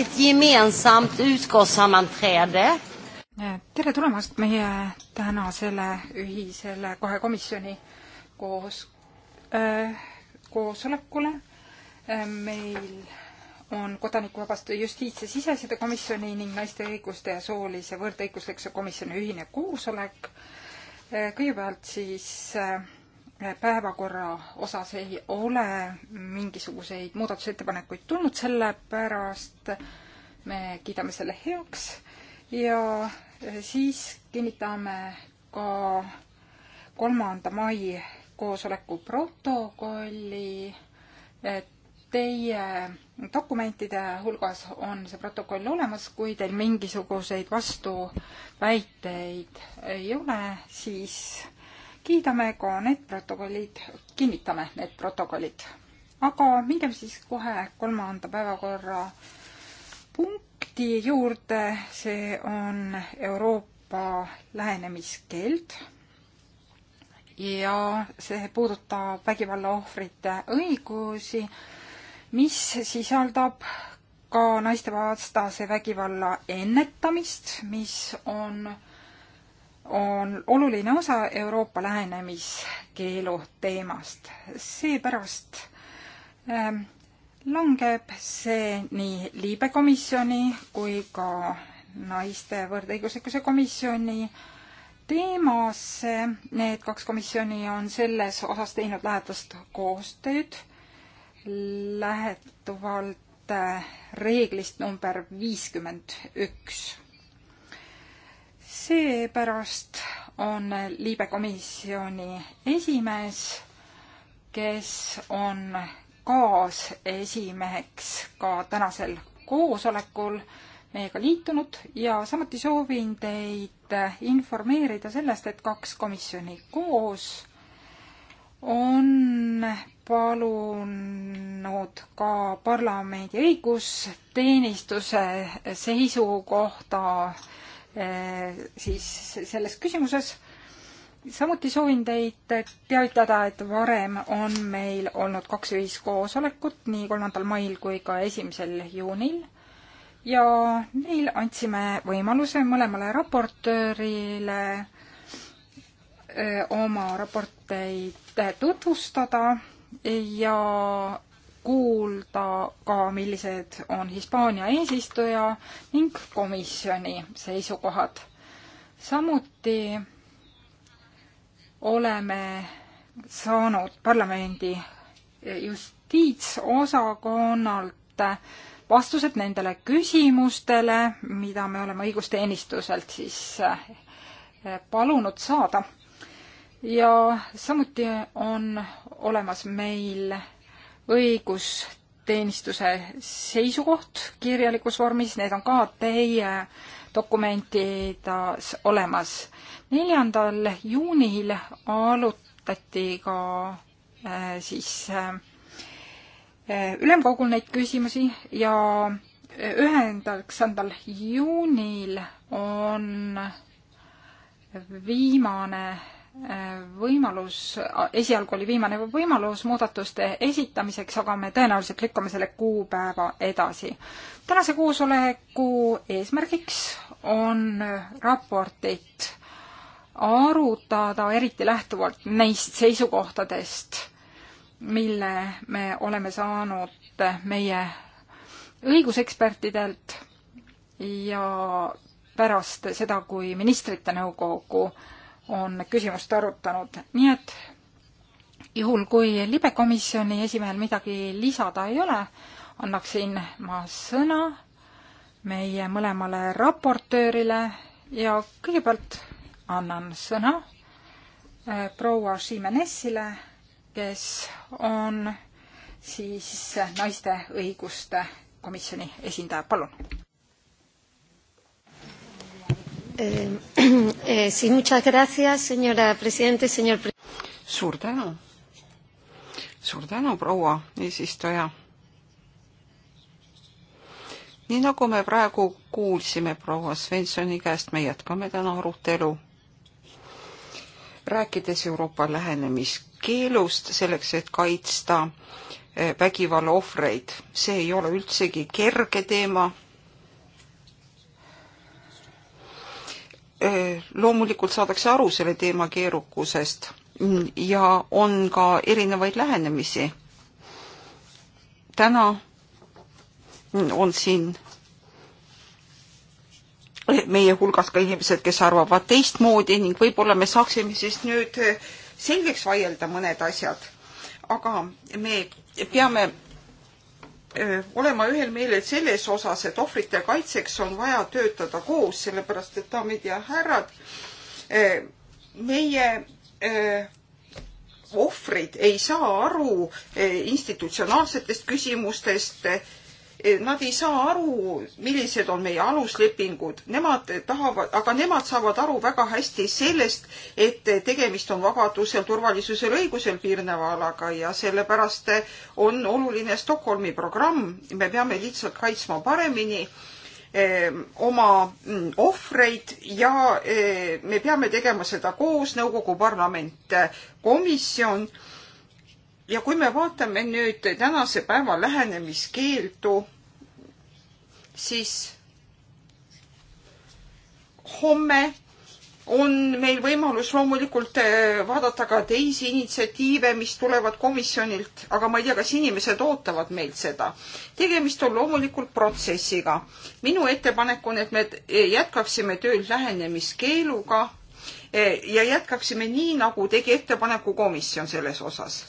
ett gemensamt utskottssammanträde. Eh, tere tulemast meie tänasele ühisele kahe komisjoni koos äh, koosolekule. Eh, meil on kodanikuvabastuste justiits- ja siseside komisjoni ning naiste õiguste ja soolise võrdõiguslikkuse komisjoni ühine koosolek. kõigepealt siis äh, päevakorra osas ei ole mingisuguseid muudatusettepanekuid tulnud, sellepärast me kiidame selle heaks ja siis kinnitame ka kolmanda mai koosoleku protokolli. Teie dokumentide hulgas on see protokoll olemas, kui teil mingisuguseid vastuväiteid ei ole, siis kiidame ka need protokollid, kinnitame need protokollid. aga mingem siis kohe kolmanda päevakorra punkti juurde, see on Euroopa lähenemiskeeld ja see puudutab vägivalla ohvrite õigusi, mis sisaldab ka naistevastase vägivalla ennetamist, mis on on oluline osa Euroopa lähenemiskeelu teemast. seepärast ähm, langeb see nii liibekomisjoni kui ka naiste võrdõiguslikkuse komisjoni teemasse. Need kaks komisjoni on selles osas teinud lähedast koostööd lähetuvalt äh, reeglist number viiskümmend üks seepärast on liibekomisjoni esimees, kes on kaasesimeheks ka tänasel koosolekul meiega liitunud ja samuti soovin teid informeerida sellest, et kaks komisjoni koos on palunud ka parlamendi õigusteenistuse seisukohta äh, Äh, siis selles küsimuses. samuti soovin teid teavitada, et varem on meil olnud kaks ühiskoosolekut, nii kolmandal mail kui ka esimesel juunil ja neil andsime võimaluse mõlemale raportöörile äh, oma raporteid tutvustada ja kuulda ka, millised on Hispaania eesistuja ning komisjoni seisukohad. samuti oleme saanud parlamendi justiitsosakonnalt vastused nendele küsimustele, mida me oleme õigusteenistuselt siis eh, palunud saada. ja samuti on olemas meil õigusteenistuse seisukoht kirjalikus vormis, need on ka teie dokumentides olemas. neljandal juunil alutati ka äh, siis äh, ülemkogul neid küsimusi ja üheksandal juunil on viimane võimalus, esialgu oli viimane võimalus muudatuste esitamiseks, aga me tõenäoliselt lükkame selle kuupäeva edasi. tänase koosoleku eesmärgiks on raportit arutada, eriti lähtuvalt neist seisukohtadest, mille me oleme saanud meie õigusekspertidelt ja pärast seda, kui ministrite nõukogu on küsimust arutanud, nii et juhul, kui libekomisjoni esimehel midagi lisada ei ole, annaksin ma sõna meie mõlemale raportöörile ja kõigepealt annan sõna äh, proua Šimenessile, kes on siis naiste õiguste komisjoni esindaja, palun. Eh, eh, sí, muchas gracias, señora presidente, señor pre-. suur tänu. suur tänu, proua eesistuja. nii nagu me praegu kuulsime proua Svensoni käest, me jätkame täna arutelu. rääkides Euroopa lähenemiskeelust selleks, et kaitsta eh, vägivalla ohvreid, see ei ole üldsegi kerge teema loomulikult saadakse aru selle teema keerukusest ja on ka erinevaid lähenemisi. täna on siin meie hulgas ka inimesed, kes arvavad teistmoodi ning võib-olla me saaksime siis nüüd selgeks vaielda mõned asjad. aga me peame olema ühel meelel selles osas, et ohvrite kaitseks on vaja töötada koos, sellepärast et daamid ja härrad, meie ohvrid ei saa aru institutsionaalsetest küsimustest Eh, nad ei saa aru, millised on meie aluslepingud, nemad tahavad, aga nemad saavad aru väga hästi sellest, et tegemist on vabadusel, turvalisusel, õigusel piirneva alaga ja sellepärast on oluline Stockholmi programm, me peame lihtsalt kaitsma paremini eh, oma mm, ohvreid ja eh, me peame tegema seda koos, nõukogu parlament, komisjon ja kui me vaatame nüüd tänase päeva lähenemiskeeldu, siis homme on meil võimalus loomulikult äh, vaadata ka teisi initsiatiive, mis tulevad komisjonilt, aga ma ei tea, kas inimesed ootavad meilt seda. tegemist on loomulikult protsessiga. minu ettepanek on, et me äh, jätkaksime tööl lähenemiskeeluga äh, ja jätkaksime nii, nagu tegi ettepaneku komisjon selles osas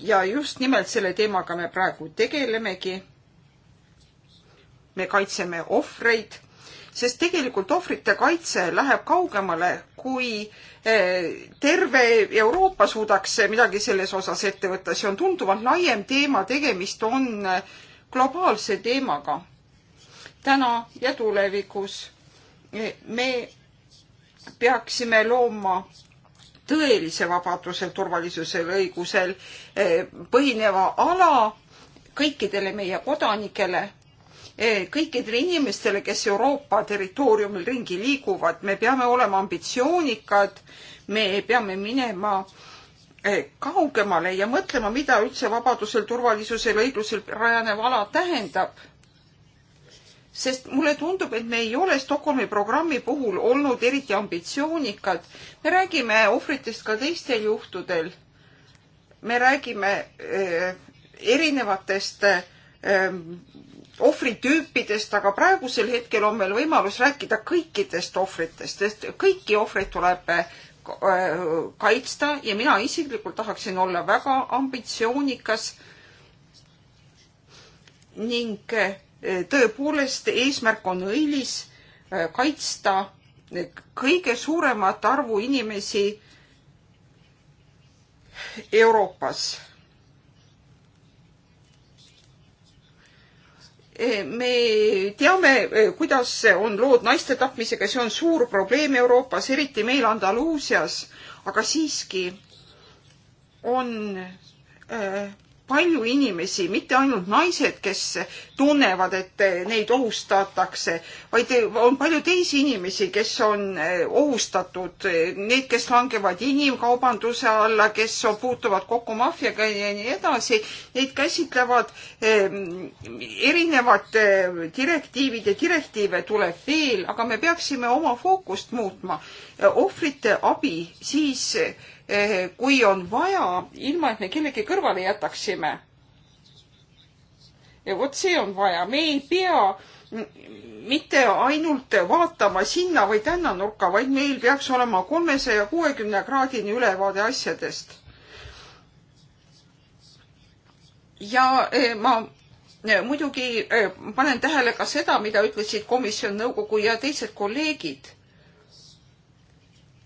ja just nimelt selle teemaga me praegu tegelemegi. me kaitseme ohvreid, sest tegelikult ohvrite kaitse läheb kaugemale, kui eh, terve Euroopa suudaks midagi selles osas ette võtta, see on tunduvalt laiem teema, tegemist on eh, globaalse teemaga. täna ja tulevikus eh, me peaksime looma tõelise vabadusel, turvalisusel, õigusel eh, põhineva ala kõikidele meie kodanikele, eh, kõikidele inimestele, kes Euroopa territooriumil ringi liiguvad, me peame olema ambitsioonikad, me peame minema eh, kaugemale ja mõtlema, mida üldse vabadusel, turvalisusel, õiglusel rajanev ala tähendab sest mulle tundub, et me ei ole Stockholmi programmi puhul olnud eriti ambitsioonikad. me räägime ohvritest ka teistel juhtudel. me räägime äh, erinevatest äh, ohvritüüpidest, aga praegusel hetkel on meil võimalus rääkida kõikidest ohvritest, sest kõiki ohvreid tuleb äh, kaitsta ja mina isiklikult tahaksin olla väga ambitsioonikas ning äh, tõepoolest eesmärk on õilis äh, kaitsta kõige suuremat arvu inimesi Euroopas. me teame, äh, kuidas on lood naiste tapmisega, see on suur probleem Euroopas, eriti meil Andaluusias, aga siiski on äh, palju inimesi, mitte ainult naised, kes tunnevad, et eh, neid ohustatakse, vaid eh, on palju teisi inimesi, kes on eh, ohustatud, need, kes langevad inimkaubanduse alla, kes puutuvad kokku maffiaga ja nii edasi, neid käsitlevad ehm, erinevad direktiivid ja direktiive tuleb veel, aga me peaksime oma fookust muutma. ohvrite abi siis Eh, kui on vaja, ilma et me kellegi kõrvale jätaksime. ja vot see on vaja, me ei pea mitte ainult vaatama sinna või tänna nurka, vaid meil peaks olema kolmesaja kuuekümne kraadini ülevaade asjadest. ja eh, ma eh, muidugi panen tähele ka seda, mida ütlesid komisjon, nõukogu ja teised kolleegid.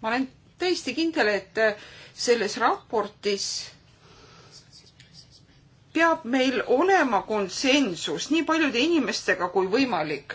ma olen täiesti kindel, et äh, selles raportis peab meil olema konsensus nii paljude inimestega kui võimalik.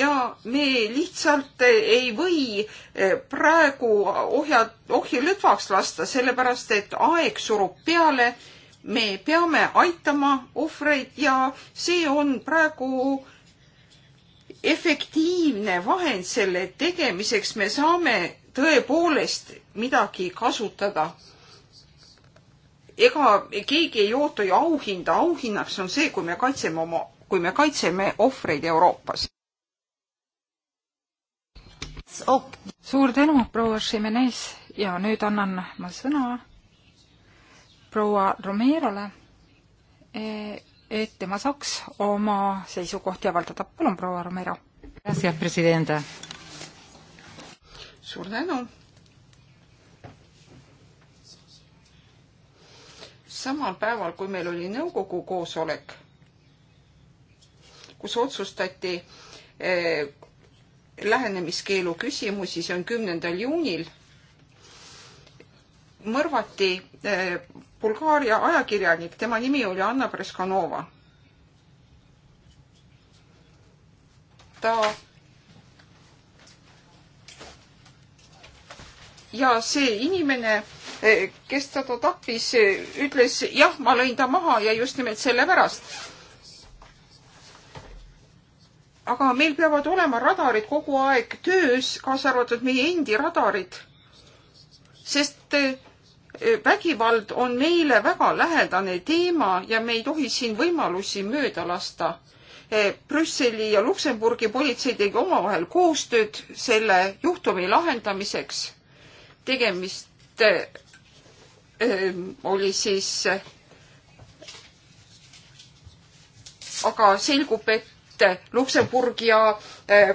ja me lihtsalt ei või äh, praegu ohjad, ohje lõdvaks lasta, sellepärast et aeg surub peale me peame aitama ohvreid ja see on praegu efektiivne vahend selle tegemiseks, me saame tõepoolest midagi kasutada. ega keegi ei oota ju auhinda, auhinnaks on see, kui me kaitseme oma, kui me kaitseme ohvreid Euroopas. suur tänu, proua Šimenees ja nüüd annan ma sõna proua Romerole, e, et tema saaks oma seisukohti avaldada. palun, proua Romero. suur tänu. samal päeval, kui meil oli nõukogu koosolek, kus otsustati eh, lähenemiskeelu küsimusi, see on kümnendal juunil mõrvati eh, Bulgaaria ajakirjanik, tema nimi oli Anna Preskanova. ta ja see inimene, eh, kes teda tappis, eh, ütles jah, ma lõin ta maha ja just nimelt sellepärast. aga meil peavad olema radarid kogu aeg töös, kaasa arvatud meie endi radarid. sest vägivald on meile väga lähedane teema ja me ei tohi siin võimalusi mööda lasta. Eh, Brüsseli ja Luksemburgi politsei tegi omavahel koostööd selle juhtumi lahendamiseks. tegemist eh, eh, oli siis, aga selgub, et et Luksemburg ja, eh,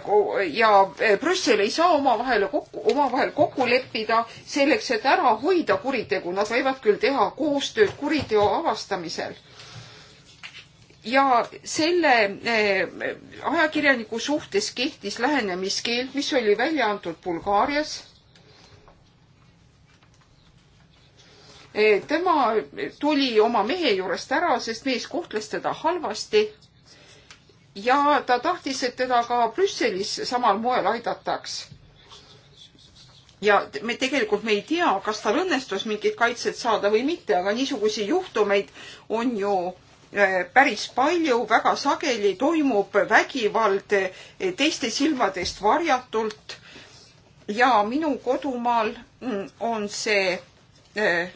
ja eh, Brüssel ei saa omavahel kokku, omavahel kokku leppida selleks, et ära hoida kuritegu. Nad võivad küll teha koostööd kuriteo avastamisel. ja selle eh, ajakirjaniku suhtes kehtis lähenemiskeeld, mis oli välja antud Bulgaarias tema tuli oma mehe juurest ära, sest mees kohtles teda halvasti ja ta tahtis, et teda ka Brüsselis samal moel aidataks. ja me tegelikult me ei tea, kas tal õnnestus mingit kaitset saada või mitte, aga niisuguseid juhtumeid on ju eh, päris palju, väga sageli toimub vägivald eh, teiste silmadest varjatult. ja minu kodumaal mm, on see eh,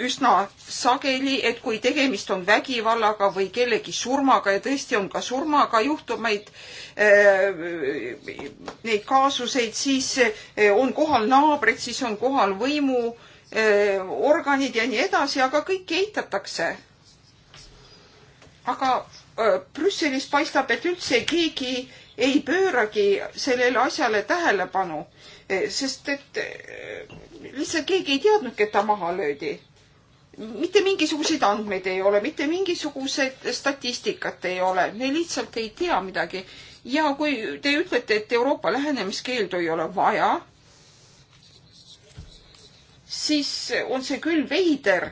üsna sageli, et kui tegemist on vägivallaga või kellegi surmaga ja tõesti on ka surmaga juhtumeid, äh, neid kaasuseid, siis äh, on kohal naabrid, siis on kohal võimuorganid äh, ja nii edasi, aga kõike eitatakse. aga Brüsselis paistab, et üldse keegi ei pööragi sellele asjale tähelepanu, sest et lihtsalt keegi ei teadnudki, et ta maha löödi mitte mingisuguseid andmeid ei ole, mitte mingisuguseid statistikat ei ole, me lihtsalt ei tea midagi. ja kui te ütlete, et Euroopa lähenemiskeeldu ei ole vaja, siis on see küll veider,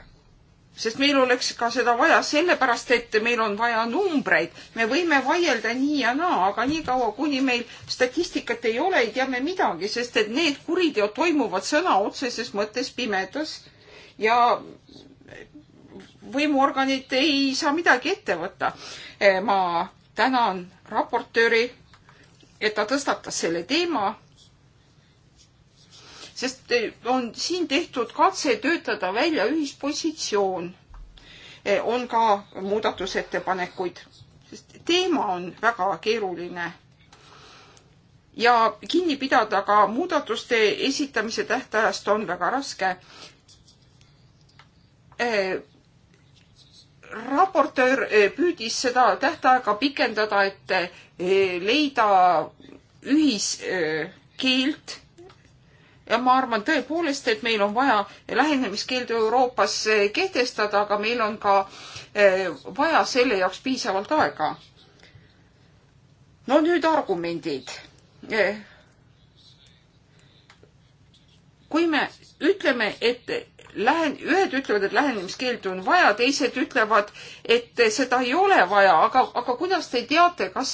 sest meil oleks ka seda vaja sellepärast, et meil on vaja numbreid. me võime vaielda nii ja naa, aga niikaua, kuni meil statistikat ei ole, ei tea me midagi, sest et need kuriteod toimuvad sõna otseses mõttes pimedas ja võimuorganid ei saa midagi ette võtta. Eh, ma tänan raportööri, et ta tõstatas selle teema, sest eh, on siin tehtud katse töötada välja ühispositsioon. Eh, on ka muudatusettepanekuid, sest teema on väga keeruline ja kinni pidada ka muudatuste esitamise tähtajast on väga raske raportöör eh, püüdis seda tähtaega pikendada, et eh, leida ühiskeelt. ja ma arvan tõepoolest, et meil on vaja lähenemiskeeldu Euroopas eh, kehtestada, aga meil on ka vaja selle jaoks piisavalt aega. no nüüd argumendid. kui me ütleme, et lähen-, ühed ütlevad, et lähenemiskeeldu on vaja, teised ütlevad, et seda ei ole vaja, aga, aga kuidas te teate, kas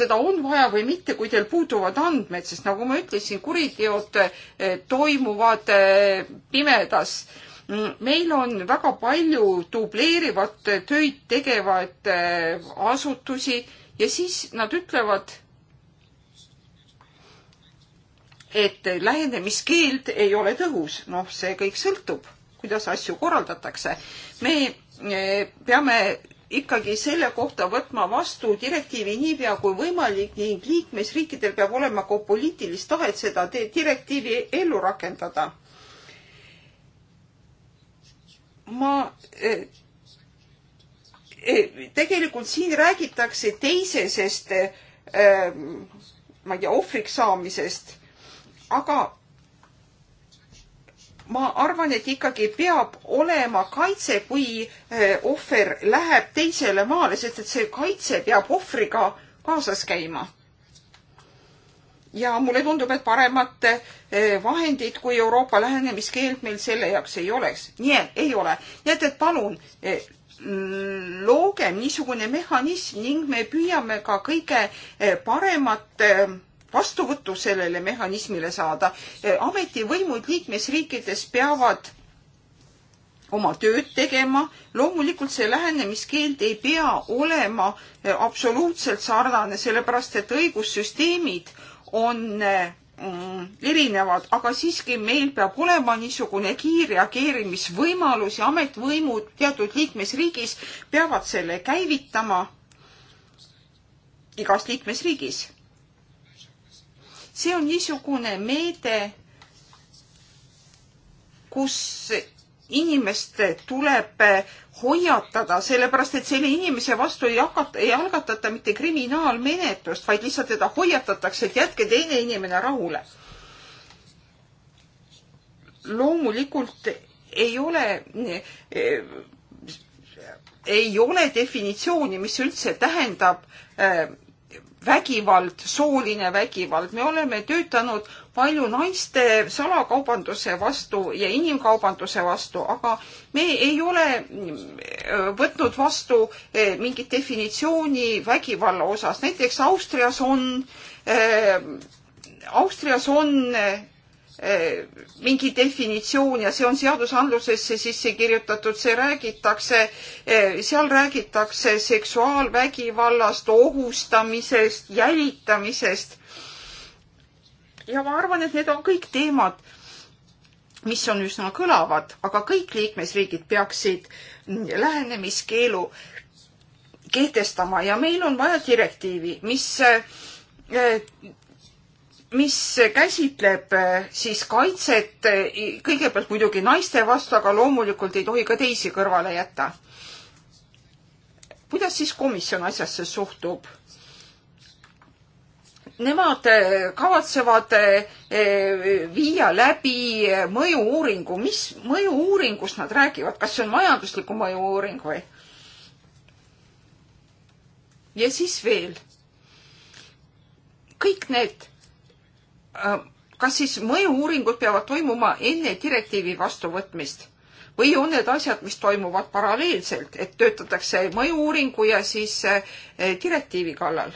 seda on vaja või mitte, kui teil puuduvad andmed, sest nagu ma ütlesin, kuriteod eh, toimuvad eh, pimedas. Mm, meil on väga palju dubleerivat töid tegevaid eh, asutusi ja siis nad ütlevad, et lähenemiskeeld ei ole tõhus, noh, see kõik sõltub, kuidas asju korraldatakse. me eh, peame ikkagi selle kohta võtma vastu direktiivi niipea kui võimalik ning liikmesriikidel peab olema ka poliitilist tahet seda direktiivi ellu rakendada. ma eh, eh, tegelikult siin räägitakse teisesest, ma ei tea, ohvriks saamisest aga ma arvan, et ikkagi peab olema kaitse, kui eh, ohver läheb teisele maale, sest et see kaitse peab ohvriga kaasas käima. ja mulle tundub, et paremat eh, vahendit kui Euroopa lähenemiskeeld meil selle jaoks ei oleks. nii et ei ole. nii et, et palun eh, loogem niisugune mehhanism ning me püüame ka kõige paremat vastuvõttu sellele mehhanismile saada. Eh, ametivõimud liikmesriikides peavad oma tööd tegema. loomulikult see lähenemiskeeld ei pea olema eh, absoluutselt sarnane, sellepärast et õigussüsteemid on eh, mm, erinevad, aga siiski meil peab olema niisugune kiirreageerimisvõimalus ja ametvõimud teatud liikmesriigis peavad selle käivitama igas liikmesriigis see on niisugune meede, kus inimest tuleb hoiatada, sellepärast et selle inimese vastu ei hakata, ei algatata mitte kriminaalmenetlust, vaid lihtsalt teda hoiatatakse, et jätke teine inimene rahule. loomulikult ei ole, ei ole definitsiooni, mis üldse tähendab äh, vägivald, sooline vägivald, me oleme töötanud palju naiste salakaubanduse vastu ja inimkaubanduse vastu, aga me ei ole mm, võtnud vastu eh, mingit definitsiooni vägivalla osas. näiteks Austrias on äh,, Austrias on äh, Eh, mingi definitsioon ja see on seadusandlusesse sisse kirjutatud, see räägitakse, eh, seal räägitakse seksuaalvägivallast, ohustamisest, jälitamisest. ja ma arvan, et need on kõik teemad, mis on üsna kõlavad, aga kõik liikmesriigid peaksid lähenemiskeelu kehtestama ja meil on vaja direktiivi, mis eh, mis käsitleb äh, siis kaitset äh, kõigepealt muidugi naiste vastu, aga loomulikult ei tohi ka teisi kõrvale jätta. kuidas siis komisjon asjasse suhtub? Nemad äh, kavatsevad viia läbi mõju-uuringu, mis mõju-uuringust nad räägivad, kas see on majandusliku mõju-uuring või? ja siis veel kõik need Äh, kas siis mõju-uuringud peavad toimuma enne direktiivi vastuvõtmist või on need asjad, mis toimuvad paralleelselt, et töötatakse mõju-uuringu ja siis äh, direktiivi kallal?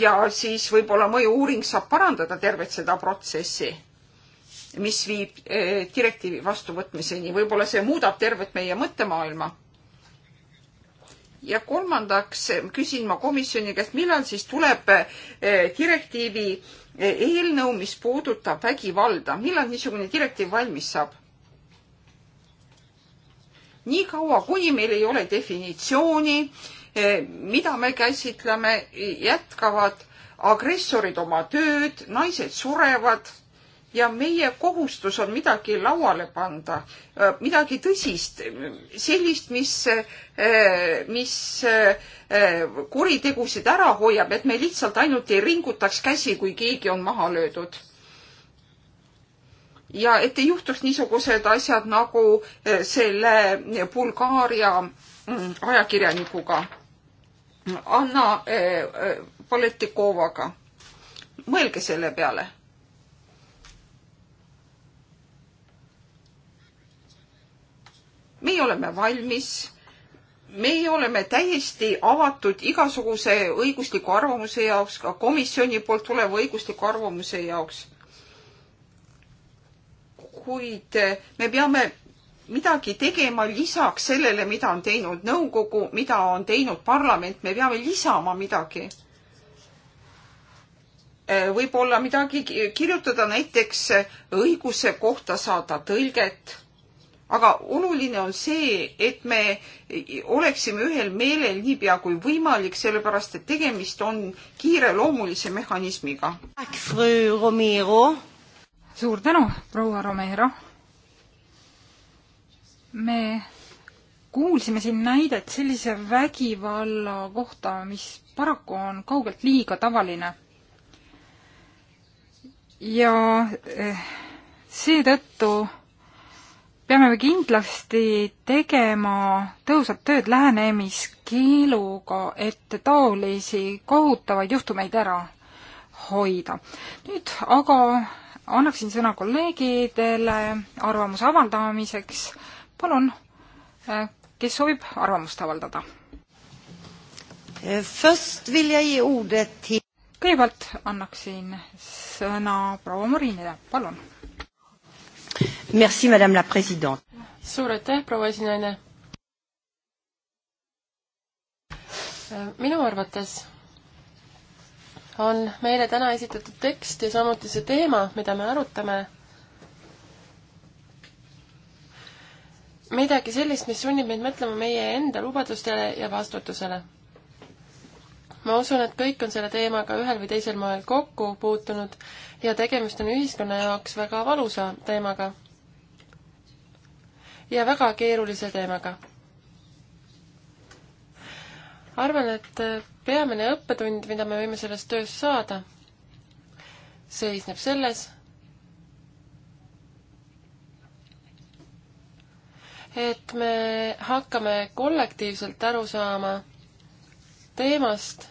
ja siis võib-olla mõju-uuring saab parandada tervet seda protsessi, mis viib äh, direktiivi vastuvõtmiseni, võib-olla see muudab tervet meie mõttemaailma ja kolmandaks eh, küsin ma komisjoni käest, millal siis tuleb eh, direktiivi eh, eelnõu, mis puudutab vägivalda, millal niisugune direktiiv valmis saab? niikaua, kuni meil ei ole definitsiooni, mida me käsitleme, jätkavad agressorid oma tööd, naised surevad ja meie kohustus on midagi lauale panda, äh, midagi tõsist, sellist, mis, äh, mis äh, kuritegusid ära hoiab, et me lihtsalt ainult ei ringutaks käsi, kui keegi on maha löödud. ja et ei juhtuks niisugused asjad nagu selle Bulgaaria mm, ajakirjanikuga Anna Poletikovaga. mõelge selle peale meie oleme valmis, meie oleme täiesti avatud igasuguse õigusliku arvamuse jaoks, ka komisjoni poolt tuleva õigusliku arvamuse jaoks. kuid eh, me peame midagi tegema lisaks sellele, mida on teinud nõukogu, mida on teinud parlament, me peame lisama midagi eh, võib-olla midagi kirjutada näiteks õiguse kohta saada tõlget aga oluline on see, et me oleksime ühel meelel niipea kui võimalik, sellepärast et tegemist on kiireloomulise mehhanismiga. suur tänu, proua Romero. me kuulsime siin näidet sellise vägivalla kohta, mis paraku on kaugelt liiga tavaline. ja eh, seetõttu peame me kindlasti tegema tõhusat tööd lähenemiskeeluga, et taolisi kohutavaid juhtumeid ära hoida. nüüd aga annaksin sõna kolleegidele arvamuse avaldamiseks. palun, äh, kes soovib arvamust avaldada? Äh, kõigepealt annaksin sõna proua Morinile, palun Merci, madame la president. suur aitäh, proua esinaine. minu arvates on meile täna esitatud tekst ja samuti see teema, mida me arutame, midagi sellist, mis sunnib meid mõtlema meie enda lubadustele ja vastutusele. ma usun, et kõik on selle teemaga ühel või teisel moel kokku puutunud ja tegemist on ühiskonna jaoks väga valusa teemaga ja väga keerulise teemaga. arvan, et peamine õppetund, mida me võime sellest tööst saada, seisneb selles, et me hakkame kollektiivselt aru saama teemast,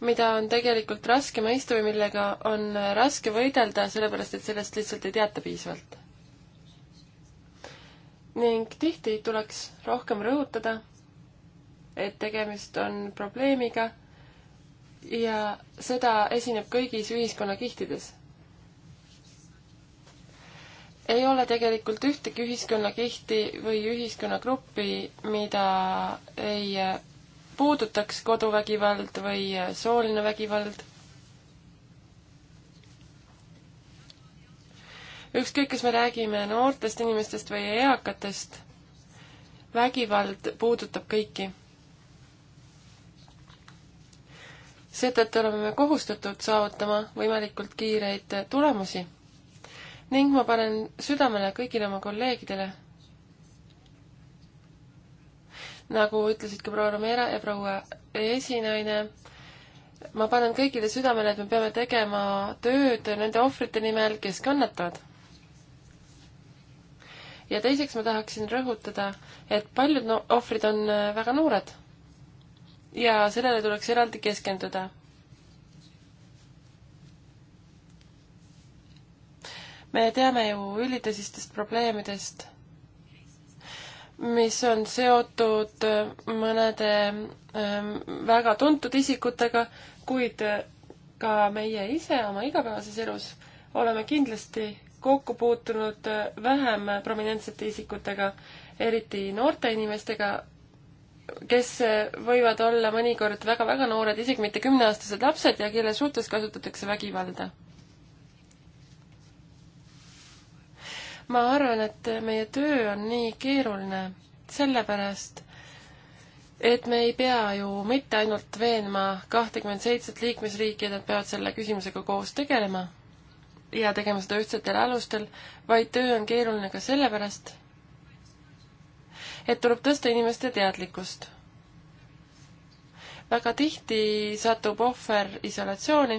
mida on tegelikult raske mõista või millega on raske võidelda, sellepärast et sellest lihtsalt ei teata piisavalt. ning tihti tuleks rohkem rõhutada, et tegemist on probleemiga ja seda esineb kõigis ühiskonnakihtides. ei ole tegelikult ühtegi ühiskonnakihti või ühiskonnagruppi, mida ei puudutaks koduvägivald või äh, sooline vägivald. ükskõik, kas me räägime noortest inimestest või eakatest, vägivald puudutab kõiki. seetõttu oleme me kohustatud saavutama võimalikult kiireid tulemusi ning ma panen südamele kõigile oma kolleegidele nagu ütlesid ka proua Romero ja proua esinaine, ma panen kõigile südamele, et me peame tegema tööd nende ohvrite nimel, kes kannatavad. ja teiseks ma tahaksin rõhutada, et paljud no ohvrid on äh, väga noored. ja sellele tuleks eraldi keskenduda me teame ju üldisistest probleemidest, mis on seotud äh, mõnede ähm, väga tuntud isikutega, kuid äh, ka meie ise oma igapäevases elus oleme kindlasti kokku puutunud äh, vähem prominentsete isikutega, eriti noorte inimestega, kes võivad olla mõnikord väga-väga noored, isegi mitte kümneaastased lapsed ja kelle suhtes kasutatakse vägivalda ma arvan, et meie töö on nii keeruline sellepärast, et me ei pea ju mitte ainult veenma kahtekümmet seitset liikmesriiki, et nad peavad selle küsimusega koos tegelema ja tegema seda ühtsetel alustel, vaid töö on keeruline ka sellepärast, et tuleb tõsta inimeste teadlikkust. väga tihti satub ohver isolatsiooni,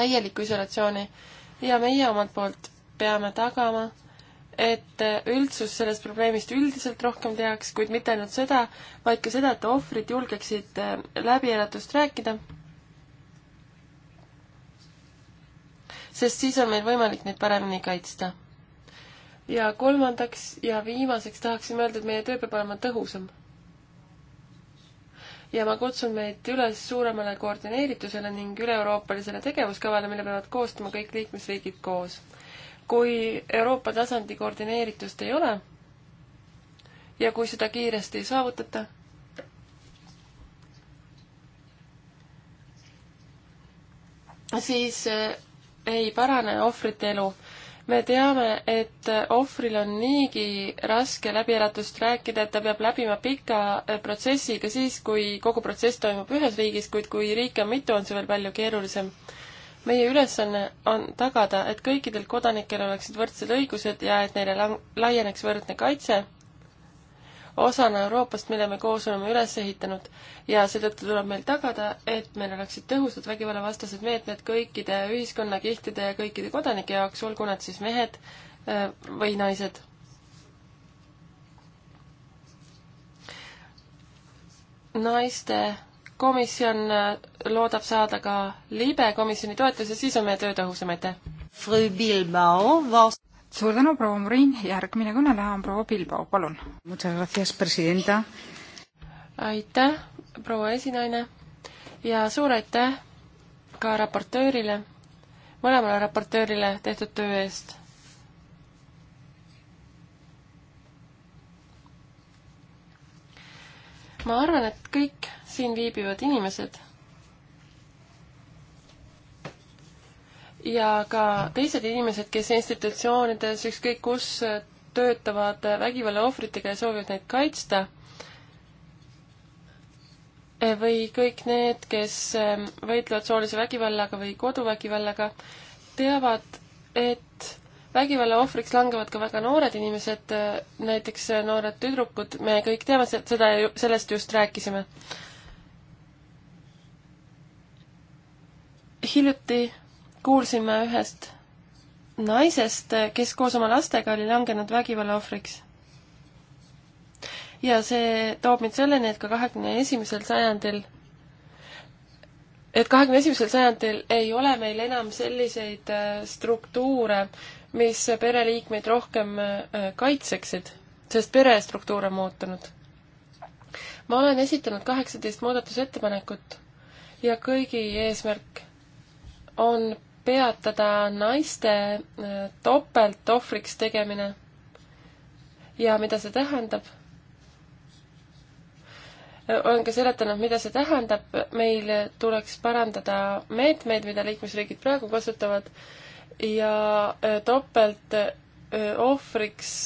täielikku isolatsiooni ja meie omalt poolt peame tagama, et üldsus sellest probleemist üldiselt rohkem teaks, kuid mitte ainult seda, vaid ka seda, et ohvrid julgeksid eh, läbielatust rääkida. sest siis on meil võimalik neid paremini kaitsta. ja kolmandaks ja viimaseks tahaksin öelda, et meie töö peab olema tõhusam. ja ma kutsun meid üles suuremale koordineeritusele ning üle-euroopalisele tegevuskavale, mille peavad koostama kõik liikmesriigid koos kui Euroopa tasandi koordineeritust ei ole ja kui seda kiiresti ei saavutata, siis eh, ei parane ohvrite elu. me teame, et ohvril on niigi raske läbielatust rääkida, et ta peab läbima pika eh, protsessi ka siis, kui kogu protsess toimub ühes riigis, kuid kui riike on mitu, on see veel palju keerulisem meie ülesanne on tagada, et kõikidel kodanikel oleksid võrdsed õigused ja et neile laieneks võrdne kaitse osana Euroopast, mille me koos oleme üles ehitanud ja seetõttu tuleb meil tagada, et meil oleksid tõhusad vägivallavastased meetmed kõikide ühiskonnakihtide ja kõikide kodanike jaoks, olgu nad siis mehed äh, või naised. naiste komisjon äh, loodab saada ka libe komisjoni toetuse, siis on meie töö tõhusam, aitäh! suur tänu, proua Murin, järgmine kõneleja on proua Bilbao, palun! aitäh, proua esinaine ja suur aitäh ka raportöörile, mõlemale raportöörile tehtud töö eest ma arvan, et kõik siin viibivad inimesed ja ka teised inimesed, kes institutsioonides, ükskõik kus töötavad vägivalla ohvritega ja soovivad neid kaitsta, või kõik need, kes ähm, võitlevad soolise vägivallaga või koduvägivallaga, teavad, et vägivalla ohvriks langevad ka väga noored inimesed, äh, näiteks äh, noored tüdrukud, me kõik teame seda, sellest just rääkisime. hiljuti kuulsime ühest naisest, kes koos oma lastega oli langenud vägivalla ohvriks. ja see toob mind selleni, et ka kahekümne esimesel sajandil et kahekümne esimesel sajandil ei ole meil enam selliseid äh, struktuure, mis pereliikmeid rohkem äh, kaitseksid, sest perestruktuur on muutunud. ma olen esitanud kaheksateist muudatusettepanekut ja kõigi eesmärk on peatada naiste äh, topeltohvriks tegemine. ja mida see tähendab? Äh, olen ka seletanud, mida see tähendab, meil tuleks parandada meetmeid, mida liikmesriigid praegu kasutavad ja äh, topeltohvriks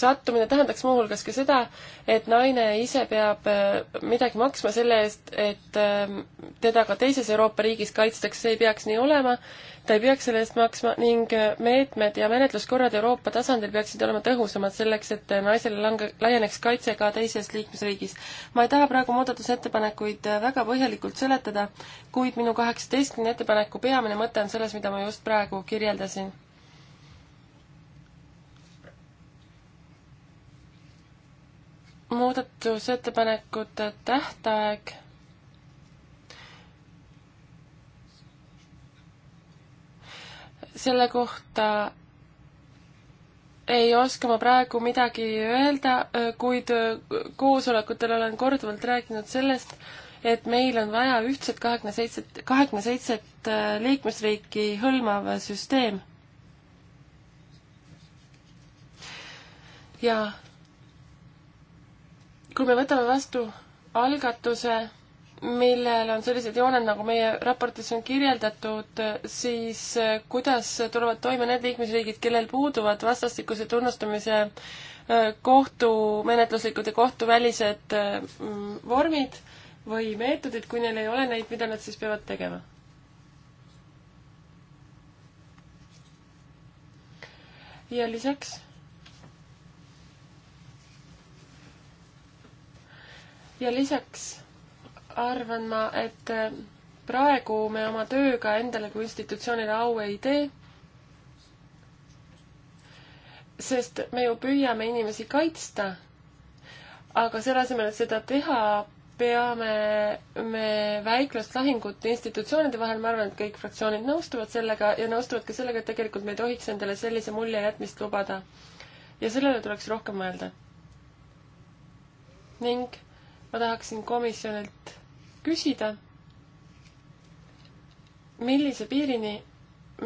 sattumine tähendaks muuhulgas ka seda, et naine ise peab äh, midagi maksma selle eest, et ähm, teda ka teises Euroopa riigis kaitstakse, see ei peaks nii olema, ta ei peaks selle eest maksma ning äh, meetmed ja menetluskorrad Euroopa tasandil peaksid olema tõhusamad selleks, et äh, naisele lange, laieneks kaitse ka teises liikmesriigis. ma ei taha praegu muudatusettepanekuid väga põhjalikult seletada, kuid minu kaheksateistkümne ettepaneku peamine mõte on selles, mida ma just praegu kirjeldasin muudatusettepanekute tähtaeg selle kohta ei oska ma praegu midagi öelda, kuid koosolekutel olen korduvalt rääkinud sellest, et meil on vaja ühtset kahekümne seitset, kahekümne seitset liikmesriiki hõlmav süsteem. ja kui me võtame vastu algatuse, millel on sellised jooned, nagu meie raportis on kirjeldatud, siis eh, kuidas tulevad toime need liikmesriigid, kellel puuduvad vastastikuse tunnustamise eh, kohtumenetluslikud ja kohtuvälised eh, mm, vormid või meetodid, kui neil ei ole neid, mida nad siis peavad tegema? ja lisaks ja lisaks arvan ma, et praegu me oma tööga endale kui institutsioonile au ei tee, sest me ju püüame inimesi kaitsta, aga selle asemel, et seda teha, peame me väiklast lahingut institutsioonide vahel, ma arvan, et kõik fraktsioonid nõustuvad sellega ja nõustuvad ka sellega, et tegelikult me ei tohiks endale sellise mulje jätmist lubada. ja sellele tuleks rohkem mõelda. ning ma tahaksin komisjonilt küsida, millise piirini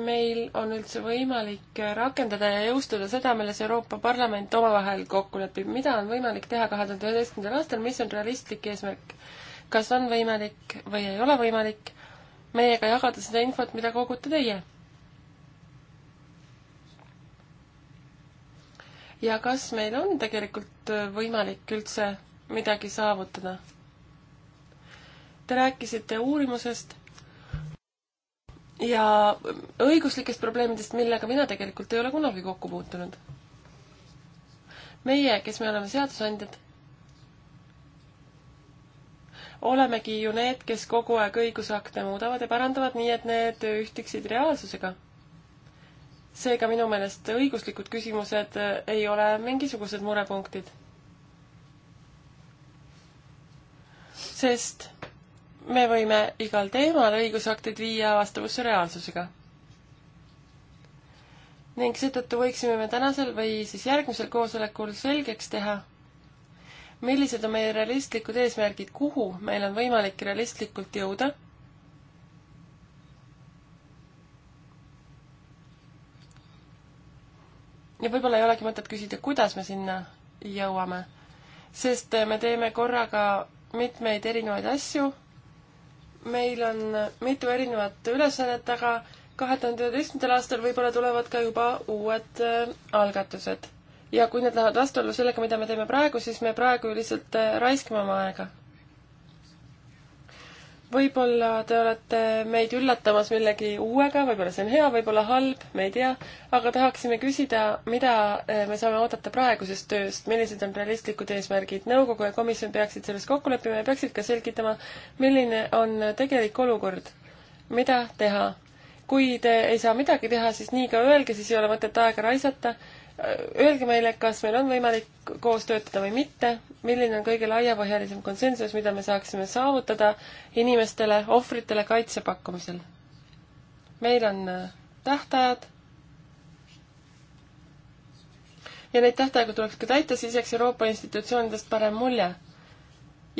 meil on üldse võimalik rakendada ja jõustuda seda, milles Euroopa Parlament omavahel kokku lepib, mida on võimalik teha kahe tuhande üheteistkümnendal aastal, mis on realistlik eesmärk, kas on võimalik või ei ole võimalik meiega jagada seda infot, mida kogute teie? ja kas meil on tegelikult võimalik üldse midagi saavutada. Te rääkisite uurimusest ja õiguslikest probleemidest, millega mina tegelikult ei ole kunagi kokku puutunud. meie, kes me oleme seadusandjad, olemegi ju need, kes kogu aeg õigusakte muudavad ja parandavad nii, et need ühtiksid reaalsusega. seega minu meelest õiguslikud küsimused ei ole mingisugused murepunktid. sest me võime igal teemal õigusaktid viia vastavusse reaalsusega. ning seetõttu võiksime me tänasel või siis järgmisel koosolekul selgeks teha, millised on meie realistlikud eesmärgid, kuhu meil on võimalik realistlikult jõuda ja võib-olla ei olegi mõtet küsida, kuidas me sinna jõuame. sest me teeme korraga mitmeid erinevaid asju. meil on mitu erinevat ülesannet, aga kahe tuhande üheteistkümnendal aastal võib-olla tulevad ka juba uued äh, algatused. ja kui need lähevad vastuollu sellega, mida me teeme praegu, siis me praegu ju lihtsalt äh, raiskame oma aega võib-olla te olete meid üllatamas millegi uuega, võib-olla see on hea, võib-olla halb, me ei tea, aga tahaksime küsida, mida eh, me saame oodata praegusest tööst, millised on realistlikud eesmärgid, nõukogu ja komisjon peaksid selles kokku leppima ja peaksid ka selgitama, milline on tegelik olukord, mida teha. kui te ei saa midagi teha, siis nii ka öelge, siis ei ole mõtet aega raisata Öelge meile, kas meil on võimalik koos töötada või mitte, milline on kõige laiapõhjalisem konsensus, mida me saaksime saavutada inimestele, ohvritele kaitse pakkumisel. meil on äh, tähtajad ja neid tähtaegu tuleks ka täita, siis jääks Euroopa institutsioonidest parem mulje.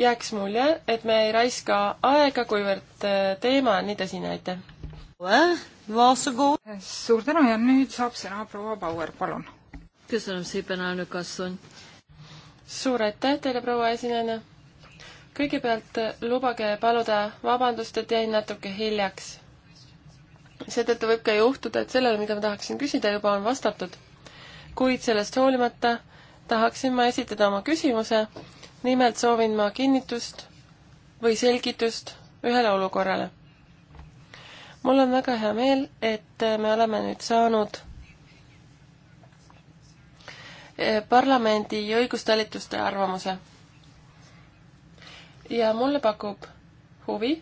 jääks mulje, et me ei raiska aega, kuivõrd äh, teema on nii tõsine, aitäh! suur tänu ja nüüd saab sõna proua Bauer, palun! Köszönöm szépen, elnök asszony! suur aitäh teile, proua esinejana! kõigepealt lubage paluda vabandust, et jäin natuke hiljaks. seetõttu võib ka juhtuda, et sellele, mida ma tahaksin küsida, juba on vastatud. kuid sellest hoolimata tahaksin ma esitada oma küsimuse, nimelt soovin ma kinnitust või selgitust ühele olukorrale. mul on väga hea meel, et me oleme nüüd saanud parlamendi õigustalituste arvamuse. ja mulle pakub huvi,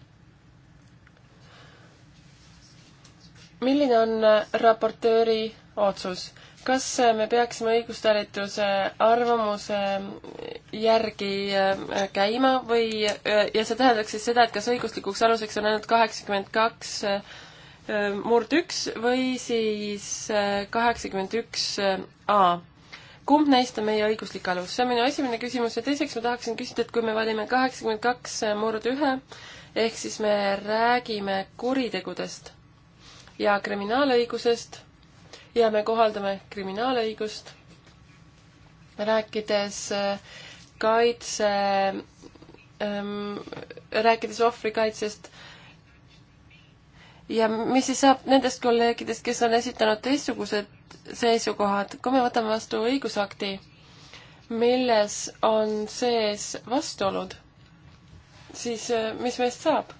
milline on raportööri otsus, kas me peaksime õigustalituse arvamuse järgi äh, käima või, äh, ja see tähendaks siis seda, et kas õiguslikuks aluseks on ainult kaheksakümmend kaks äh, murd üks või siis kaheksakümmend üks A kumb neist on meie õiguslik alus, see on minu esimene küsimus ja teiseks ma tahaksin küsida, et kui me valime kaheksakümmend kaks äh, murd ühe, ehk siis me räägime kuritegudest ja kriminaalõigusest ja me kohaldame kriminaalõigust, rääkides äh, kaitse ähm,, rääkides ohvrikaitsest ja mis siis saab nendest kolleegidest, kes on esitanud teistsugused seisukohad, kui me võtame vastu õigusakti, milles on sees vastuolud, siis äh, mis meist saab?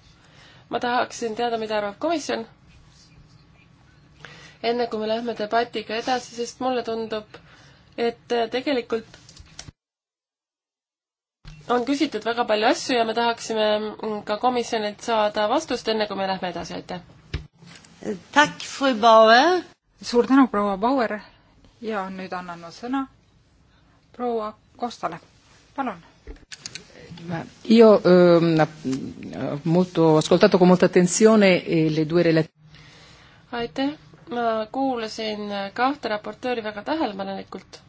ma tahaksin teada, mida arvab komisjon, enne kui me lähme debatiga edasi, sest mulle tundub, et äh, tegelikult on küsitud väga palju asju ja me tahaksime mm, ka komisjonilt saada vastust, enne kui me lähme edasi, aitäh! suur tänu, proua Bauer ja nüüd annan ma sõna proua Kostale, palun. Io eh, molto, ho ascoltato con molta attenzione eh, le due relazioni. Aitäh, ma kuulasin kahte raportööri väga tähelepanelikult.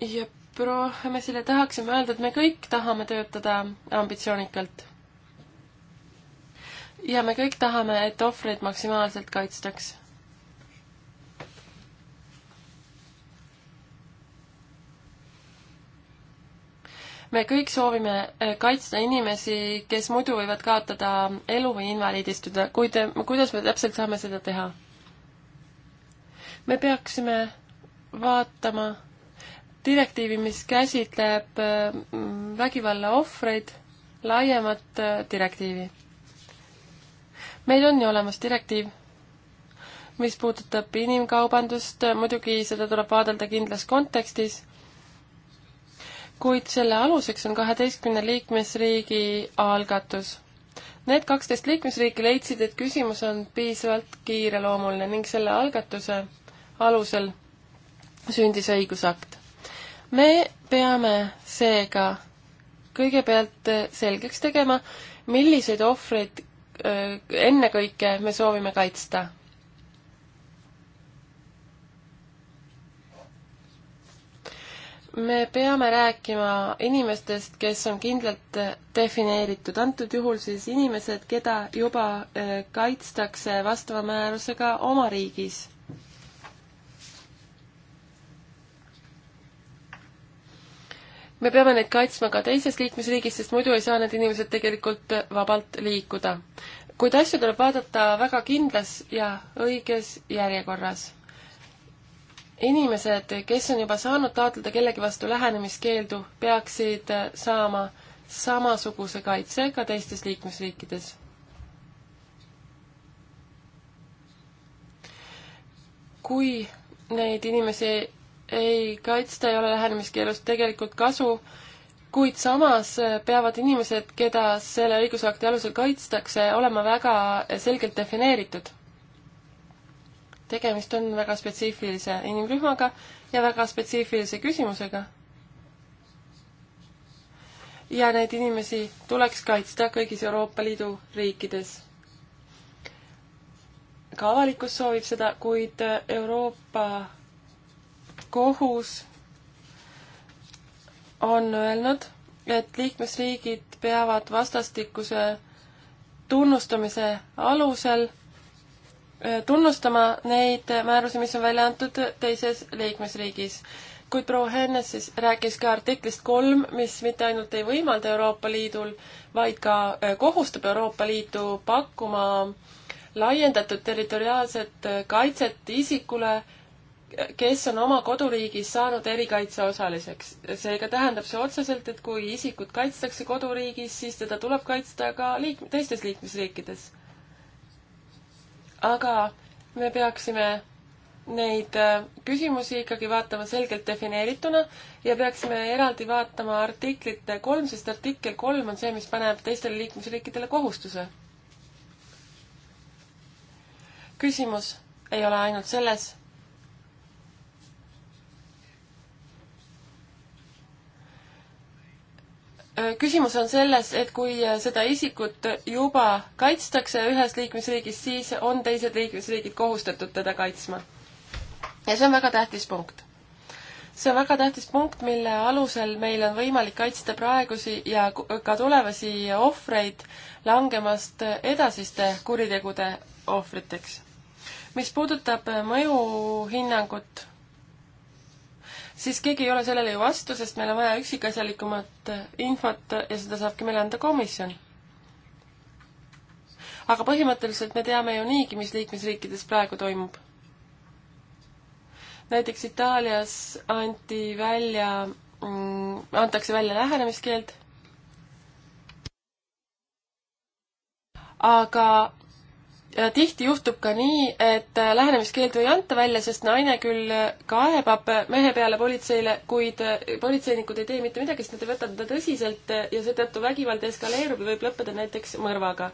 ja proua Mäsile tahaksime öelda, et me kõik tahame töötada ambitsioonikalt ja me kõik tahame, et ohvreid maksimaalselt kaitstaks. me kõik soovime eh, kaitsta inimesi, kes muidu võivad kaotada elu või invaliidistuda, kuid eh, kuidas me täpselt saame seda teha? me peaksime vaatama direktiivi, mis käsitleb eh, vägivalla ohvreid, laiemat direktiivi meil on ju olemas direktiiv, mis puudutab inimkaubandust, muidugi seda tuleb vaadelda kindlas kontekstis, kuid selle aluseks on kaheteistkümne liikmesriigi algatus. Need kaksteist liikmesriiki leidsid, et küsimus on piisavalt kiireloomuline ning selle algatuse alusel sündis õigusakt. me peame seega kõigepealt selgeks tegema, milliseid ohvreid Äh, ennekõike me soovime kaitsta. me peame rääkima inimestest, kes on kindlalt defineeritud, antud juhul siis inimesed, keda juba äh, kaitstakse vastava määrusega oma riigis me peame neid kaitsma ka teises liikmesriigis, sest muidu ei saa need inimesed tegelikult vabalt liikuda. kuid asju tuleb vaadata väga kindlas ja õiges järjekorras. inimesed, kes on juba saanud taotleda kellegi vastu lähenemiskeeldu, peaksid saama samasuguse kaitse ka teistes liikmesriikides. kui neid inimesi ei kaitsta, ei ole lähenemiskeelust tegelikult kasu, kuid samas peavad inimesed, keda selle õigusakti alusel kaitstakse, olema väga selgelt defineeritud. tegemist on väga spetsiifilise inimrühmaga ja väga spetsiifilise küsimusega. ja neid inimesi tuleks kaitsta kõigis Euroopa Liidu riikides ka avalikkus soovib seda, kuid Euroopa kohus on öelnud, et liikmesriigid peavad vastastikuse tunnustamise alusel äh, tunnustama neid määrusi, mis on välja antud teises liikmesriigis. kuid proua Hennes siis rääkis ka artiklist kolm, mis mitte ainult ei võimalda Euroopa Liidul, vaid ka äh, kohustab Euroopa Liitu pakkuma laiendatud territoriaalset äh, kaitset isikule, kes on oma koduriigis saanud erikaitse osaliseks. seega tähendab see otseselt, et kui isikut kaitstakse koduriigis, siis teda tuleb kaitsta ka liik-, teistes liikmesriikides. aga me peaksime neid äh, küsimusi ikkagi vaatama selgelt defineerituna ja peaksime eraldi vaatama artiklit kolm, sest artikkel kolm on see, mis paneb teistele liikmesriikidele kohustuse. küsimus ei ole ainult selles, Äh, küsimus on selles, et kui äh, seda isikut juba kaitstakse ühes liikmesriigis, siis on teised liikmesriigid kohustatud teda kaitsma. ja see on väga tähtis punkt. see on väga tähtis punkt, mille alusel meil on võimalik kaitsta praegusi ja ka tulevasi ohvreid langemast edasiste kuritegude ohvriteks. mis puudutab mõjuhinnangut siis keegi ei ole sellele ju vastu, sest meil on vaja üksikasjalikumat äh, infot ja seda saabki meile anda komisjon. aga põhimõtteliselt me teame ju niigi, mis liikmesriikides praegu toimub. näiteks Itaalias anti välja, mm, antakse välja lähenemiskeeld aga tihti juhtub ka nii, et äh, lähenemiskeeldu ei anta välja, sest naine küll äh, kaebab äh, mehe peale politseile, kuid politseinikud ei tee mitte midagi, sest nad ei võta teda tõsiselt ja seetõttu vägivald eskaleerub ja võib lõppeda näiteks mõrvaga.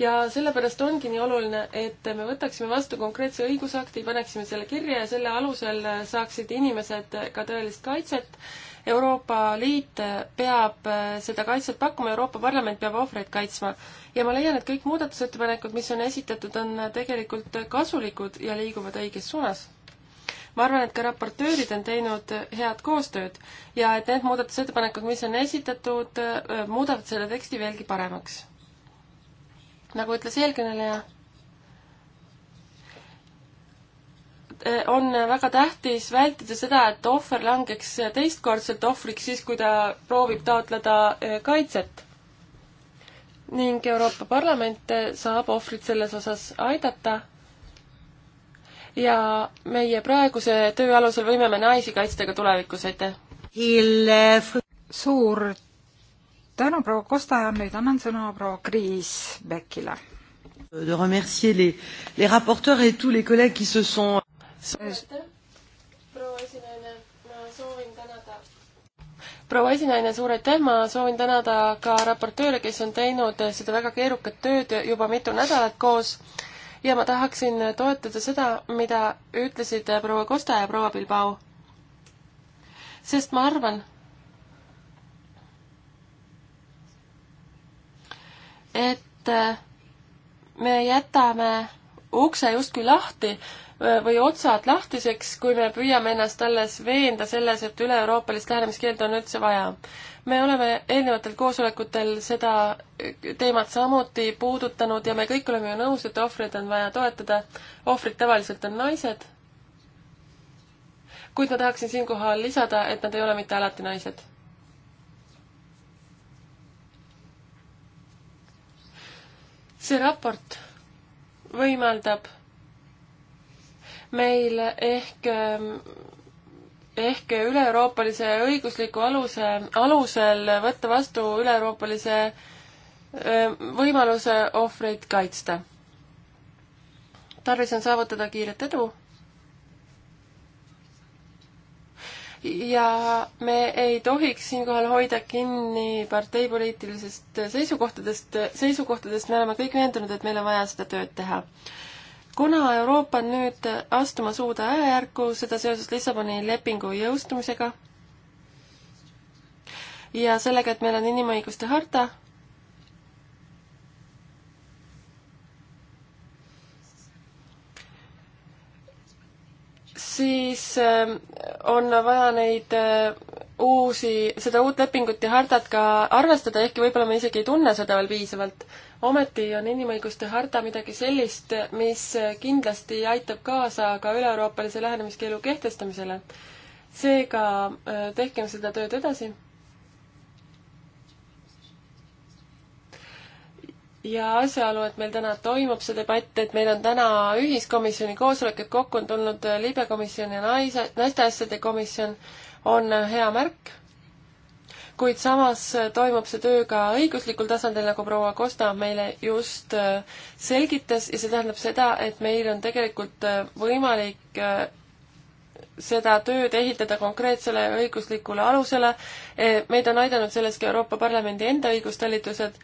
ja sellepärast ongi nii oluline, et me võtaksime vastu konkreetse õigusakti, paneksime selle kirja ja selle alusel saaksid inimesed ka tõelist kaitset Euroopa Liit peab äh, seda kaitset pakkuma, Euroopa Parlament peab ohvreid kaitsma. ja ma leian, et kõik muudatusettepanekud, mis on esitatud, on äh, tegelikult äh, kasulikud ja liiguvad õiges suunas. ma arvan, et ka raportöörid on teinud head koostööd ja et need muudatusettepanekud, mis on esitatud, muudavad selle teksti veelgi paremaks. nagu ütles eelkõneleja Eh, on väga tähtis vältida seda, et ohver langeks teistkordselt ohvriks siis, kui ta proovib taotleda eh, kaitset. ning Euroopa Parlament eh, saab ohvrit selles osas aidata. ja meie praeguse töö alusel võime me naisi kaitsta ka tulevikus, aitäh! suur tänu, proua Kosta ja nüüd annan sõna proua Kriis Bekile de remercier les, les rapporteurs et tous les collègues qui se sont proua esinaine, ma soovin tänada proua esinaine, suur aitäh, ma soovin tänada ka raportööre, kes on teinud seda väga keerukat tööd juba mitu nädalat koos ja ma tahaksin toetada seda, mida ütlesid proua Kosta ja proua Bilbao. sest ma arvan, et me jätame ukse justkui lahti või otsad lahtiseks, kui me püüame ennast alles veenda selles, et üle-euroopalist lähenemiskeeldu on üldse vaja. me oleme eelnevatel koosolekutel seda teemat samuti puudutanud ja me kõik oleme ju nõus, et ohvreid on vaja toetada. ohvrid tavaliselt on naised. kuid ma tahaksin siinkohal lisada, et nad ei ole mitte alati naised see raport võimaldab meil ehk ähm, ehk üle-euroopalise õigusliku aluse, alusel võtta vastu üle-euroopalise ähm, võimaluse ohvreid kaitsta. tarvis on saavutada kiiret edu. ja me ei tohiks siinkohal hoida kinni parteipoliitilisest seisukohtadest, seisukohtadest me oleme kõik veendunud, et meil on vaja seda tööd teha kuna Euroopa on nüüd astumas uude ajajärku, seda seoses Lissaboni lepingu jõustumisega ja sellega, et meil on inimõiguste harta, siis ähm, on vaja neid äh, uusi, seda uut lepingut ja hardat ka arvestada, ehkki võib-olla me isegi ei tunne seda veel piisavalt. ometi on inimõiguste harta midagi sellist, mis kindlasti aitab kaasa ka üle-euroopalise lähenemiskeelu kehtestamisele. seega äh, tehkem seda tööd edasi. ja asjaolu, et meil täna toimub see debatt, et meil on täna ühiskomisjoni koosolek, et kokku on tulnud äh, libekomisjon ja naise, naisteasjade komisjon naiste on hea märk, kuid samas toimub see töö ka õiguslikul tasandil, nagu proua Kosta meile just äh, selgitas ja see tähendab seda, et meil on tegelikult äh, võimalik äh, seda tööd ehitada konkreetsele õiguslikule alusele. Eh, meid on aidanud selles ka Euroopa Parlamendi enda õigustalitused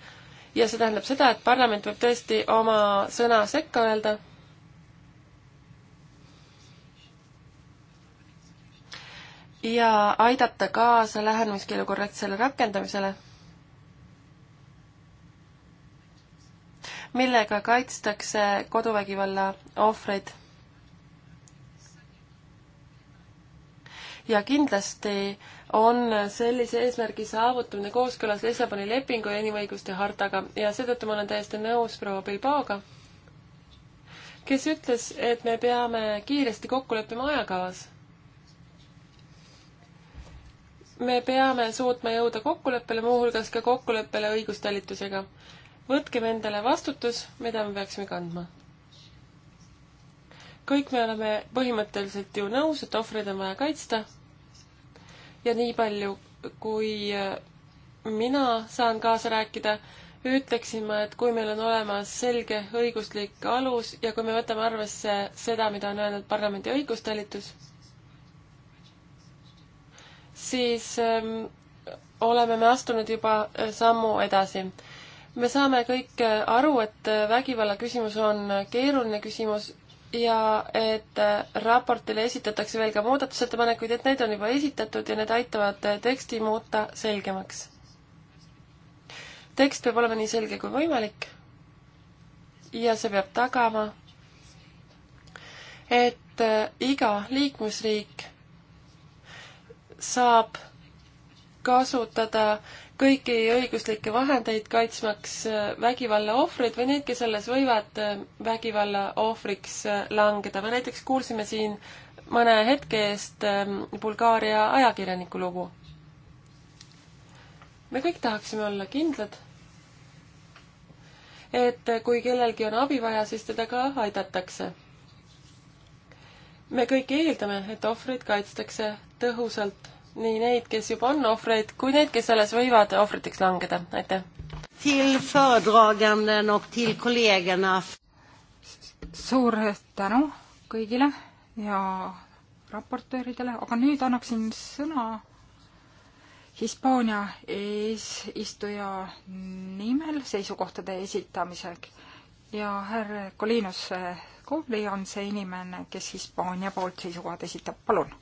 ja see tähendab seda, et parlament võib tõesti oma sõna sekka öelda ja aidata kaasa lähenemiskeelu korrektsele rakendamisele, millega kaitstakse koduvägivalla ohvreid. ja kindlasti on sellise eesmärgi saavutamine kooskõlas Lissaboni lepingu ja inimõiguste hartaga ja seetõttu ma olen täiesti nõus proua Bilbaoga, kes ütles, et me peame kiiresti kokku leppima ajakavas me peame suutma jõuda kokkuleppele, muuhulgas ka kokkuleppele õigustalitusega. võtkem endale vastutus, mida me peaksime kandma. kõik me oleme põhimõtteliselt ju nõus, et ohvreid on vaja kaitsta. ja nii palju, kui äh, mina saan kaasa rääkida, ütleksin ma, et kui meil on olemas selge õiguslik alus ja kui me võtame arvesse seda, mida on öelnud parlamendi õigustalitus siis ähm, oleme me astunud juba äh, sammu edasi. me saame kõik äh, aru, et äh, vägivalla küsimus on keeruline küsimus ja et raportile esitatakse veel ka muudatusettepanekuid, et need on juba esitatud ja need aitavad teksti muuta selgemaks. tekst peab olema nii selge kui võimalik ja see peab tagama, et iga liikmesriik saab kasutada kõiki õiguslikke vahendeid kaitsmaks äh, vägivalla ohvreid või neid, kes alles võivad äh, vägivalla ohvriks äh, langeda. me näiteks kuulsime siin mõne hetke eest ähm, Bulgaaria ajakirjaniku lugu. me kõik tahaksime olla kindlad, et kui kellelgi on abi vaja, siis teda ka aidatakse me kõik eeldame, et ohvreid kaitstakse tõhusalt, nii neid, kes juba on ohvreid, kui neid, kes alles võivad ohvriteks langeda, aitäh! suur tänu kõigile ja raportööridele, aga nüüd annaksin sõna Hispaania eesistuja nimel seisukohtade esitamiseks ja härra Colinos Kohli on see inimene, kes Hispaania poolt seisukohad esitab, palun.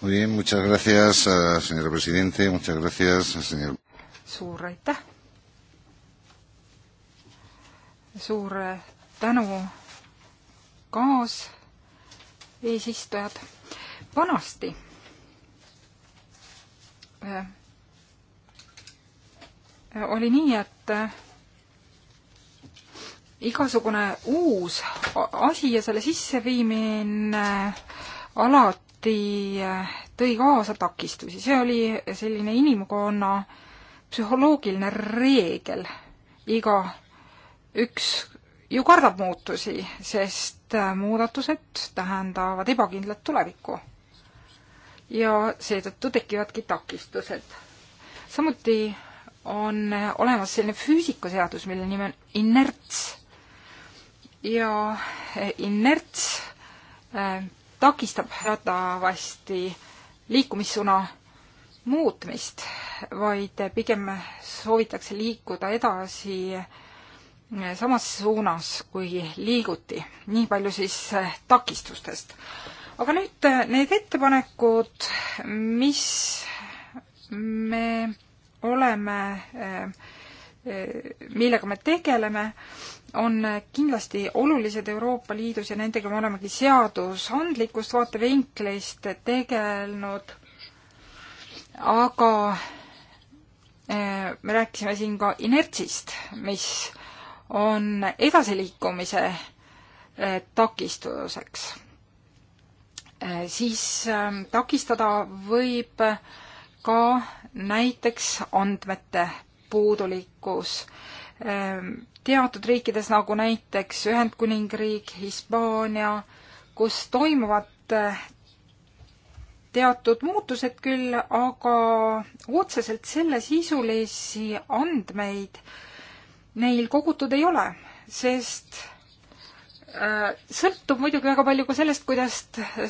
Muy bien, muchas gracias, eh, señor presidente, muchas gracias, señor. suur aitäh. suur eh, tänu, kaaseesistujad. vanasti eh, oli nii, et igasugune uus asi ja selle sisseviimine alati eh, tõi kaasa takistusi, see oli selline inimkonna psühholoogiline reegel. iga üks ju kardab muutusi, sest eh, muudatused tähendavad ebakindlat tulevikku. ja seetõttu tekivadki takistused. samuti on eh, olemas selline füüsikaseadus, mille nimi on inerts ja inerts äh, takistab teatavasti liikumissuuna muutmist, vaid pigem soovitakse liikuda edasi äh, samas suunas, kui liiguti. nii palju siis äh, takistustest. aga nüüd need ettepanekud, mis me oleme, millega me tegeleme on kindlasti olulised Euroopa Liidus ja nendega me olemegi seadusandlikust vaatevinklist tegelenud. aga eh, me rääkisime siin ka inertsist, mis on edasiliikumise eh, takistuseks. Eh, siis takistada võib ka näiteks andmete puudulikkus äh, Ehm, teatud riikides, nagu näiteks Ühendkuningriik, Hispaania, kus toimuvad eh, teatud muutused küll, aga otseselt sellesisulisi andmeid neil kogutud ei ole, sest eh, sõltub muidugi väga palju ka sellest, kuidas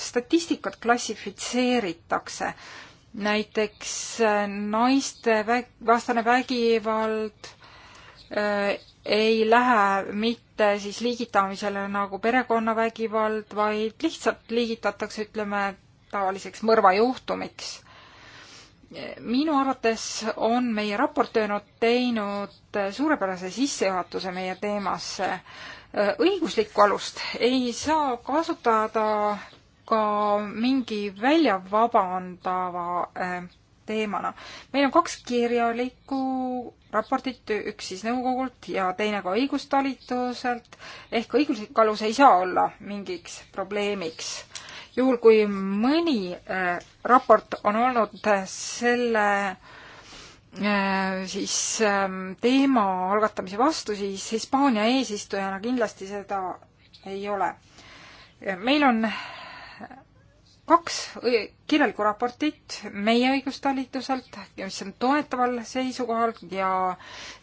statistikat klassifitseeritakse. näiteks eh, naiste vastane vägivald Äh, ei lähe mitte siis liigitamisele nagu perekonnavägivald, vaid lihtsalt liigitatakse, ütleme, tavaliseks mõrvajuhtumiks. minu arvates on meie raportöör teinud suurepärase sissejuhatuse meie teemasse. Äh, õiguslikku alust ei saa kasutada ka mingi väljavabandava äh, teemana. meil on kaks kirjalikku raportit, üks siis nõukogult ja teine ka õigustalituselt, ehk õiguslik alus ei saa olla mingiks probleemiks. juhul, kui mõni äh, raport on olnud selle äh, siis ähm, teema algatamise vastu, siis Hispaania eesistujana kindlasti seda ei ole. Äh, meil on kaks kirjalikku raportit meie õigustalituselt, mis on toetaval seisukohal ja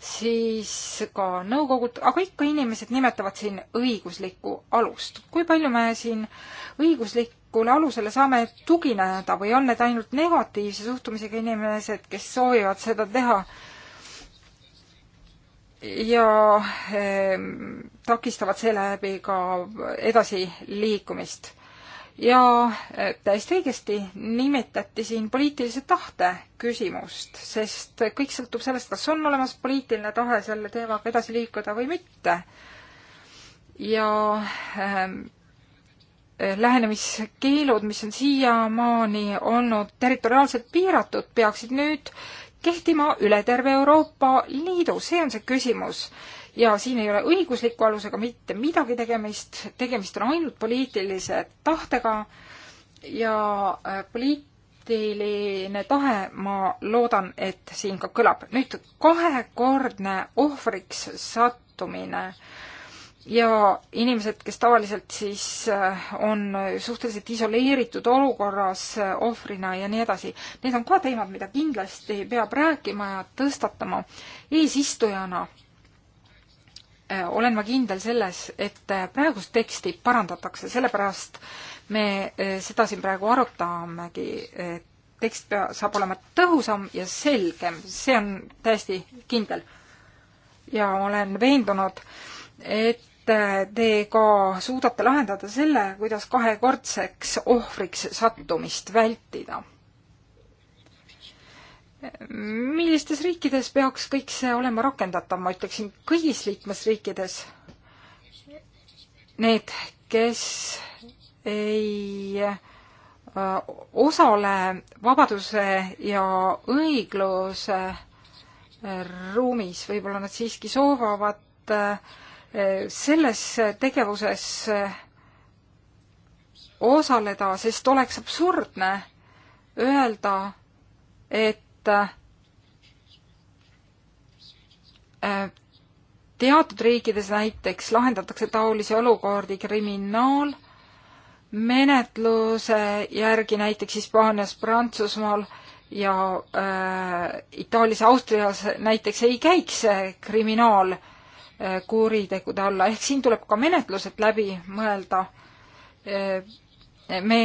siis ka nõukogud, aga ikka inimesed nimetavad siin õiguslikku alust. kui palju me siin õiguslikule alusele saame tugineda või on need ainult negatiivse suhtumisega inimesed, kes soovivad seda teha? ja eh, takistavad seeläbi ka edasiliikumist ja eh, täiesti õigesti nimetati siin poliitilise tahte küsimust, sest kõik sõltub sellest, kas on olemas poliitiline tahe selle teemaga edasi liikuda või mitte. ja ähm, lähenemiskeelud, mis on siiamaani olnud territoriaalselt piiratud, peaksid nüüd kehtima üle terve Euroopa Liidu, see on see küsimus ja siin ei ole õigusliku alusega mitte midagi tegemist, tegemist on ainult poliitilise tahtega ja äh, poliitiline tahe, ma loodan, et siin ka kõlab. nüüd kahekordne ohvriks sattumine ja inimesed, kes tavaliselt siis äh, on suhteliselt isoleeritud olukorras äh, ohvrina ja nii edasi, need on ka teemad, mida kindlasti peab rääkima ja tõstatama eesistujana Äh, olen ma kindel selles, et äh, praegust teksti parandatakse, sellepärast me äh, seda siin praegu arutamegi, et tekst pea-, saab olema tõhusam ja selgem, see on täiesti kindel. ja olen veendunud, et te ka suudate lahendada selle, kuidas kahekordseks ohvriks sattumist vältida millistes riikides peaks kõik see olema rakendatav, ma ütleksin kõigis liikmesriikides. Need, kes ei äh, osale vabaduse ja õigluse äh, ruumis, võib-olla nad siiski soovavad äh, selles tegevuses osaleda, sest oleks absurdne öelda, et et äh, teatud riikides näiteks lahendatakse taolisi olukordi kriminaalmenetluse järgi, näiteks Hispaanias, Prantsusmaal ja äh, Itaalias, Austrias näiteks ei käiks see kriminaalkuritegude äh, alla, ehk siin tuleb ka menetlused läbi mõelda äh, me,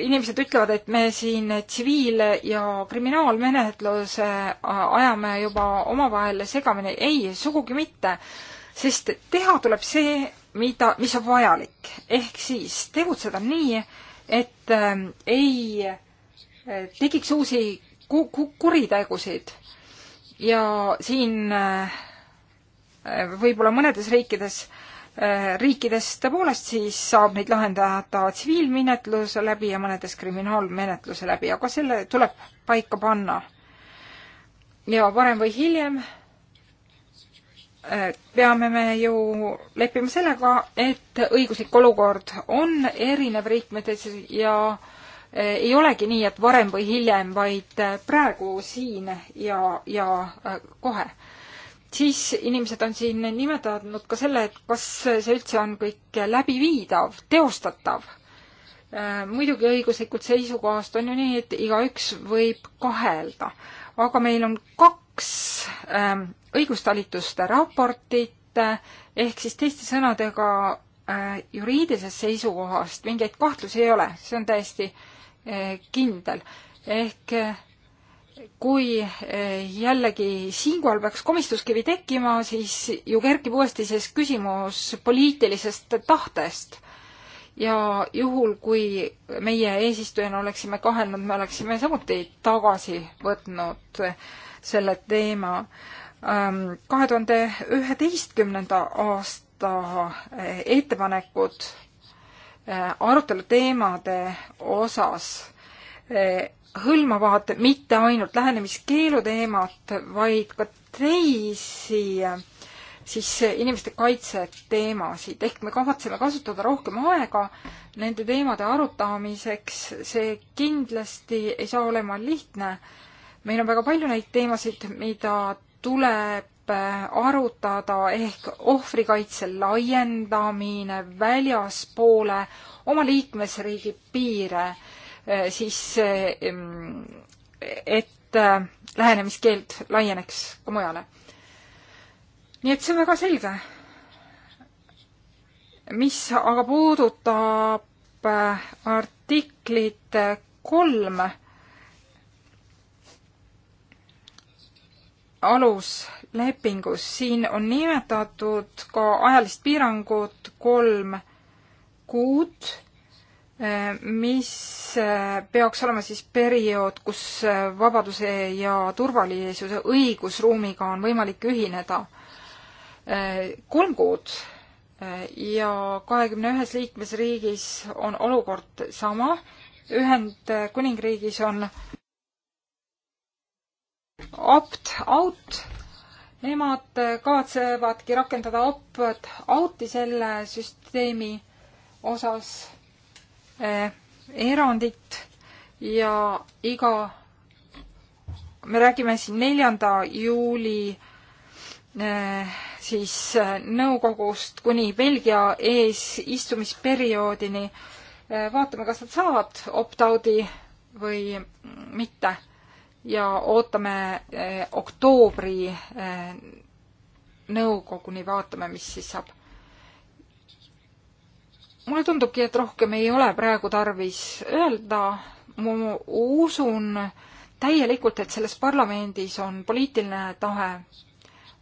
inimesed ütlevad, et me siin tsiviil- ja kriminaalmenetluse ajame juba omavahel segamini. ei, sugugi mitte, sest teha tuleb see, mida, mis on vajalik. ehk siis tegutseda nii, et äh, ei äh, tekiks uusi ku-, ku-, kuritegusid. ja siin äh, võib-olla mõnedes riikides äh, Äh, riikides tõepoolest siis saab neid lahendada tsiviilmenetluse läbi ja mõnedes kriminaalmenetluse läbi, aga selle tuleb paika panna. ja varem või hiljem äh, peame me ju leppima sellega, et õiguslik olukord on erinev riikides ja äh, ei olegi nii, et varem või hiljem, vaid praegu siin ja, ja kohe siis inimesed on siin nimetanud ka selle, et kas see üldse on kõik läbiviidav, teostatav. Äh, muidugi õiguslikult seisukohast on ju nii, et igaüks võib kahelda, aga meil on kaks ähm, õigustalituste raportit, ehk siis teiste sõnadega äh, juriidilisest seisukohast mingeid kahtlusi ei ole, see on täiesti äh, kindel. ehk kui eh, jällegi siinkohal peaks komistuskivi tekkima, siis ju kerkib uuesti siis küsimus poliitilisest tahtest. ja juhul, kui meie eesistujana oleksime kahelnud, me oleksime samuti tagasi võtnud selle teema. Ähm, kahe tuhande üheteistkümnenda aasta eh, ettepanekud eh, arutelu teemade osas hõlmavad mitte ainult lähenemiskeelu teemat, vaid ka teisi siis inimeste kaitse teemasid, ehk me kavatseme kasutada rohkem aega nende teemade arutamiseks, see kindlasti ei saa olema lihtne. meil on väga palju neid teemasid, mida tuleb äh, arutada ehk ohvrikaitse laiendamine väljaspoole oma liikmesriigi piire Eh, siis eh, et eh, lähenemiskeeld laieneks ka mujale. nii et see on väga selge. mis aga puudutab artiklit kolm aluslepingus, siin on nimetatud ka ajalist piirangut kolm kuud mis äh, peaks olema siis periood, kus äh, vabaduse ja turvalisuse õigusruumiga on võimalik ühineda. Äh, kolm kuud ja kahekümne ühes liikmesriigis on olukord sama, Ühendkuningriigis on opt-out, nemad kavatsevadki rakendada opt-out'i selle süsteemi osas Eh, erandit ja iga, me räägime siin neljanda juuli eh, siis eh, nõukogust kuni Belgia eesistumisperioodini. vaatame, kas nad saavad opt-out'i või mitte ja ootame oktoobri nõukoguni, vaatame, mis siis saab mulle tundubki, et rohkem ei ole praegu tarvis öelda, ma usun täielikult, et selles parlamendis on poliitiline tahe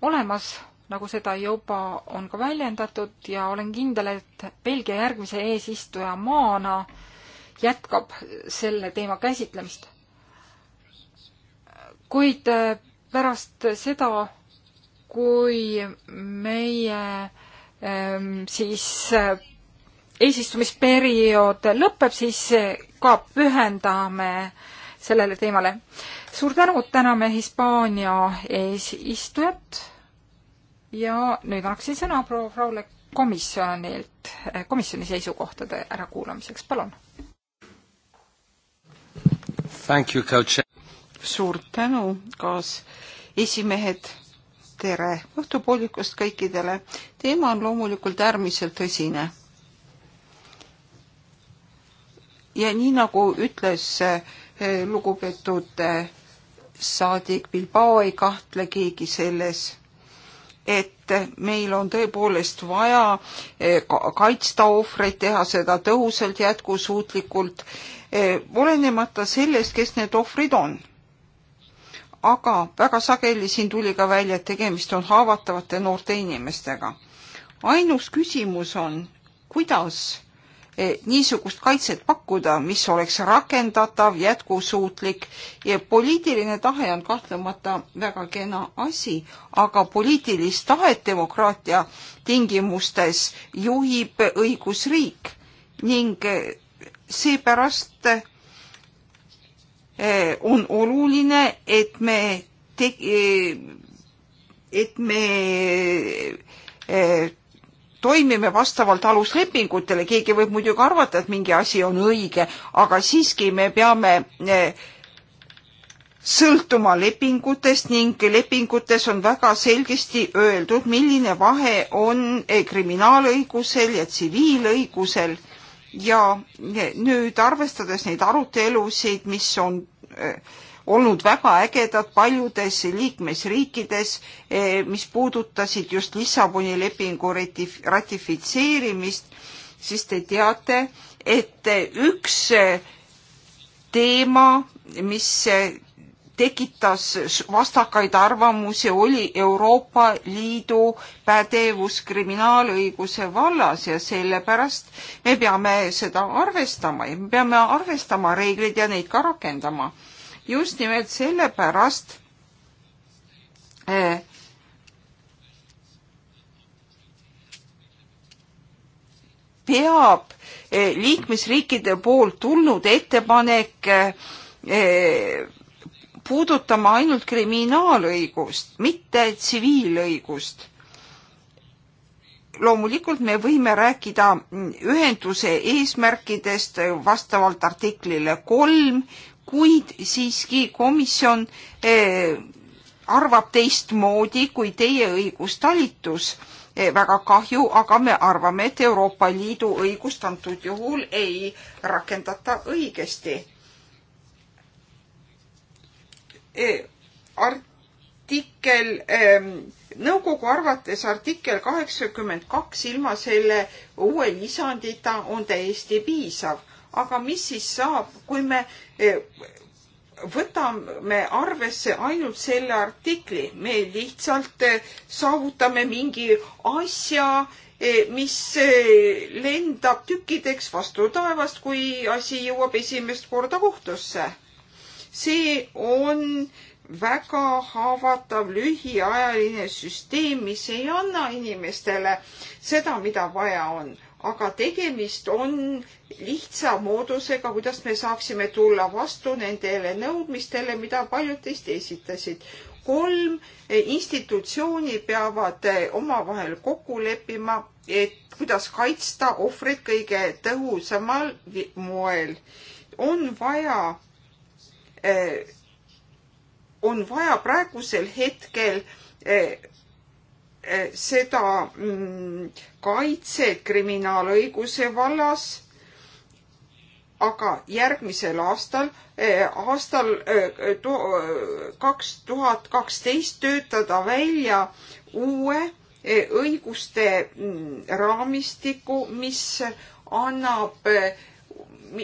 olemas, nagu seda juba on ka väljendatud ja olen kindel, et Belgia järgmise eesistuja maana jätkab selle teema käsitlemist. kuid äh, pärast seda, kui meie ähm, siis äh, eesistumisperiood lõpeb, siis ka pühendame sellele teemale. suur tänu, täname Hispaania eesistujat ja nüüd annaksin sõna proua Fraule komisjonilt, eh, komisjoni seisukohtade ärakuulamiseks, palun. suur tänu, kaasesimehed, tere õhtupoolikust kõikidele. teema on loomulikult äärmiselt tõsine ja nii nagu ütles eh, lugupeetud eh, saadik Bilbao, ei kahtle keegi selles, et meil on tõepoolest vaja eh, kaitsta ohvreid, teha seda tõhusalt, jätkusuutlikult, olenemata sellest, kes need ohvrid on aga väga sageli siin tuli ka välja, et tegemist on haavatavate noorte inimestega. ainus küsimus on, kuidas Eh, niisugust kaitset pakkuda, mis oleks rakendatav, jätkusuutlik ja poliitiline tahe on kahtlemata väga kena asi, aga poliitilist tahet demokraatia tingimustes juhib õigusriik ning eh, seepärast eh, on oluline, et me, et me toimime vastavalt aluslepingutele, keegi võib muidugi arvata, et mingi asi on õige, aga siiski me peame eh, sõltuma lepingutest ning lepingutes on väga selgesti öeldud, milline vahe on eh, kriminaalõigusel ja tsiviilõigusel ja eh, nüüd arvestades neid arutelusid, mis on äh, olnud väga ägedad paljudes liikmesriikides, eh, mis puudutasid just Lissaboni lepingu ratifitseerimist, siis te teate, et üks eh, teema, mis eh, tekitas vastakaid arvamusi, oli Euroopa Liidu pädevus kriminaalõiguse vallas ja sellepärast me peame seda arvestama ja me peame arvestama reegleid ja neid ka rakendama just nimelt sellepärast e, peab e, liikmesriikide poolt tulnud ettepanek e, puudutama ainult kriminaalõigust, mitte tsiviilõigust. loomulikult me võime rääkida ühenduse eesmärkidest vastavalt artiklile kolm kuid siiski komisjon eh, arvab teistmoodi kui teie õigustalitus. Eh, väga kahju, aga me arvame, et Euroopa Liidu õigust antud juhul ei rakendata õigesti eh, artikkel, ehm, nõukogu arvates artikkel kaheksakümmend kaks ilma selle uue lisandita on täiesti piisav aga mis siis saab, kui me e, võtame arvesse ainult selle artikli, me lihtsalt e, saavutame mingi asja, e, mis lendab tükkideks vastu taevast, kui asi jõuab esimest korda kohtusse. see on väga haavatav lühiajaline süsteem, mis ei anna inimestele seda, mida vaja on aga tegemist on lihtsa moodusega, kuidas me saaksime tulla vastu nendele nõudmistele, mida paljud teist esitasid. kolm institutsiooni peavad omavahel kokku leppima, et kuidas kaitsta ohvreid kõige tõhusamal moel. on vaja, eh, on vaja praegusel hetkel eh, seda mm, kaitset kriminaalõiguse vallas, aga järgmisel aastal, eh, aastal eh, kaks tuhat kaksteist töötada välja uue eh, õiguste mm, raamistiku, mis annab,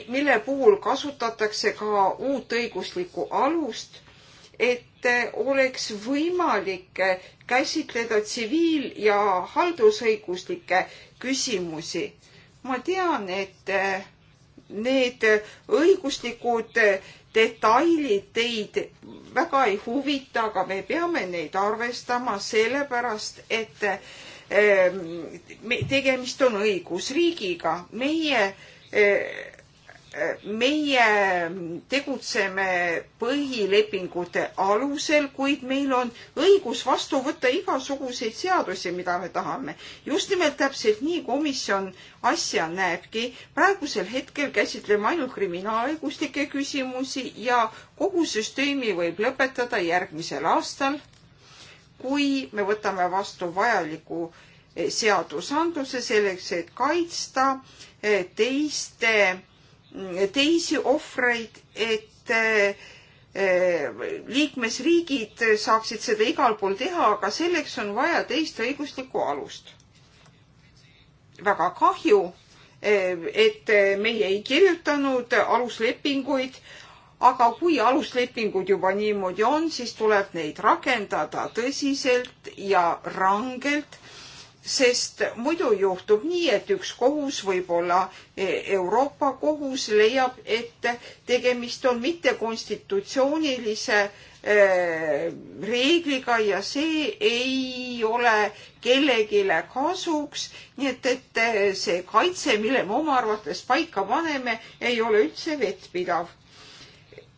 mille puhul kasutatakse ka uut õiguslikku alust, et oleks võimalik käsitleda tsiviil- ja haldusõiguslikke küsimusi. ma tean, et eh, need õiguslikud eh, detailid teid väga ei huvita, aga me peame neid arvestama sellepärast, et eh, tegemist on õigusriigiga. meie meie tegutseme põhilepingute alusel, kuid meil on õigus vastu võtta igasuguseid seadusi, mida me tahame. just nimelt täpselt nii komisjon asja näebki. praegusel hetkel käsitleme ainult kriminaalõiguslikke küsimusi ja kogu süsteemi võib lõpetada järgmisel aastal, kui me võtame vastu vajaliku eh, seadusandluse selleks, et kaitsta eh, teiste teisi ohvreid, et eh, liikmesriigid saaksid seda igal pool teha, aga selleks on vaja teist õiguslikku alust. väga kahju, eh, et meie ei kirjutanud aluslepinguid, aga kui aluslepingud juba niimoodi on, siis tuleb neid rakendada tõsiselt ja rangelt sest muidu juhtub nii, et üks kohus, võib-olla e, Euroopa kohus leiab, et tegemist on mittekonstitutsioonilise e, reegliga ja see ei ole kellelegi kasuks, nii et, et e, see kaitse, mille me oma arvates paika paneme, ei ole üldse vettpidav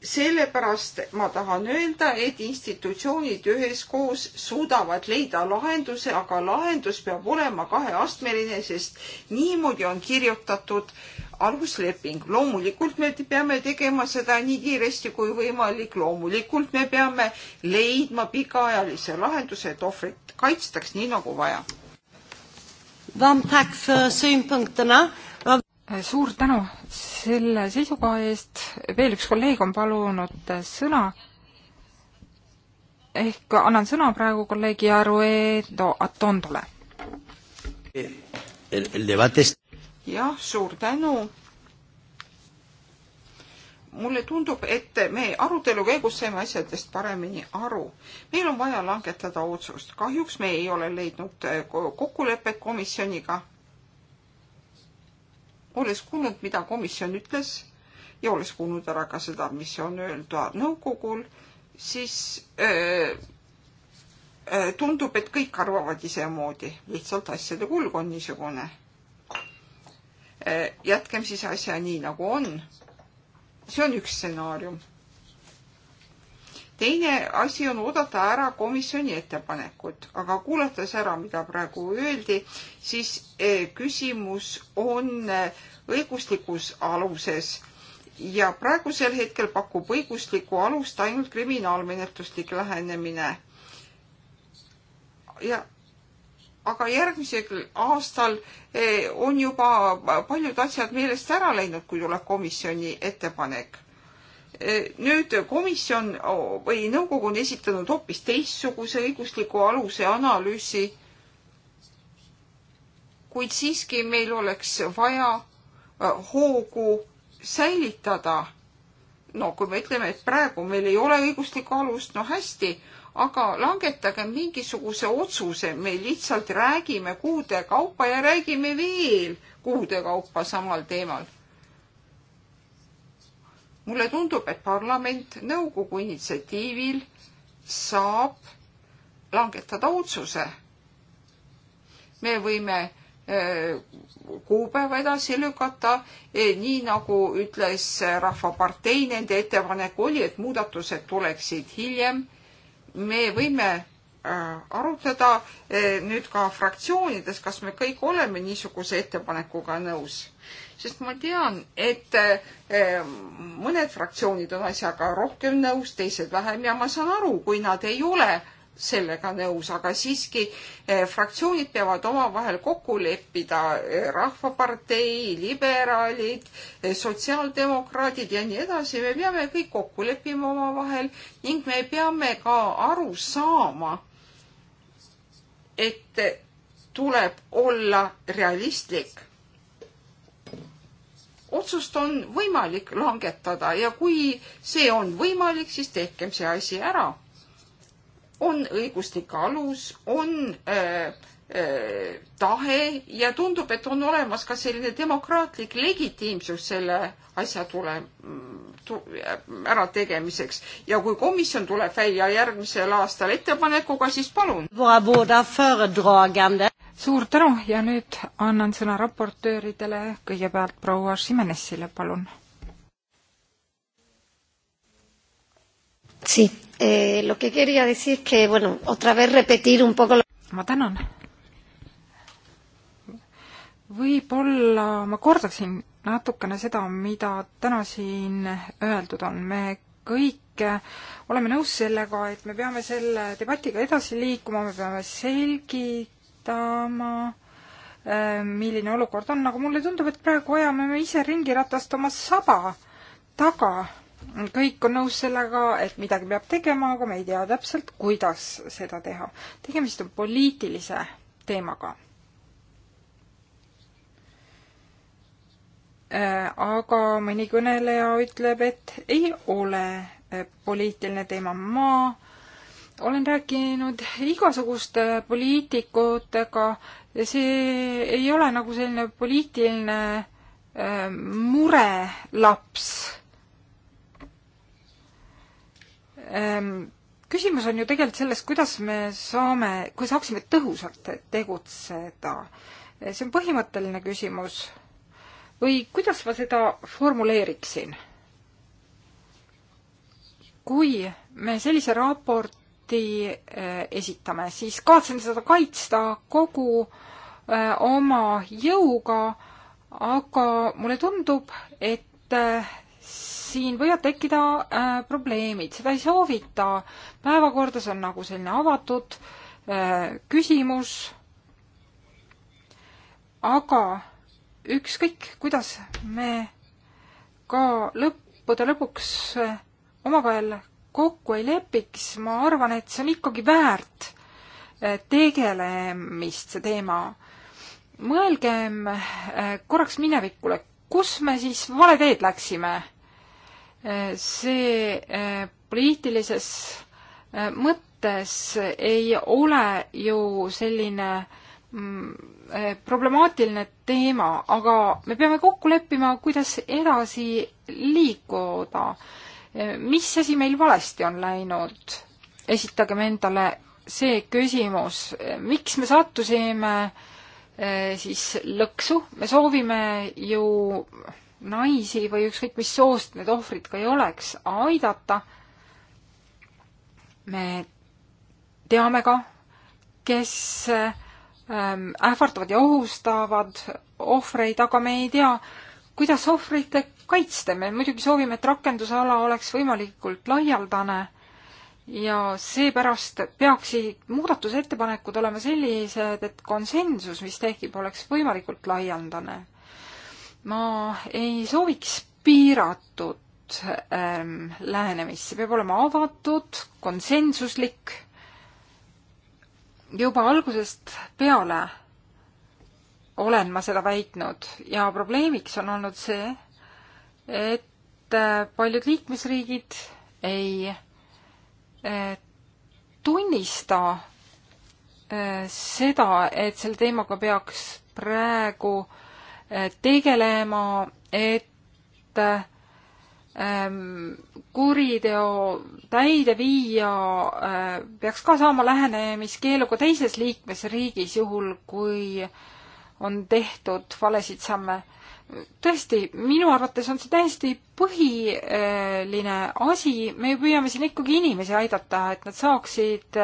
sellepärast ma tahan öelda, et institutsioonid üheskoos suudavad leida lahenduse, aga lahendus peab olema kaheastmeline, sest niimoodi on kirjutatud alusleping. loomulikult me peame tegema seda nii kiiresti kui võimalik, loomulikult me peame leidma pikaajalise lahenduse, et ohvrit kaitstaks nii nagu vaja. Varmt tack för synpunkterna suur tänu selle seisukoha eest, veel üks kolleeg on palunud sõna. ehk annan sõna praegu kolleeg Jaruedo Atondole. jah, suur tänu. mulle tundub, et me arutelu käigus saime asjadest paremini aru. meil on vaja langetada otsust, kahjuks me ei ole leidnud kokkulepet komisjoniga olles kuulnud, mida komisjon ütles ja olles kuulnud ära ka seda, mis on öelda nõukogul, siis öö, äh, öö, äh, tundub, et kõik arvavad isemoodi, lihtsalt asjade kulg on niisugune. Äh, jätkem siis asja nii, nagu on. see on üks stsenaarium teine asi on oodata ära komisjoni ettepanekud, aga kuulates ära, mida praegu öeldi, siis eh, küsimus on eh, õiguslikus aluses ja praegusel hetkel pakub õiguslikku alust ainult kriminaalmenetluslik lähenemine. ja aga järgmisel aastal eh, on juba paljud asjad meelest ära läinud, kui tuleb komisjoni ettepanek Äh, nüüd komisjon või nõukogu on esitanud hoopis teistsuguse õigusliku aluse analüüsi, kuid siiski meil oleks vaja äh, hoogu säilitada. no kui me ütleme, et praegu meil ei ole õiguslikku alust, no hästi, aga langetage mingisuguse otsuse, me lihtsalt räägime kuude kaupa ja räägime veel kuude kaupa samal teemal mulle tundub, et parlament nõukogu initsiatiivil saab langetada otsuse. me võime eh, kuupäeva edasi lükata, eh, nii nagu ütles Rahvapartei, nende ettepanek oli, et muudatused tuleksid hiljem. me võime eh, arutleda nüüd ka fraktsioonides, kas me kõik oleme niisuguse ettepanekuga nõus sest ma tean, et eh, mõned fraktsioonid on asjaga rohkem nõus, teised vähem ja ma saan aru, kui nad ei ole sellega nõus, aga siiski eh, fraktsioonid peavad omavahel kokku leppida, eh, Rahvapartei, liberaalid, sotsiaaldemokraadid ja nii edasi, me peame kõik kokku leppima omavahel ning me peame ka aru saama, et tuleb olla realistlik otsust on võimalik langetada ja kui see on võimalik, siis tehkem see asi ära. on õiguslik alus, on äh, äh, tahe ja tundub, et on olemas ka selline demokraatlik legitiimsus selle asja tule-, ärategemiseks ja kui komisjon tuleb välja järgmisel aastal ettepanekuga, siis palun. suur tänu ja nüüd annan sõna raportööridele, kõigepealt proua Šimenessile, palun. Sí, eh, lo que quería decir que, bueno, otra vez repetir un poco lo... ma tänan võib-olla ma kordaksin natukene seda, mida täna siin öeldud on. me kõik oleme nõus sellega, et me peame selle debatiga edasi liikuma, me peame selgitama, äh, milline olukord on, aga mulle tundub, et praegu ajame me ise ringiratast oma saba taga. kõik on nõus sellega, et midagi peab tegema, aga me ei tea täpselt, kuidas seda teha. tegemist on poliitilise teemaga Äh, aga mõni kõneleja ütleb, et ei ole äh, poliitiline teema. ma olen rääkinud igasuguste äh, poliitikutega ja see ei ole nagu selline poliitiline murelaps. Ähm, küsimus on ju tegelikult selles, kuidas me saame, kui saaksime tõhusalt tegutseda. see on põhimõtteline küsimus või kuidas ma seda formuleeriksin? kui me sellise raporti eh, esitame, siis kavatsen seda kaitsta kogu eh, oma jõuga, aga mulle tundub, et eh, siin võivad tekkida äh, probleemid, seda ei soovita. päevakorda, see on nagu selline avatud äh, küsimus. aga ükskõik, kuidas me ka lõppude lõpuks omavahel kokku ei lepiks, ma arvan, et see on ikkagi väärt eh, tegelemist, see teema. mõelgem eh, korraks minevikule, kus me siis vale teed läksime? Eh, see poliitilises mõttes ei ole ju selline äh, Mm, eh, problemaatiline teema, aga me peame kokku leppima, kuidas edasi liikuda. Eh, mis asi meil valesti on läinud? esitagem endale see küsimus, eh, miks me sattusime siis lõksu, me soovime ju naisi või ükskõik mis soost need ohvrid ka ei oleks, aidata. me teame ka, kes äh, Ähm, ähvardavad ja ohustavad ohvreid, aga me ei tea, kuidas ohvrit kaitsta. me muidugi soovime, et rakendusala oleks võimalikult laialdane ja seepärast peaksid muudatusettepanekud olema sellised, et konsensus, mis tekib, oleks võimalikult laialdane. ma ei sooviks piiratud ähm, lähenemist, see peab olema avatud, konsensuslik juba algusest peale olen ma seda väitnud ja probleemiks on olnud see, et äh, paljud liikmesriigid ei äh, tunnista äh, seda, et selle teemaga peaks praegu tegelema, et Ähm, kuriteo täideviija äh, peaks ka saama lähenemiskeelu ka teises liikmesriigis, juhul kui on tehtud valesid samme. tõesti, minu arvates on see täiesti põhiline asi, me püüame siin ikkagi inimesi aidata, et nad saaksid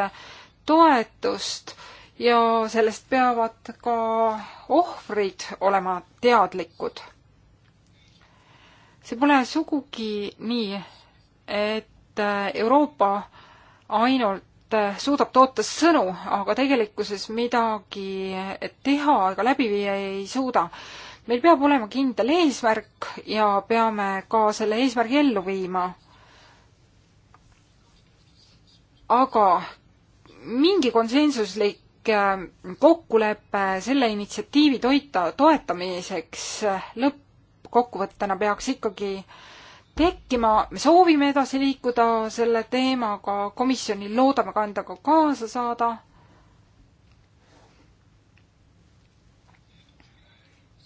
toetust ja sellest peavad ka ohvrid olema teadlikud see pole sugugi nii, et äh, Euroopa ainult äh, suudab toota sõnu, aga tegelikkuses midagi äh, teha ega läbi viia ei suuda. meil peab olema kindel eesmärk ja peame ka selle eesmärgi ellu viima. aga mingi konsensuslik kokkulepe selle initsiatiivi toita, toetamiseks lõpp kokkuvõttena peaks ikkagi tekkima, me soovime edasi liikuda selle teemaga, komisjonil loodame ka endaga kaasa saada.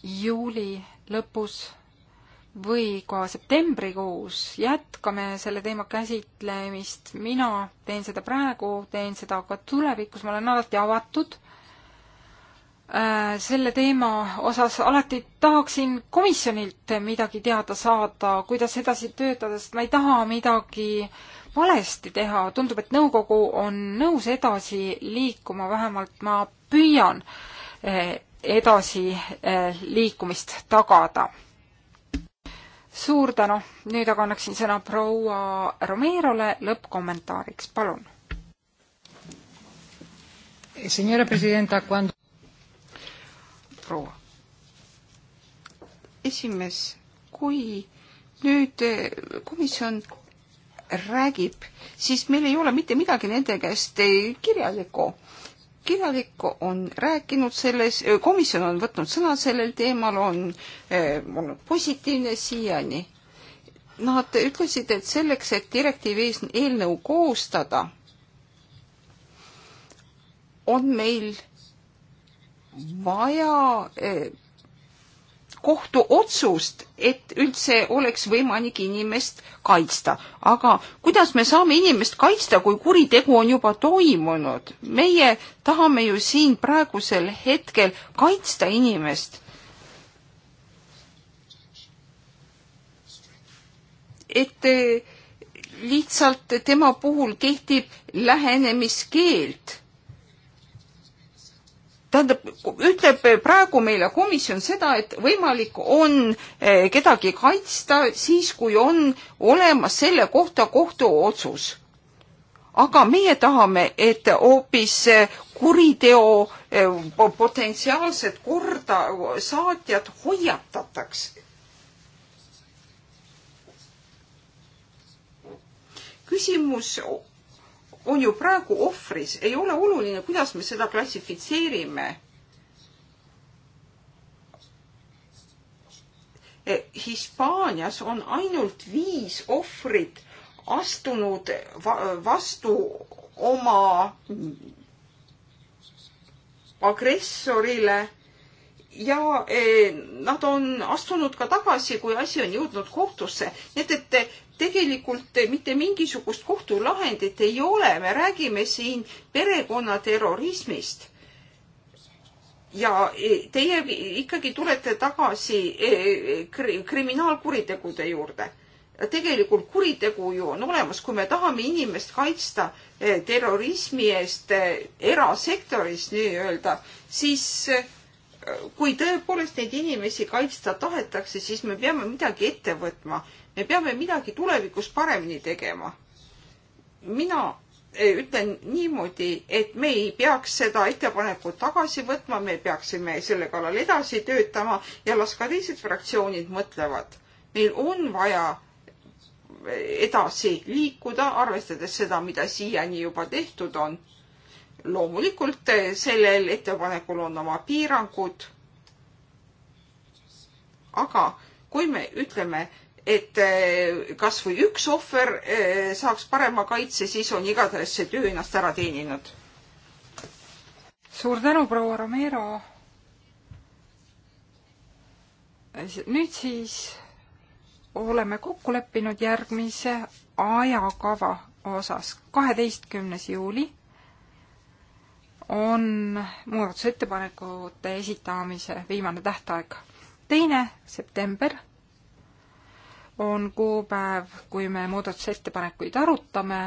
juuli lõpus või ka septembrikuus jätkame selle teema käsitlemist. mina teen seda praegu, teen seda ka tulevikus, ma olen alati avatud Äh, selle teema osas alati tahaksin komisjonilt midagi teada saada, kuidas edasi töötada, sest ma ei taha midagi valesti teha, tundub, et nõukogu on nõus edasi liikuma, vähemalt ma püüan äh, edasi äh, liikumist tagada. suur tänu, nüüd aga annaksin sõna proua Romerole lõppkommentaariks, palun. Eh, señora presidenta, cuando proua. esimees, kui nüüd eh, komisjon räägib, siis meil ei ole mitte midagi nende käest eh, kirjalikku. kirjalikku on rääkinud selles, eh, komisjon on võtnud sõna sellel teemal, on olnud positiivne siiani. Nad ütlesid, et selleks, et direktiivi eelnõu koostada, on meil vaja eh, kohtuotsust, et üldse oleks võimalik inimest kaitsta. aga kuidas me saame inimest kaitsta, kui kuritegu on juba toimunud? meie tahame ju siin praegusel hetkel kaitsta inimest. et eh, lihtsalt tema puhul kehtib lähenemiskeeld tähendab, ütleb praegu meile komisjon seda, et võimalik on eh, kedagi kaitsta siis, kui on olemas selle kohta kohtuotsus. aga meie tahame, et hoopis eh, kuriteo eh, potentsiaalset korda saatjat hoiatataks. küsimus on ju praegu ohvris, ei ole oluline, kuidas me seda klassifitseerime. E, Hispaanias on ainult viis ohvrit astunud va vastu oma agressorile ja e, nad on astunud ka tagasi, kui asi on jõudnud kohtusse. nii et, et tegelikult mitte mingisugust kohtulahendit ei ole, me räägime siin perekonnaterrorismist. ja teie ikkagi tulete tagasi eh, eh, kriminaalkuritegude juurde. tegelikult kuritegu ju on olemas, kui me tahame inimest kaitsta eh, terrorismi eest erasektoris nii-öelda, siis kui tõepoolest neid inimesi kaitsta tahetakse, siis me peame midagi ette võtma me peame midagi tulevikus paremini tegema. mina eh, ütlen niimoodi, et me ei peaks seda ettepanekut tagasi võtma, me peaksime selle kallal edasi töötama ja las ka teised fraktsioonid mõtlevad. meil on vaja eh, edasi liikuda, arvestades seda, mida siiani juba tehtud on. loomulikult eh, sellel ettepanekul on oma piirangud. aga kui me ütleme, et eh, kas või üks ohver eh, saaks parema kaitse, siis on igatahes see töö ennast ära teeninud. suur tänu, proua Romero. nüüd siis oleme kokku leppinud järgmise ajakava osas. kaheteistkümnes juuli on muudatusettepanekute esitamise viimane tähtaeg. teine september on kuupäev, kui me muudatusettepanekuid arutame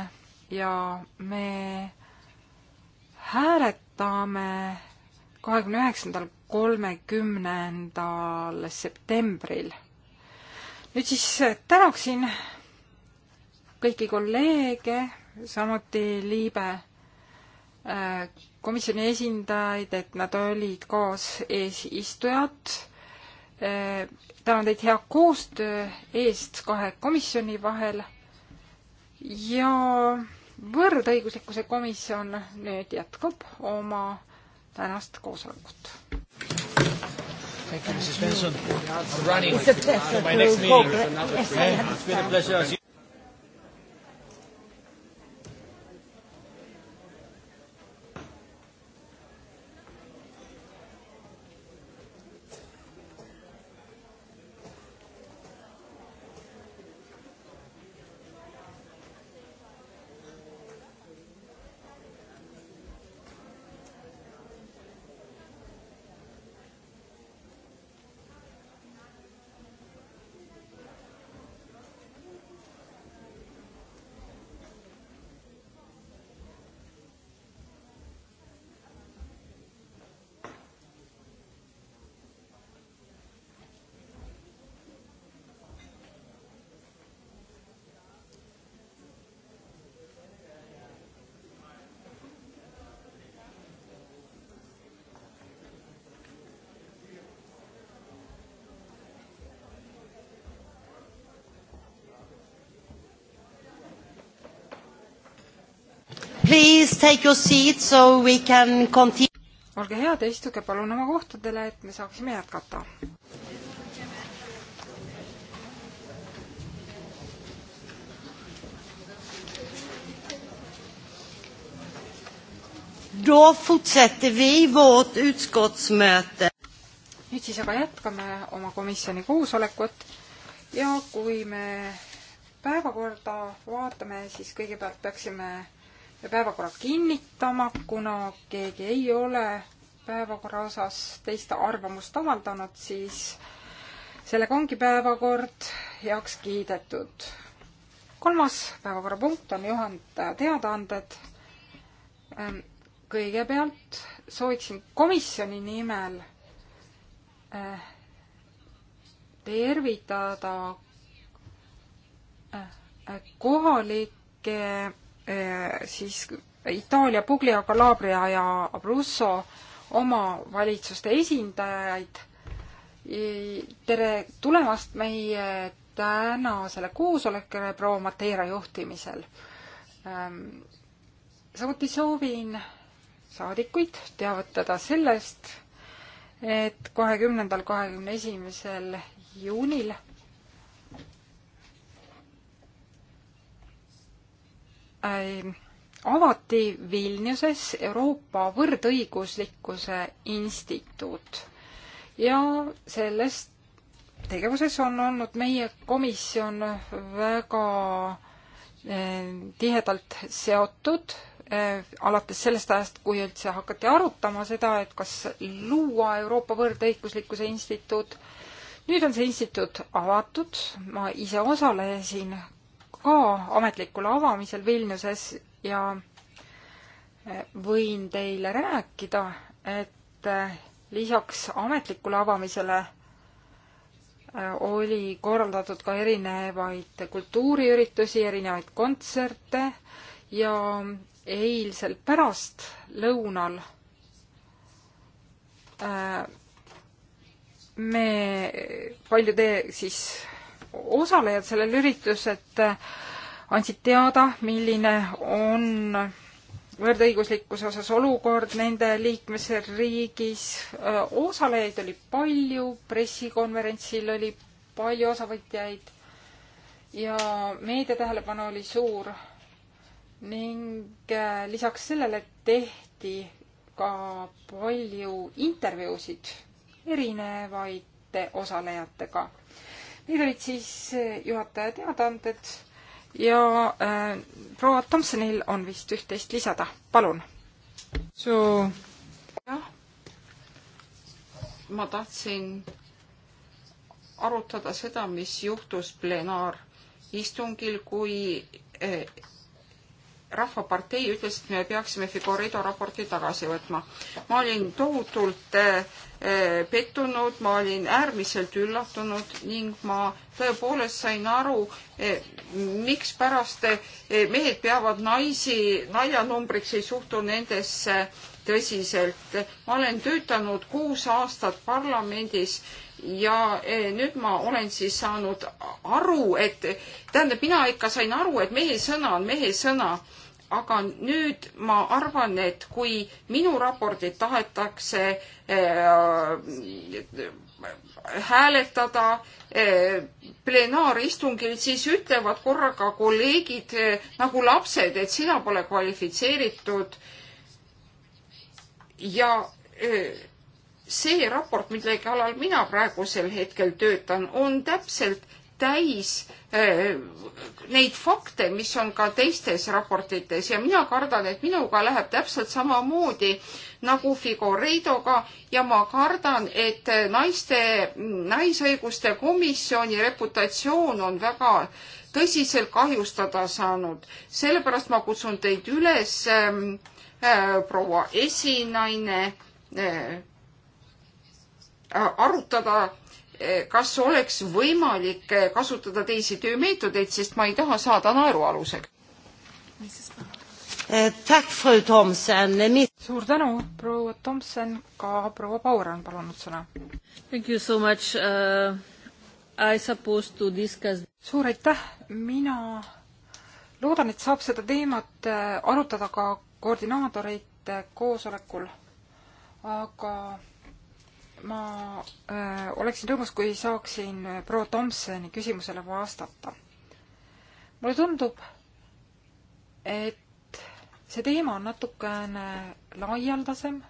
ja me hääletame kahekümne üheksandal, kolmekümnendal septembril. nüüd siis äh, tänaksin kõiki kolleege, samuti Liibe äh, komisjoni esindajaid, et nad olid kaasesistujad tänan teid hea koostöö eest kahe komisjoni vahel ja võrdõiguslikkuse komisjon nüüd jätkab oma tänast koosolekut. Thank you, Mrs. Benson. I'm running. It's a pleasure. My next meeting. It's been a pleasure. Please take your seat so we can continue. olge head ja istuge palun oma kohtadele, et me saaksime jätkata. Då fortsätter vi vårt utskottsmöte. nüüd siis aga jätkame oma komisjoni koosolekut ja kui me päevakorda vaatame, siis kõigepealt peaksime päevakorra kinnitama, kuna keegi ei ole päevakorra osas teist arvamust avaldanud, siis sellega ongi päevakord heaks kiidetud. kolmas päevakorrapunkt on juhataja teadaanded. Ähm, kõigepealt sooviksin komisjoni nimel äh, tervitada äh, äh, kohalikke Eh, siis Itaalia Puglia, Calabria ja Abruzzo omavalitsuste esindajaid. tere tulemast meie tänasele koosolekule proua Mateera juhtimisel. Ehm, samuti soovin saadikuid teavitada sellest, et kahekümnendal, kahekümne esimesel juunil Äh, avati Vilniuses Euroopa Võrdõiguslikkuse Instituut ja selles tegevuses on olnud meie komisjon väga äh, tihedalt seotud äh, alates sellest ajast, kui üldse hakati arutama seda, et kas luua Euroopa Võrdõiguslikkuse Instituut. nüüd on see instituut avatud, ma ise osalesin ka ametlikul avamisel Vilniuses ja eh, võin teile rääkida, et eh, lisaks ametlikule avamisele eh, oli korraldatud ka erinevaid kultuuriüritusi, erinevaid kontserte ja eilsel pärastlõunal me paljude siis osalejad sellel üritused eh, andsid teada, milline on võrdõiguslikkuse osas olukord nende liikmesriigis. Eh, osalejaid oli palju, pressikonverentsil oli palju osavõtjaid ja meedia tähelepanu oli suur ning eh, lisaks sellele tehti ka palju intervjuusid erinevate osalejatega. Need olid siis eh, juhataja teadaanded ja äh, proua Tomsonil on vist üht-teist lisada, palun. su, jah, ma tahtsin arutada seda, mis juhtus plenaaristungil, kui eh, Rahvapartei ütles, et me peaksime Figoredo raporti tagasi võtma. ma olin tohutult eh, eh, pettunud, ma olin äärmiselt üllatunud ning ma tõepoolest sain aru, eh, mikspärast mehed peavad naisi naljanumbriks, ei suhtu nendesse tõsiselt. ma olen töötanud kuus aastat parlamendis ja nüüd ma olen siis saanud aru, et tähendab, mina ikka sain aru, et mehe sõna on mehe sõna aga nüüd ma arvan, et kui minu raportit tahetakse äh, hääletada äh, plenaaristungil, siis ütlevad korraga kolleegid äh, nagu lapsed, et sina pole kvalifitseeritud. ja äh, see raport, mille kallal mina praegusel hetkel töötan, on täpselt täis äh, neid fakte, mis on ka teistes raportites ja mina kardan, et minuga läheb täpselt samamoodi nagu Figoreidoga ja ma kardan, et naiste, naisõiguste komisjoni reputatsioon on väga tõsiselt kahjustada saanud. sellepärast ma kutsun teid üles äh,, äh, proua esinaine äh,, arutada kas oleks võimalik kasutada teisi töömeetodeid, sest ma ei taha saada naerualusega. Eh, eh, suur tänu, proua Tomson, ka proua Paur on palunud sõna. Uh, suur aitäh, mina loodan, et saab seda teemat eh, arutada ka koordinaatorite koosolekul, aga ma äh, oleksin rõõmus, kui saaksin äh, proua Tomsoni küsimusele vastata. mulle tundub, et see teema on natukene laialdasem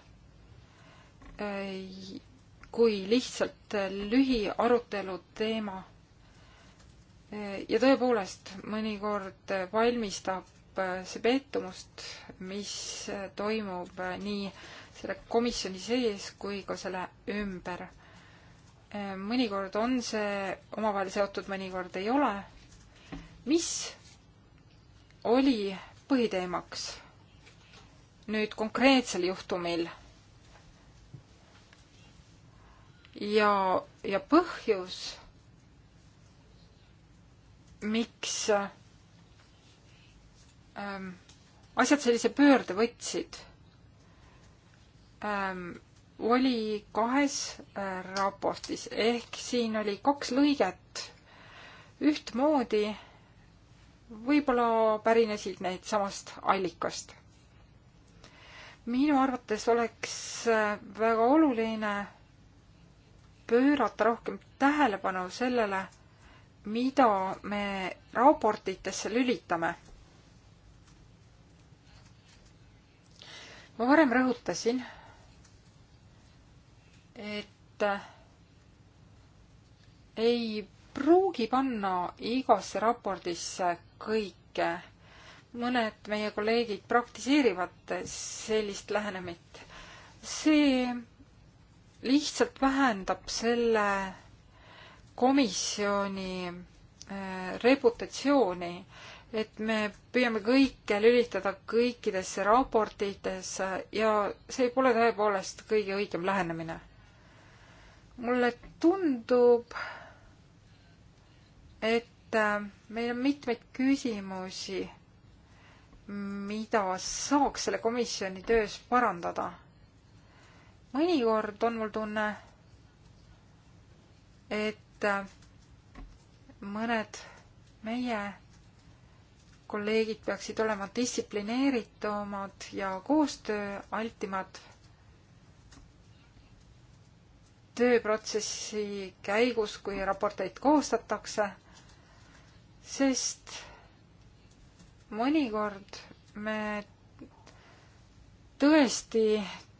äh, kui lihtsalt lühiarutelu teema äh,. ja tõepoolest, mõnikord valmistab äh, see pettumust, mis äh, toimub nii äh, selle komisjoni sees kui ka selle ümber. Äh, mõnikord on see omavahel seotud, mõnikord ei ole. mis oli põhiteemaks nüüd konkreetsel juhtumil? ja, ja põhjus, miks ähm, asjad sellise pöörde võtsid ähm, oli kahes äh, raportis ehk siin oli kaks lõiget ühtmoodi, võib-olla pärinesid need samast allikast. minu arvates oleks äh, väga oluline pöörata rohkem tähelepanu sellele, mida me raportitesse lülitame ma varem rõhutasin, et ei pruugi panna igasse raportisse kõike. mõned meie kolleegid praktiseerivad sellist lähenemit. see lihtsalt vähendab selle komisjoni äh, reputatsiooni, et me püüame kõike lülitada kõikidesse raportitesse ja see pole tõepoolest kõige õigem lähenemine mulle tundub, et äh, meil on mitmeid küsimusi, mida saaks selle komisjoni töös parandada. mõnikord on mul tunne, et äh, mõned meie kolleegid peaksid olema distsiplineeritumad ja koostööaltimad tööprotsessi käigus, kui raporteid koostatakse, sest mõnikord me tõesti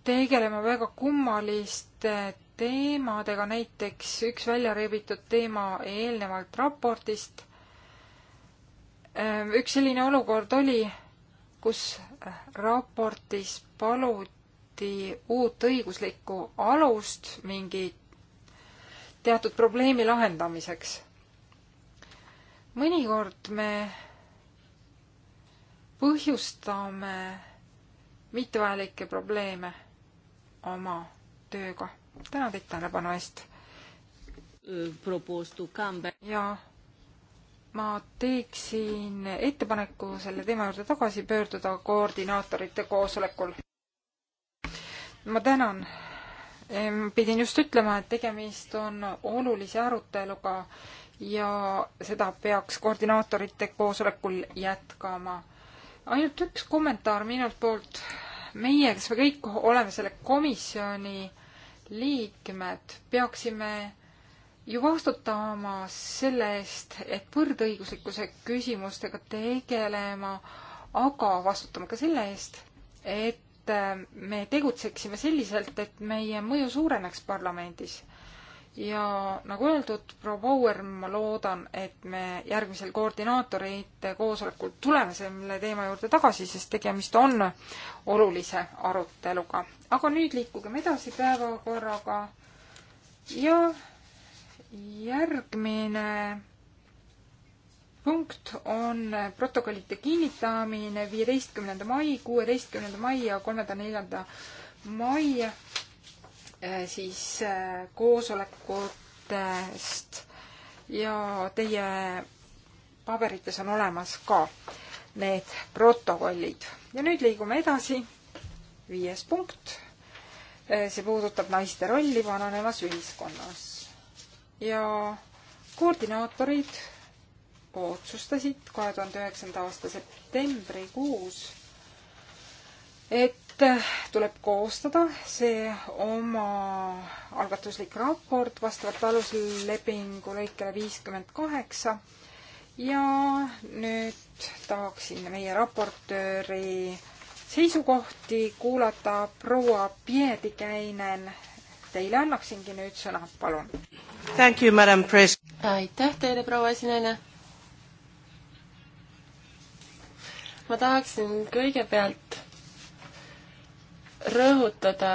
tegeleme väga kummaliste teemadega, näiteks üks välja rebitud teema eelnevalt raportist. üks selline olukord oli, kus raportis palud vaadati uut õiguslikku alust mingi teatud probleemi lahendamiseks. mõnikord me põhjustame mittevajalikke probleeme oma tööga. tänan teid tähelepanu eest. ja ma teeksin ettepaneku selle teema juurde tagasi pöörduda koordinaatorite koosolekul ma tänan. pidin just ütlema, et tegemist on olulise aruteluga ja seda peaks koordinaatorite koosolekul jätkama. ainult üks kommentaar minult poolt. meie, kes me kõik oleme selle komisjoni liikmed, peaksime ju vastutama selle eest, et võrdõiguslikkuse küsimustega tegelema, aga vastutama ka selle eest, et Äh, me tegutseksime selliselt, et meie mõju suureneks parlamendis. ja nagu öeldud, proua Bauer, ma loodan, et me järgmisel koordinaatorite koosolekul tuleme selle teema juurde tagasi, sest tegemist on olulise aruteluga. aga nüüd liikugem edasi päevakorraga ja järgmine punkt on protokollide kinnitamine viieteistkümnenda mai, kuueteistkümnenda mai ja kolmanda, neljanda mai eh, siis eh, koosolekutest ja teie paberites on olemas ka need protokollid. ja nüüd liigume edasi. viies punkt. Eh, see puudutab naiste rolli vananevas ühiskonnas ja koordinaatorid otsustasid kahe tuhande üheksanda aasta septembrikuus, et eh, tuleb koostada see oma algatuslik raport vastavalt aluslepingu lõikele viiskümmend kaheksa ja nüüd tahaksin meie raportööri seisukohti kuulata. proua Piedikäinen, teile annaksingi nüüd sõna, palun. aitäh teile, proua esinaine ma tahaksin kõigepealt rõhutada,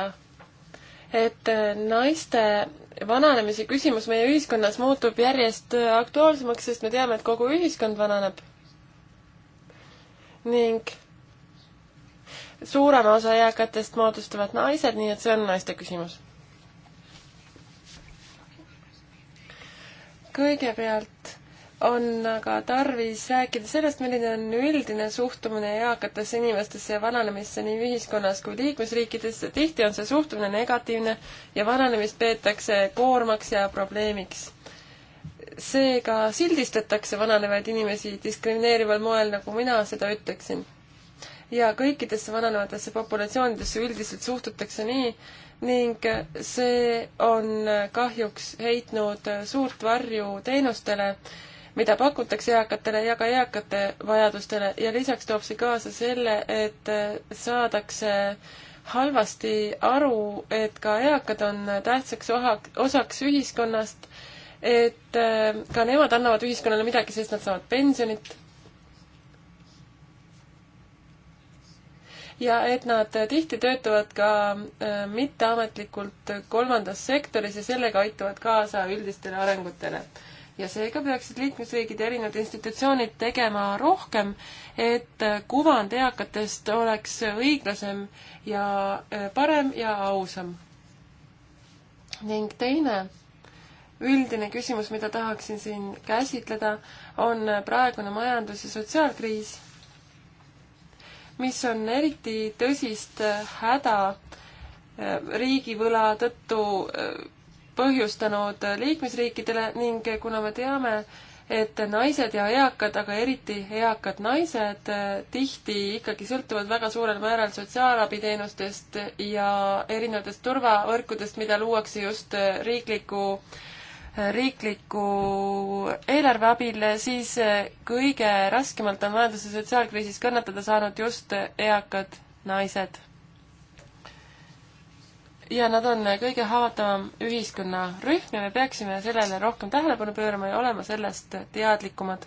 et naiste vananemise küsimus meie ühiskonnas muutub järjest aktuaalsemaks, sest me teame, et kogu ühiskond vananeb. ning suurema osa eakatest moodustavad naised, nii et see on naiste küsimus. kõigepealt on aga tarvis rääkida sellest, milline on üldine suhtumine eakatesse inimestesse ja vananemisse nii ühiskonnas kui liikmesriikides. tihti on see suhtumine negatiivne ja vananemist peetakse koormaks ja probleemiks. seega sildistatakse vananevaid inimesi diskrimineerival moel, nagu mina seda ütleksin. ja kõikidesse vananevatesse populatsioonidesse üldiselt suhtutakse nii, ning see on kahjuks heitnud suurt varju teenustele mida pakutakse eakatele ja ka eakate vajadustele ja lisaks toob see kaasa selle, et äh, saadakse halvasti aru, et ka eakad on tähtsaks oha, osaks ühiskonnast, et äh, ka nemad annavad ühiskonnale midagi, sest nad saavad pensionit ja et nad tihti töötavad ka äh, mitteametlikult kolmandas sektoris ja sellega aitavad kaasa üldistele arengutele ja seega peaksid liikmesriigid ja erinevad institutsioonid tegema rohkem, et kuvand eakatest oleks õiglasem ja äh, parem ja ausam. ning teine üldine küsimus, mida tahaksin siin käsitleda, on praegune majandus- ja sotsiaalkriis, mis on eriti tõsist äh, häda äh, riigivõla tõttu põhjustanud liikmesriikidele ning kuna me teame, et naised ja eakad, aga eriti eakad naised eh, tihti ikkagi sõltuvad väga suurel määral sotsiaalabiteenustest ja erinevatest turvavõrkudest, mida luuakse just eh, riikliku, eh, riikliku eelarve abil, siis kõige raskemalt on majandus- ja sotsiaalkriisis kannatada saanud just eakad naised ja nad on kõige haavatavam ühiskonnarühm ja me peaksime sellele rohkem tähelepanu pöörama ja olema sellest teadlikumad.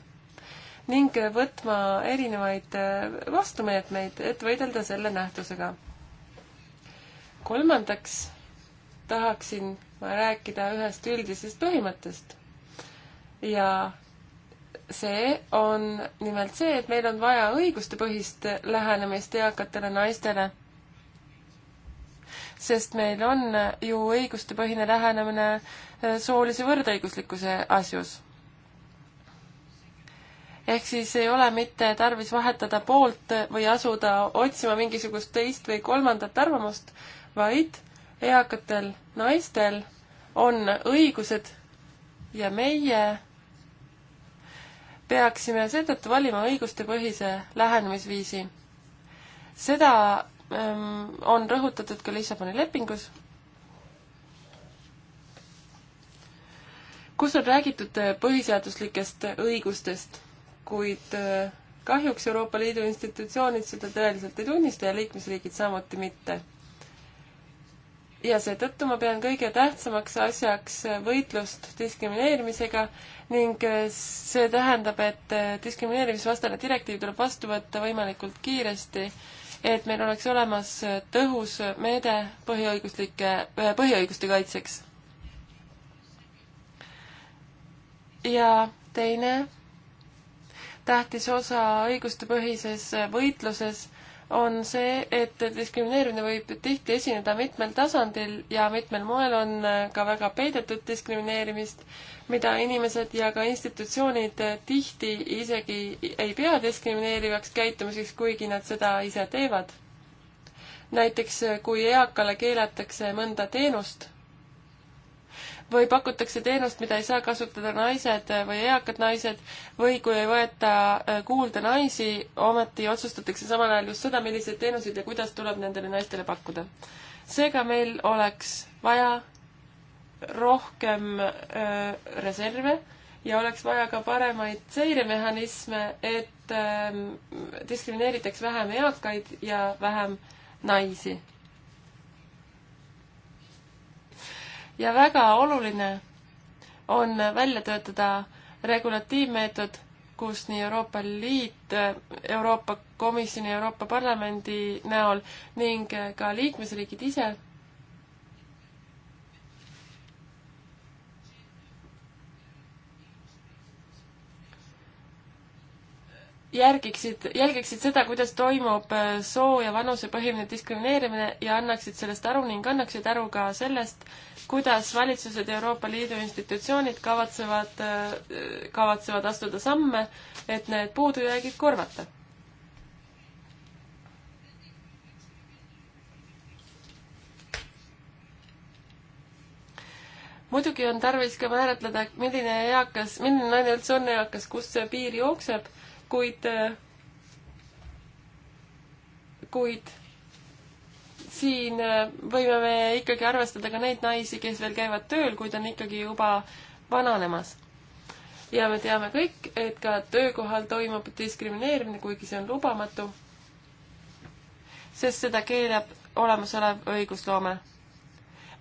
ning võtma erinevaid äh, vastumeetmeid, et võidelda selle nähtusega. kolmandaks tahaksin ma rääkida ühest üldisest põhimõttest. ja see on nimelt see, et meil on vaja õigustepõhist lähenemist eakatele naistele sest meil on ju õigustepõhine lähenemine eh, soolise võrdõiguslikkuse asjus ehk siis ei ole mitte tarvis vahetada poolt või asuda otsima mingisugust teist või kolmandat arvamust, vaid eakatel naistel on õigused ja meie peaksime seetõttu valima õigustepõhise lähenemisviisi. seda Ehm, on rõhutatud ka Lissaboni lepingus, kus on räägitud äh, põhiseaduslikest õigustest, kuid äh, kahjuks Euroopa Liidu institutsioonid seda tõeliselt ei tunnista ja liikmesriigid samuti mitte. ja seetõttu ma pean kõige tähtsamaks asjaks äh, võitlust diskrimineerimisega ning see tähendab, et diskrimineerimisvastane direktiiv tuleb vastu võtta võimalikult kiiresti et meil oleks olemas tõhus meede põhiõiguslike, põhiõiguste kaitseks. ja teine tähtis osa õigustepõhises võitluses on see, et diskrimineerimine võib tihti esineda mitmel tasandil ja mitmel moel on äh, ka väga peidetud diskrimineerimist, mida inimesed ja ka institutsioonid äh, tihti isegi ei pea diskrimineerivaks käitumiseks, kuigi nad seda ise teevad. näiteks äh, kui eakale keelatakse mõnda teenust või pakutakse teenust, mida ei saa kasutada naised või eakad naised või kui ei võeta äh, kuulda naisi, ometi otsustatakse samal ajal just seda, milliseid teenuseid ja kuidas tuleb nendele naistele pakkuda. seega meil oleks vaja rohkem öö, äh, reserve ja oleks vaja ka paremaid seiremehhanisme, et öö, ähm, diskrimineeritaks vähem eakaid ja vähem naisi ja väga oluline on välja töötada regulatiivmeetod, kus nii Euroopa Liit, Euroopa Komisjoni, Euroopa Parlamendi näol ning ka liikmesriigid ise järgiksid, jälgiksid seda, kuidas toimub äh, soo ja vanuse põhimine diskrimineerimine ja annaksid sellest aru ning annaksid aru ka sellest, kuidas valitsused ja Euroopa Liidu institutsioonid kavatsevad, äh, kavatsevad astuda samme, et need puudujäägid korvata. muidugi on tarvis ka määratleda, milline eakas, milline naine üldse on eakas, kust see piir jookseb kuid, kuid siin võime me ikkagi arvestada ka neid naisi, kes veel käivad tööl, kuid on ikkagi juba vananemas. ja me teame kõik, et ka töökohal toimub diskrimineerimine, kuigi see on lubamatu, sest seda keelab olemasolev õigusloome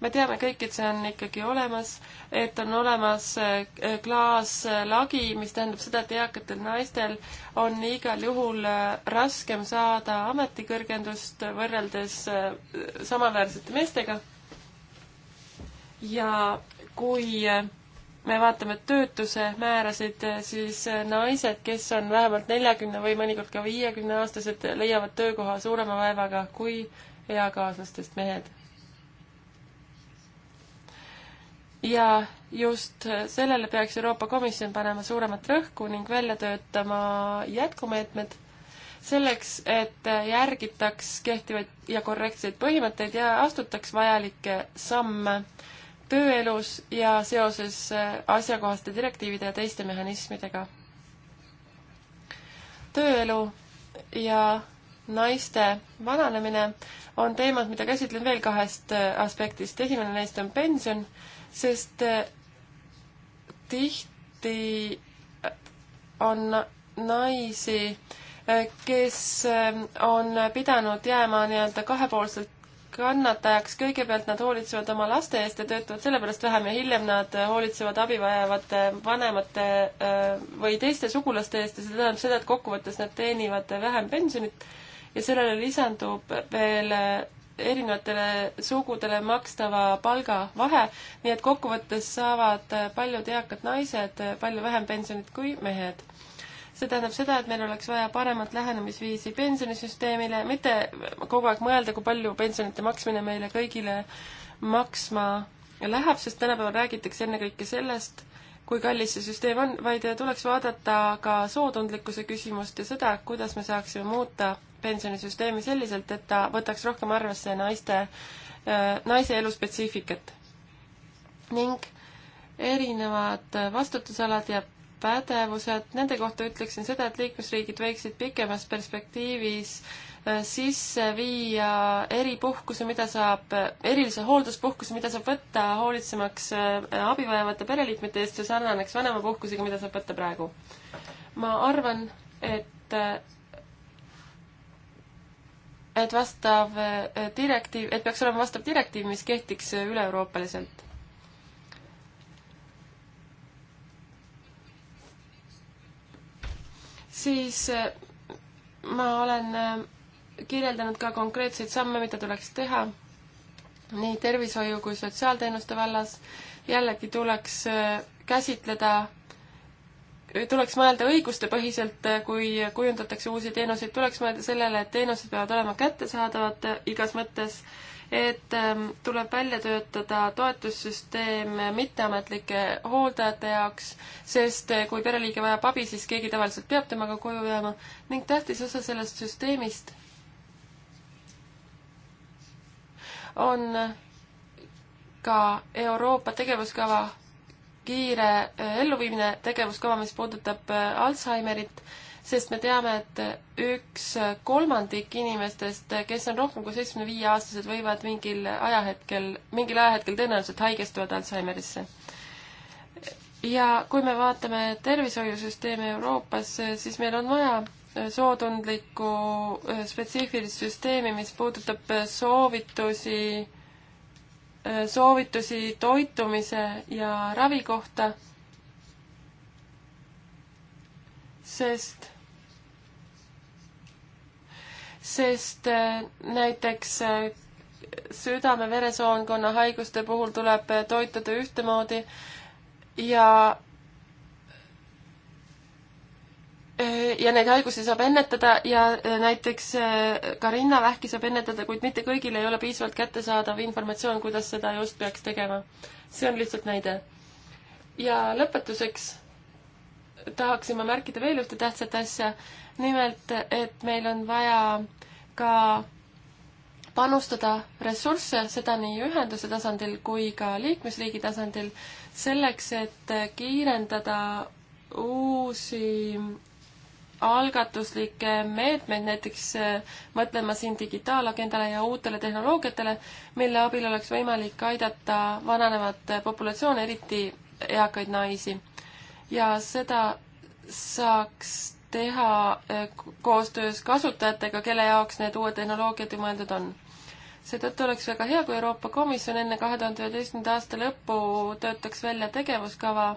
me teame kõik, et see on ikkagi olemas, et on olemas äh, klaaslagi, äh, mis tähendab seda, et eakatel naistel on igal juhul äh, raskem saada ametikõrgendust võrreldes samaväärsete meestega. ja kui me vaatame töötuse määrasid, siis naised, kes on vähemalt neljakümne või mõnikord ka viiekümne aastased, leiavad töökoha suurema vaevaga kui eakaaslastest mehed ja just sellele peaks Euroopa Komisjon panema suuremat rõhku ning välja töötama jätkumeetmed selleks, et järgitaks kehtivaid ja korrektseid põhimõtteid ja astutaks vajalikke samme tööelus ja seoses asjakohaste direktiivide ja teiste mehhanismidega. tööelu ja naiste vananemine on teemad, mida käsitlen veel kahest aspektist. esimene neist on pension sest eh, tihti eh, on naisi, eh, kes on pidanud jääma nii-öelda kahepoolselt kannatajaks, kõigepealt nad hoolitsevad oma laste eest ja töötavad selle pärast vähem ja hiljem nad hoolitsevad abi vajavate vanemate või teiste sugulaste eest ja see tähendab seda, et kokkuvõttes nad teenivad vähem pensionit ja sellele lisandub veel erinevatele sugudele makstava palga vahe, nii et kokkuvõttes saavad paljud eakad naised palju vähem pensionit kui mehed. see tähendab seda, et meil oleks vaja paremat lähenemisviisi pensionisüsteemile, mitte kogu aeg mõelda, kui palju pensionite maksmine meile kõigile maksma läheb, sest tänapäeval räägitakse ennekõike sellest, kui kallis see süsteem on, vaid tuleks vaadata ka sootundlikkuse küsimust ja seda, kuidas me saaksime muuta pensionisüsteemi selliselt, et ta võtaks rohkem arvesse naiste, äh, naise eluspetsiifikat. ning erinevad vastutusalad ja pädevused, nende kohta ütleksin seda, et liikmesriigid võiksid pikemas perspektiivis äh, sisse viia eripuhkuse, mida saab, erilise hoolduspuhkuse, mida saab võtta hoolitsemaks äh, abi vajavate pereliikmete eest, see sarnaneks vanemapuhkusega, mida saab võtta praegu. ma arvan, et et vastav eh, direktiiv, et peaks olema vastav direktiiv, mis kehtiks eh, üle-euroopaliselt. siis eh, ma olen kirjeldanud ka konkreetseid samme, mida tuleks teha nii tervishoiu kui sotsiaalteenuste vallas. jällegi tuleks käsitleda tuleks mõelda õigustepõhiselt, kui kujundatakse uusi teenuseid, tuleks mõelda sellele, et teenused peavad olema kättesaadavad igas mõttes, et ähm, tuleb välja töötada toetussüsteem mitteametlike hooldajate jaoks, sest äh, kui pereliige vajab abi, siis keegi tavaliselt peab temaga koju jääma ning tähtis osa sellest süsteemist on ka Euroopa tegevuskava kiire äh, elluviimine, tegevuskava, mis puudutab äh, Alzheimerit, sest me teame, et äh, üks kolmandik inimestest, kes on rohkem kui seitsmekümne viie aastased, võivad mingil ajahetkel, mingil ajahetkel tõenäoliselt haigestuvad Alzheimerisse. ja kui me vaatame tervishoiusüsteemi Euroopas, siis meil on vaja sootundlikku spetsiifilist süsteemi, mis puudutab soovitusi, Äh, soovitusi toitumise ja ravi kohta, sest, sest äh, näiteks äh, südame-veresoonkonna haiguste puhul tuleb toituda ühtemoodi ja ja neid haigusi saab ennetada ja äh, näiteks äh, ka rinnavähki saab ennetada, kuid mitte kõigil ei ole piisavalt kättesaadav informatsioon, kuidas seda just peaks tegema. see on lihtsalt näide. ja lõpetuseks tahaksin ma märkida veel ühte tähtsat asja. nimelt, et meil on vaja ka panustada ressursse, seda nii ühenduse tasandil kui ka liikmesriigi tasandil, selleks, et kiirendada uusi algatuslikke meetmeid, näiteks äh, mõtlen ma siin digitaalagendale ja uutele tehnoloogiatele, mille abil oleks võimalik aidata vananevat populatsiooni, eriti eakaid naisi. ja seda saaks teha äh, koostöös kasutajatega, kelle jaoks need uued tehnoloogiad ju mõeldud on seetõttu oleks väga hea, kui Euroopa Komisjon enne kahe tuhande üheteistkümnenda aasta lõppu töötaks välja tegevuskava,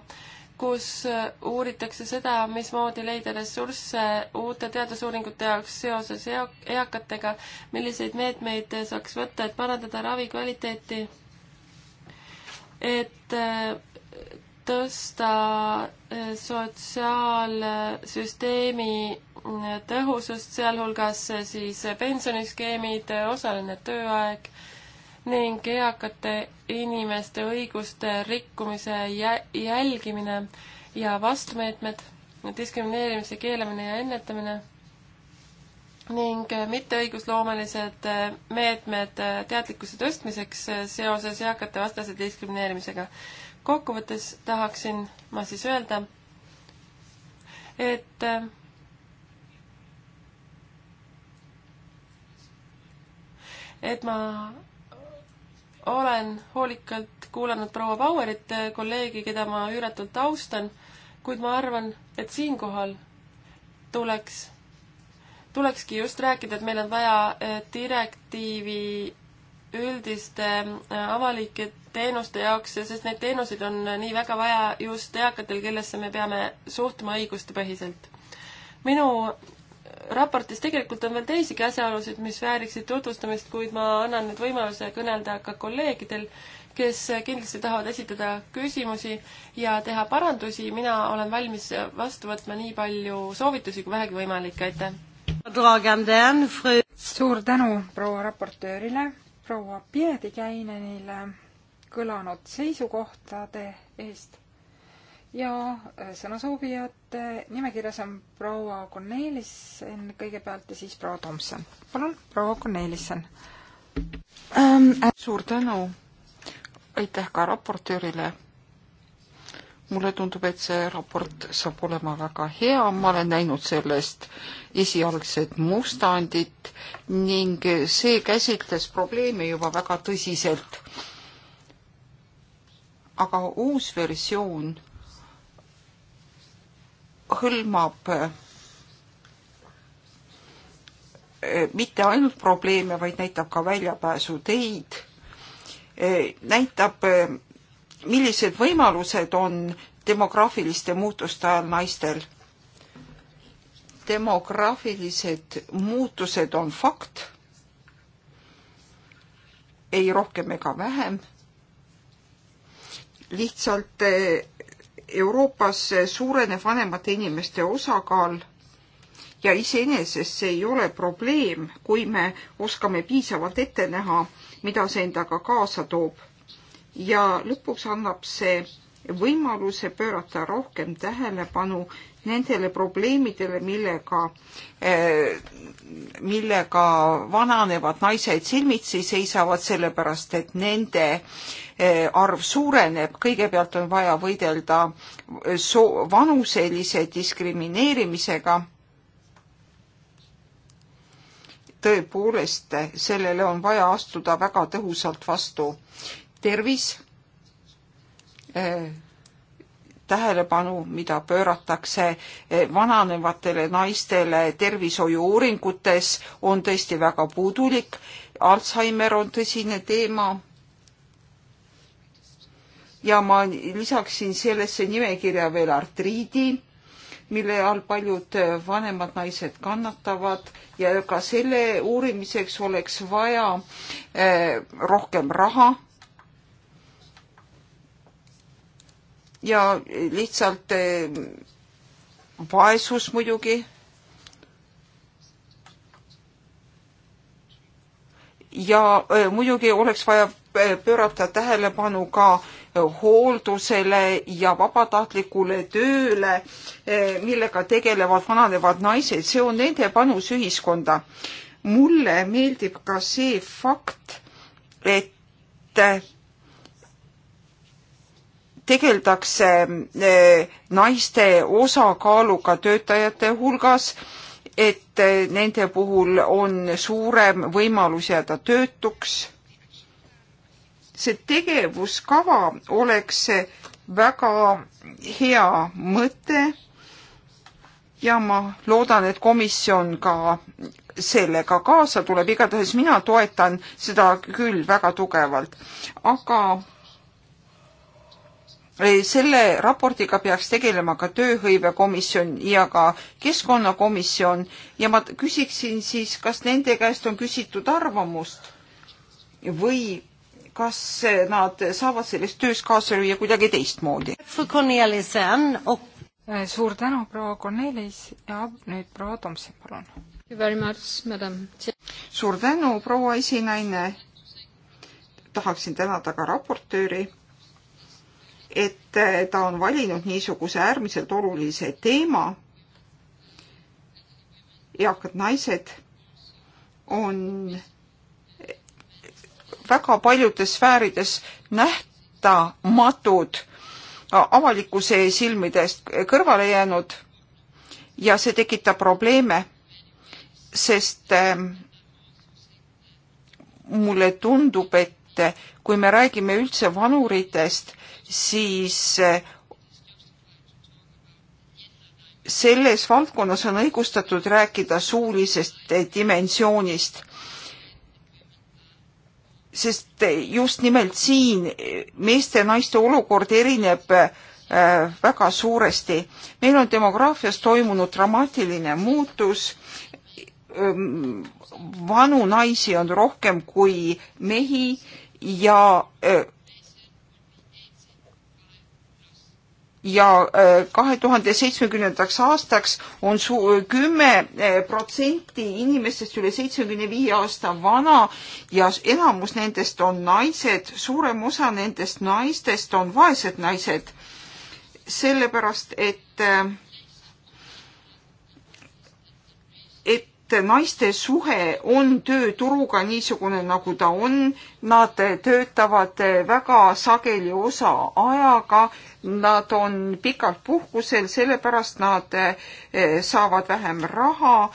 kus äh, uuritakse seda, mismoodi leida ressursse uute teadusuuringute jaoks seoses eakatega, milliseid meetmeid saaks võtta, et parandada ravi kvaliteeti, et äh, tõsta äh, sotsiaalsüsteemi tõhusust, sealhulgas siis pensioniskeemid, osaline tööaeg ning eakate inimeste õiguste rikkumise jälgimine ja vastumeetmed, diskrimineerimise keelamine ja ennetamine ning mitteõigusloomelised meetmed teadlikkuse tõstmiseks seoses eakate vastase diskrimineerimisega. kokkuvõttes tahaksin ma siis öelda, et et ma olen hoolikalt kuulanud proua Bauerit, kolleegi, keda ma üüratult austan, kuid ma arvan, et siinkohal tuleks, tulekski just rääkida, et meil on vaja eh, direktiivi üldiste eh, avalike teenuste jaoks, sest neid teenuseid on eh, nii väga vaja just eakatel, kellesse me peame suhtuma õigustepõhiselt. minu raportis tegelikult on veel teisigi asjaolusid, mis vääriksid tutvustamist, kuid ma annan nüüd võimaluse kõnelda ka kolleegidel, kes kindlasti tahavad esitada küsimusi ja teha parandusi, mina olen valmis vastu võtma nii palju soovitusi, kui vähegi võimalik, aitäh! suur tänu proua raportöörile, proua Piedikäinenile kõlanud seisukohtade eest ja äh, sõnasoovijate nimekirjas on proua Cornelissen kõigepealt ja siis proua Tomson. palun, proua Cornelissen ähm,. Äh, suur tänu. aitäh ka raportöörile. mulle tundub, et see raport saab olema väga hea, ma olen näinud sellest esialgset mustandit ning see käsitles probleeme juba väga tõsiselt. aga uus versioon hõlmab eh, mitte ainult probleeme, vaid näitab ka väljapääsuteid, eh, näitab, eh, millised võimalused on demograafiliste muutuste ajal naistel. demograafilised muutused on fakt, ei rohkem ega vähem lihtsalt Euroopas suureneb vanemate inimeste osakaal ja iseenesest see ei ole probleem, kui me oskame piisavalt ette näha, mida see endaga kaasa toob. ja lõpuks annab see võimaluse pöörata rohkem tähelepanu nendele probleemidele, millega, eh, millega vananevad naised silmitsi seisavad, sellepärast et nende eh, arv suureneb. kõigepealt on vaja võidelda eh, soo-, vanuselise diskrimineerimisega. tõepoolest, sellele on vaja astuda väga tõhusalt vastu. tervis tähelepanu, mida pööratakse eh, vananevatele naistele tervishoiu-uuringutes, on tõesti väga puudulik. Alzheimer on tõsine teema. ja ma lisaksin sellesse nimekirja veel artriidi, mille all paljud eh, vanemad naised kannatavad ja ka selle uurimiseks oleks vaja eh, rohkem raha ja lihtsalt eh, vaesus muidugi. ja eh, muidugi oleks vaja eh, pöörata tähelepanu ka hooldusele ja vabatahtlikule tööle, millega tegelevad vananevad naised, see on nende panus ühiskonda. mulle meeldib ka see fakt, et tegeldakse eh, naiste osakaaluga töötajate hulgas, et eh, nende puhul on suurem võimalus jääda töötuks. see tegevuskava oleks väga hea mõte ja ma loodan, et komisjon ka sellega kaasa tuleb, igatahes mina toetan seda küll väga tugevalt. aga selle raportiga peaks tegelema ka tööhõivekomisjon ja ka keskkonnakomisjon ja ma küsiksin siis, kas nende käest on küsitud arvamust või kas nad saavad selles töös kaasa lüüa kuidagi teistmoodi? Eh, suur tänu, proua Cornelis ja nüüd proua Tomson, palun. suur tänu, proua esinaine. tahaksin tänada ka raportööri et eh, ta on valinud niisuguse äärmiselt olulise teema. eakad naised on väga paljudes sfäärides nähtamatud, avalikkuse silmidest kõrvale jäänud ja see tekitab probleeme, sest eh, mulle tundub, et eh, kui me räägime üldse vanuritest, siis eh, selles valdkonnas on õigustatud rääkida suulisest eh, dimensioonist, sest eh, just nimelt siin meeste ja naiste olukord erineb väga suuresti. meil on demograafias toimunud dramaatiline muutus, ehm, vanu naisi on rohkem kui mehi ja ja äh, kahe tuhande seitsmekümnendaks aastaks on äh, kümme äh, protsenti inimestest üle seitsmekümne viie aasta vana ja enamus nendest on naised, suurem osa nendest naistest on vaesed naised, sellepärast et et naiste suhe on tööturuga niisugune, nagu ta on, nad töötavad väga sageli osa ajaga, nad on pikalt puhkusel, sellepärast nad eh, saavad vähem raha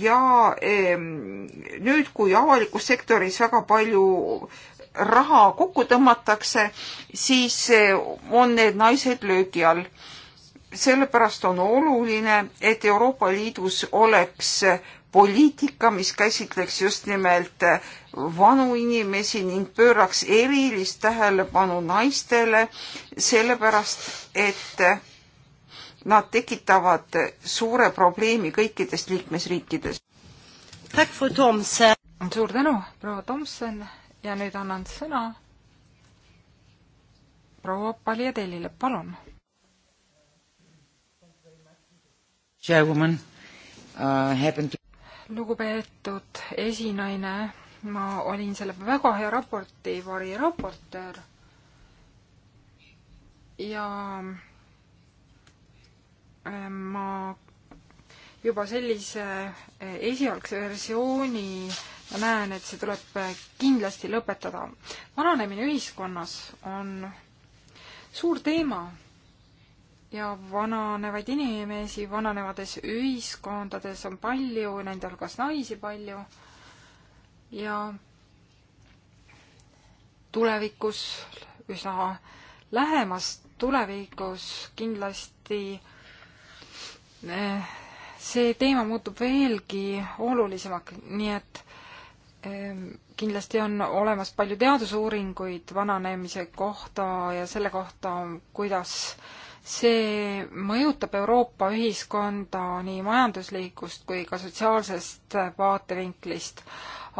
ja ehm, nüüd, kui avalikus sektoris väga palju raha kokku tõmmatakse, siis eh, on need naised löögi all sellepärast on oluline, et Euroopa Liidus oleks poliitika, mis käsitleks just nimelt äh, vanu inimesi ning pööraks erilist tähelepanu naistele, sellepärast et äh, nad tekitavad äh, suure probleemi kõikides liikmesriikides. suur tänu, proua Tomson ja nüüd annan sõna proua Paljadellile, palun. Chairwoman uh, happened to lugupeetud esinaine, ma olin selle väga hea raporti variraportöör ja äh, ma juba sellise äh, esialgse versiooni ma näen, et see tuleb äh, kindlasti lõpetada. vananemine ühiskonnas on suur teema ja vananevaid inimesi vananevates ühiskondades on palju, nende hulgas naisi palju ja tulevikus, üsna lähemas tulevikus kindlasti eh, see teema muutub veelgi olulisemaks, nii et eh, kindlasti on olemas palju teadusuuringuid vananemise kohta ja selle kohta, kuidas äh, see mõjutab Euroopa ühiskonda nii majanduslikust kui ka sotsiaalsest vaatevinklist.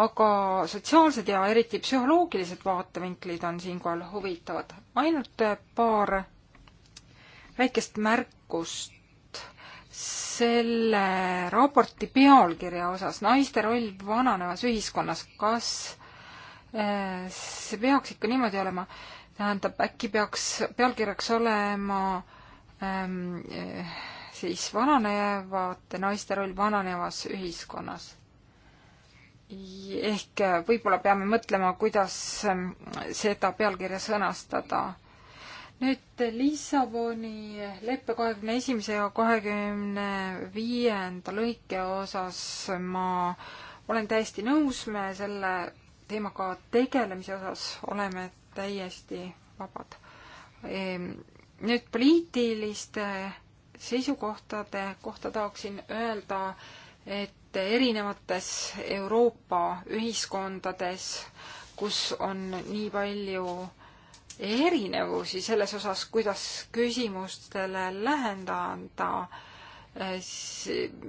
aga sotsiaalsed ja eriti psühholoogilised vaatevinklid on siinkohal huvitavad. ainult paar väikest märkust selle raporti pealkirja osas, naiste roll vananevas ühiskonnas, kas eh, see peaks ikka niimoodi olema? tähendab, äkki peaks pealkirjaks olema äh, Ähm, eh, siis vananevate naiste roll vananevas ühiskonnas. ehk eh, võib-olla peame mõtlema, kuidas ehm, seda pealkirja sõnastada. nüüd eh, Lissaboni leppe kahekümne esimese ja kahekümne viienda lõike osas ma olen täiesti nõus, me selle teemaga tegelemise osas oleme täiesti vabad ehm, nüüd poliitiliste seisukohtade kohta tahaksin öelda, et erinevates Euroopa ühiskondades, kus on nii palju erinevusi selles osas, kuidas küsimustele lähendada,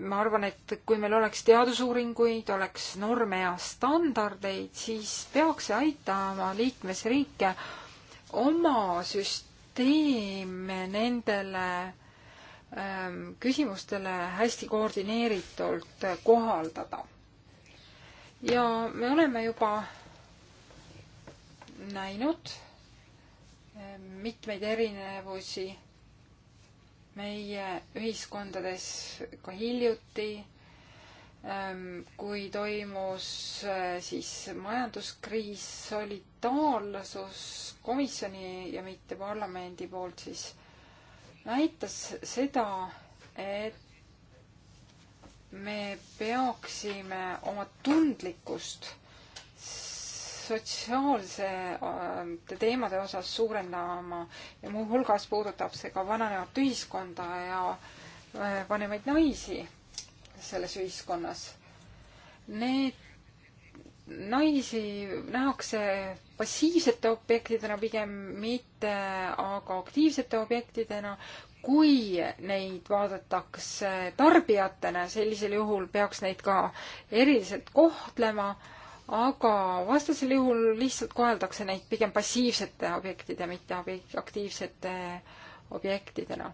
ma arvan, et kui meil oleks teadusuuringuid, oleks norme ja standardeid, siis peaks see aitama liikmesriike oma süst-, süsteem nendele ähm, küsimustele hästi koordineeritult kohaldada. ja me oleme juba näinud ähm, mitmeid erinevusi meie ühiskondades ka hiljuti Ehm, kui toimus äh, siis majanduskriis, solidaarsus komisjoni ja mitte parlamendi poolt siis näitas seda, et me peaksime oma tundlikkust sotsiaalsete äh, teemade osas suurendama ja muuhulgas puudutab see ka vananevat ühiskonda ja äh, vanemaid naisi selles ühiskonnas. Need naisi nähakse passiivsete objektidena pigem, mitte aga aktiivsete objektidena. kui neid vaadatakse tarbijatena, sellisel juhul peaks neid ka eriliselt kohtlema, aga vastasel juhul lihtsalt koheldakse neid pigem passiivsete objektide, mitte aktiivsete objektidena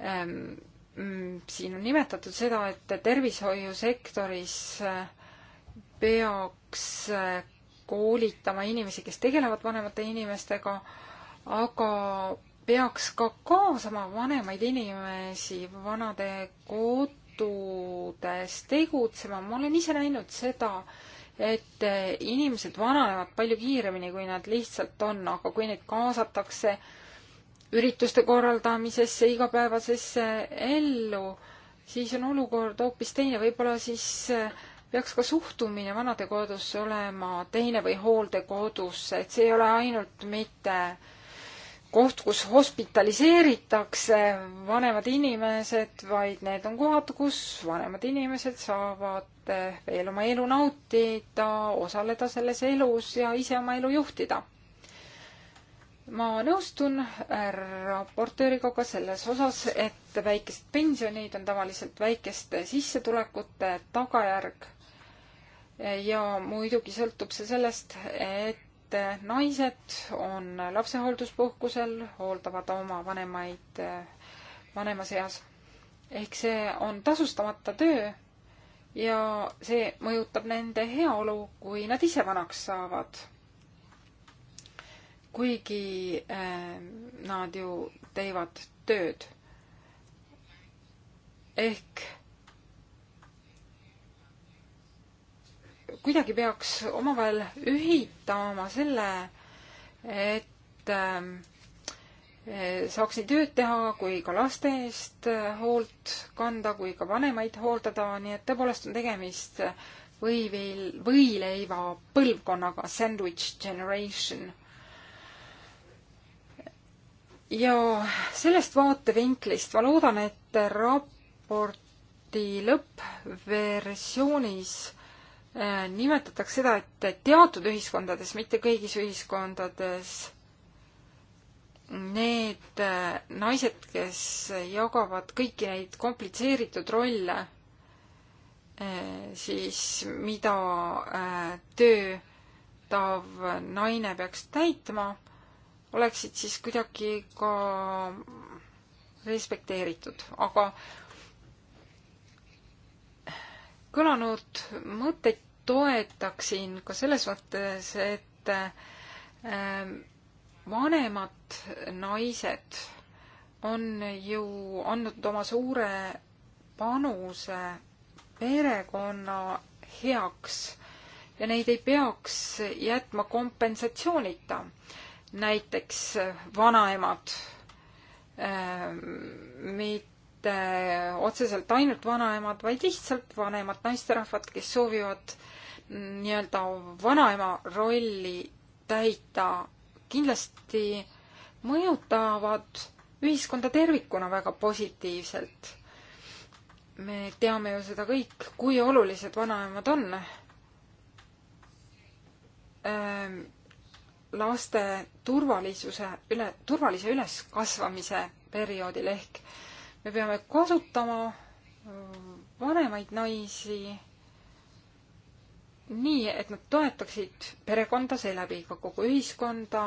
ähm, Mm, siin on nimetatud seda, et tervishoiusektoris äh, peaks äh, koolitama inimesi, kes tegelevad vanemate inimestega, aga peaks ka kaasama vanemaid inimesi vanade kodudes tegutsema. ma olen ise näinud seda, et äh, inimesed vananevad palju kiiremini, kui nad lihtsalt on, aga kui neid kaasatakse äh, ürituste korraldamisesse, igapäevasesse ellu, siis on olukord hoopis teine, võib-olla siis äh, peaks ka suhtumine vanadekodusse olema teine või hooldekodusse, et see ei ole ainult mitte koht, kus hospitaliseeritakse vanemad inimesed, vaid need on kohad, kus vanemad inimesed saavad äh, veel oma elu nautida, osaleda selles elus ja ise oma elu juhtida ma nõustun raportööriga ka selles osas, et väikesed pensionid on tavaliselt väikeste sissetulekute tagajärg. ja muidugi sõltub see sellest, et naised on lapsehoolduspuhkusel, hooldavad oma vanemaid vanemas eas. ehk see on tasustamata töö ja see mõjutab nende heaolu, kui nad ise vanaks saavad kuigi ähm, nad ju teevad tööd. ehk kuidagi peaks omavahel ühitama selle, et ähm, saaks nii tööd teha kui ka laste eest äh, hoolt kanda, kui ka vanemaid hooldada, nii et tõepoolest on tegemist võiviil, võileiva põlvkonnaga, sandwich generation ja sellest vaatevinklist ma loodan, et raporti lõppversioonis äh, nimetatakse seda, et teatud ühiskondades, mitte kõigis ühiskondades, need äh, naised, kes jagavad kõiki neid komplitseeritud rolle, äh, siis mida töötav naine peaks täitma oleksid siis kuidagi ka respekteeritud, aga kõlanud mõtteid toetaksin ka selles mõttes, et ähm, vanemad naised on ju andnud oma suure panuse perekonna heaks ja neid ei peaks jätma kompensatsioonita näiteks vanaemad, ähm, mitte otseselt ainult vanaemad, vaid lihtsalt vanemad naisterahvad, kes soovivad nii-öelda vanaema rolli täita, kindlasti mõjutavad ühiskonda tervikuna väga positiivselt. me teame ju seda kõik, kui olulised vanaemad on ähm, laste turvalisuse üle, turvalise üleskasvamise perioodil ehk me peame kasutama vanemaid naisi nii, et nad toetaksid perekonda, seeläbi ka kogu ühiskonda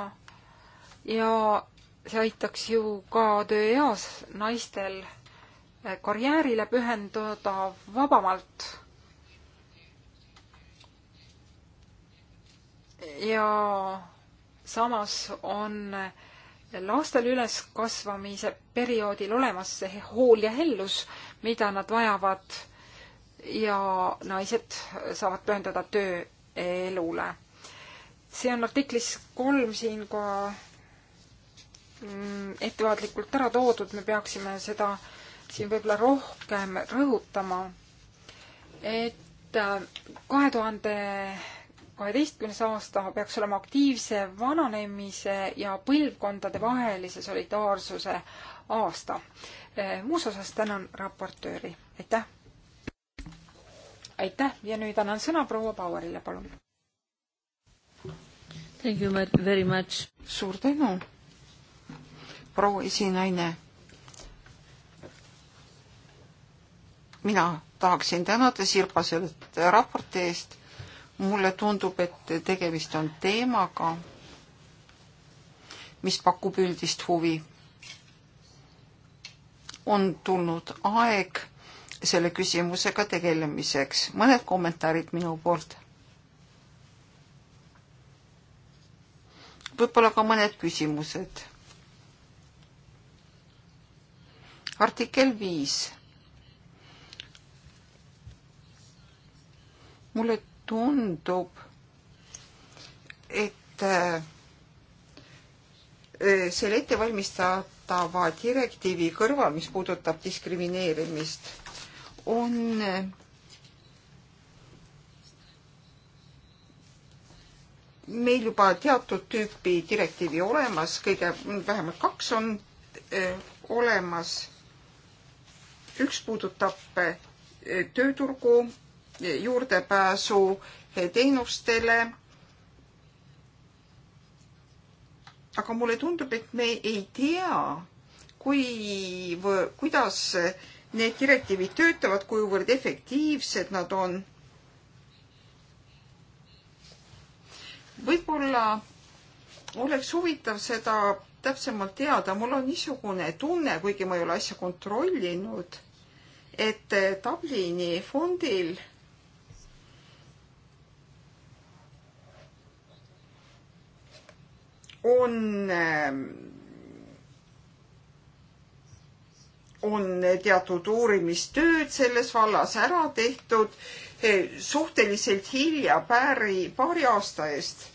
ja see aitaks ju ka tööeas naistel karjäärile pühenduda vabamalt. ja samas on lastel üleskasvamise perioodil olemas see hool ja hellus, mida nad vajavad ja naised saavad pühendada tööelule. see on artiklis kolm siin ka mm, ettevaatlikult ära toodud, me peaksime seda siin võib-olla rohkem rõhutama, et äh, kahe tuhande 2000 kaheteistkümnes aasta peaks olema aktiivse vananemise ja põlvkondade vahelise solidaarsuse aasta. muus osas tänan raportööri, aitäh! aitäh ja nüüd annan sõna proua Bauerile, palun! Thank you very much! suur tänu, proua esinaine! mina tahaksin tänada Sirpa selle raporti eest mulle tundub, et tegemist on teemaga, mis pakub üldist huvi. on tulnud aeg selle küsimusega tegelemiseks. mõned kommentaarid minu poolt. võib-olla ka mõned küsimused. artikkel viis. mulle tundub, et äh, äh, selle ettevalmistatava direktiivi kõrval, mis puudutab diskrimineerimist, on äh, meil juba teatud tüüpi direktiivi olemas, kõige, vähemalt kaks on öö, olemas. üks puudutab tööturgu juurdepääsu teenustele. aga mulle tundub, et me ei tea, kui, kuidas need direktiivid töötavad, kuivõrd efektiivsed nad on. võib-olla oleks huvitav seda täpsemalt teada, mul on niisugune tunne, kuigi ma ei ole asja kontrollinud, et Dublini fondil on, ähm, on teatud uurimistööd selles vallas ära tehtud eh, suhteliselt hilja, paari, paari aasta eest.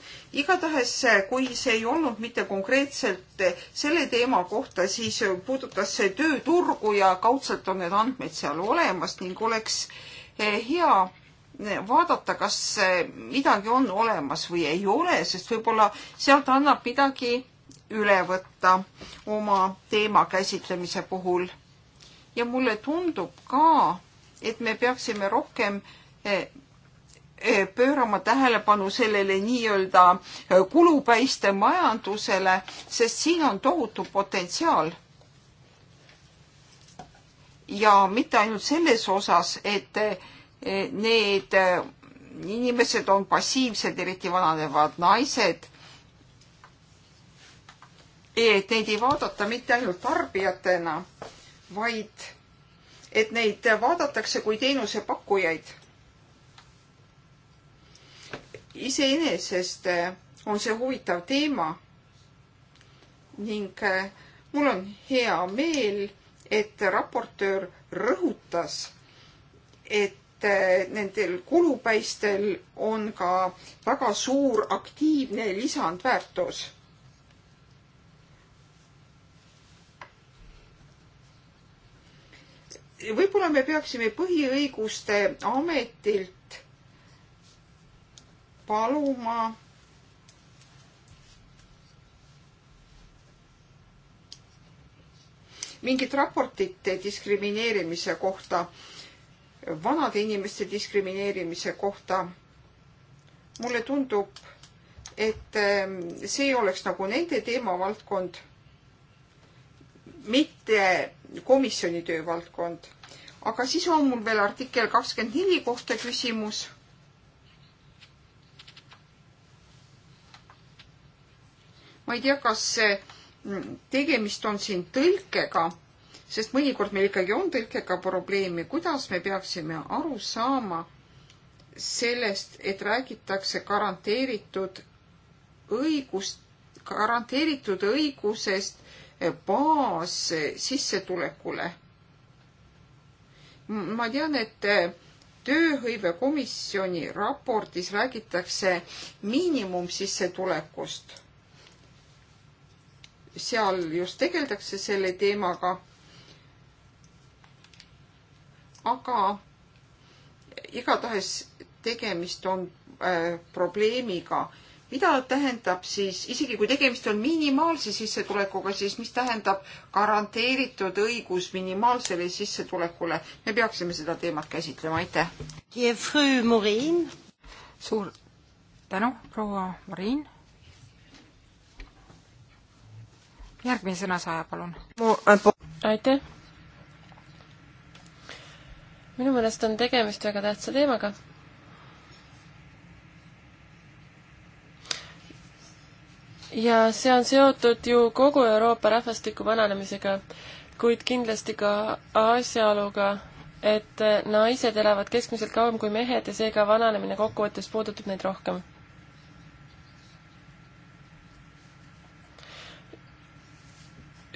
igatahes, eh, kui see ei olnud mitte konkreetselt eh, selle teema kohta, siis puudutas see tööturgu ja kaudselt on need andmed seal olemas ning oleks hea vaadata, kas midagi on olemas või ei ole, sest võib-olla sealt annab midagi üle võtta oma teema käsitlemise puhul. ja mulle tundub ka, et me peaksime rohkem eh, eh, pöörama tähelepanu sellele nii-öelda eh, kulupäiste majandusele, sest siin on tohutu potentsiaal. ja mitte ainult selles osas, et need äh, inimesed on passiivsed, eriti vananevad naised. et neid ei vaadata mitte ainult tarbijatena, vaid et neid vaadatakse kui teenusepakkujaid. iseenesest äh, on see huvitav teema ning äh, mul on hea meel, et raportöör rõhutas, et nendel kulupäistel on ka väga suur aktiivne lisandväärtus võib-olla me peaksime põhiõiguste ametilt paluma mingit raportit diskrimineerimise kohta vanade inimeste diskrimineerimise kohta. mulle tundub, et ähm, see oleks nagu nende teemavaldkond, mitte komisjoni töövaldkond. aga siis on mul veel artikkel kakskümmend neli kohta küsimus ma ei tea, kas äh, tegemist on siin tõlkega sest mõnikord meil ikkagi on tõlkega probleeme, kuidas me peaksime aru saama sellest, et räägitakse garanteeritud õigust, garanteeritud õigusest baas sissetulekule. ma tean, et tööhõivekomisjoni raportis räägitakse miinimumsissetulekust. seal just tegeldakse selle teemaga aga igatahes tegemist on äh, probleemiga. mida tähendab siis, isegi kui tegemist on minimaalse sissetulekuga, siis mis tähendab garanteeritud õigus minimaalsele sissetulekule? me peaksime seda teemat käsitlema, aitäh. suur tänu, proua Marin. järgmine sõna saab, palun. Äh, aitäh minu meelest on tegemist väga tähtsa teemaga. ja see on seotud ju kogu Euroopa rahvastiku vananemisega, kuid kindlasti ka asjaoluga, et naised elavad keskmiselt kauem kui mehed ja seega vananemine kokkuvõttes puudutab neid rohkem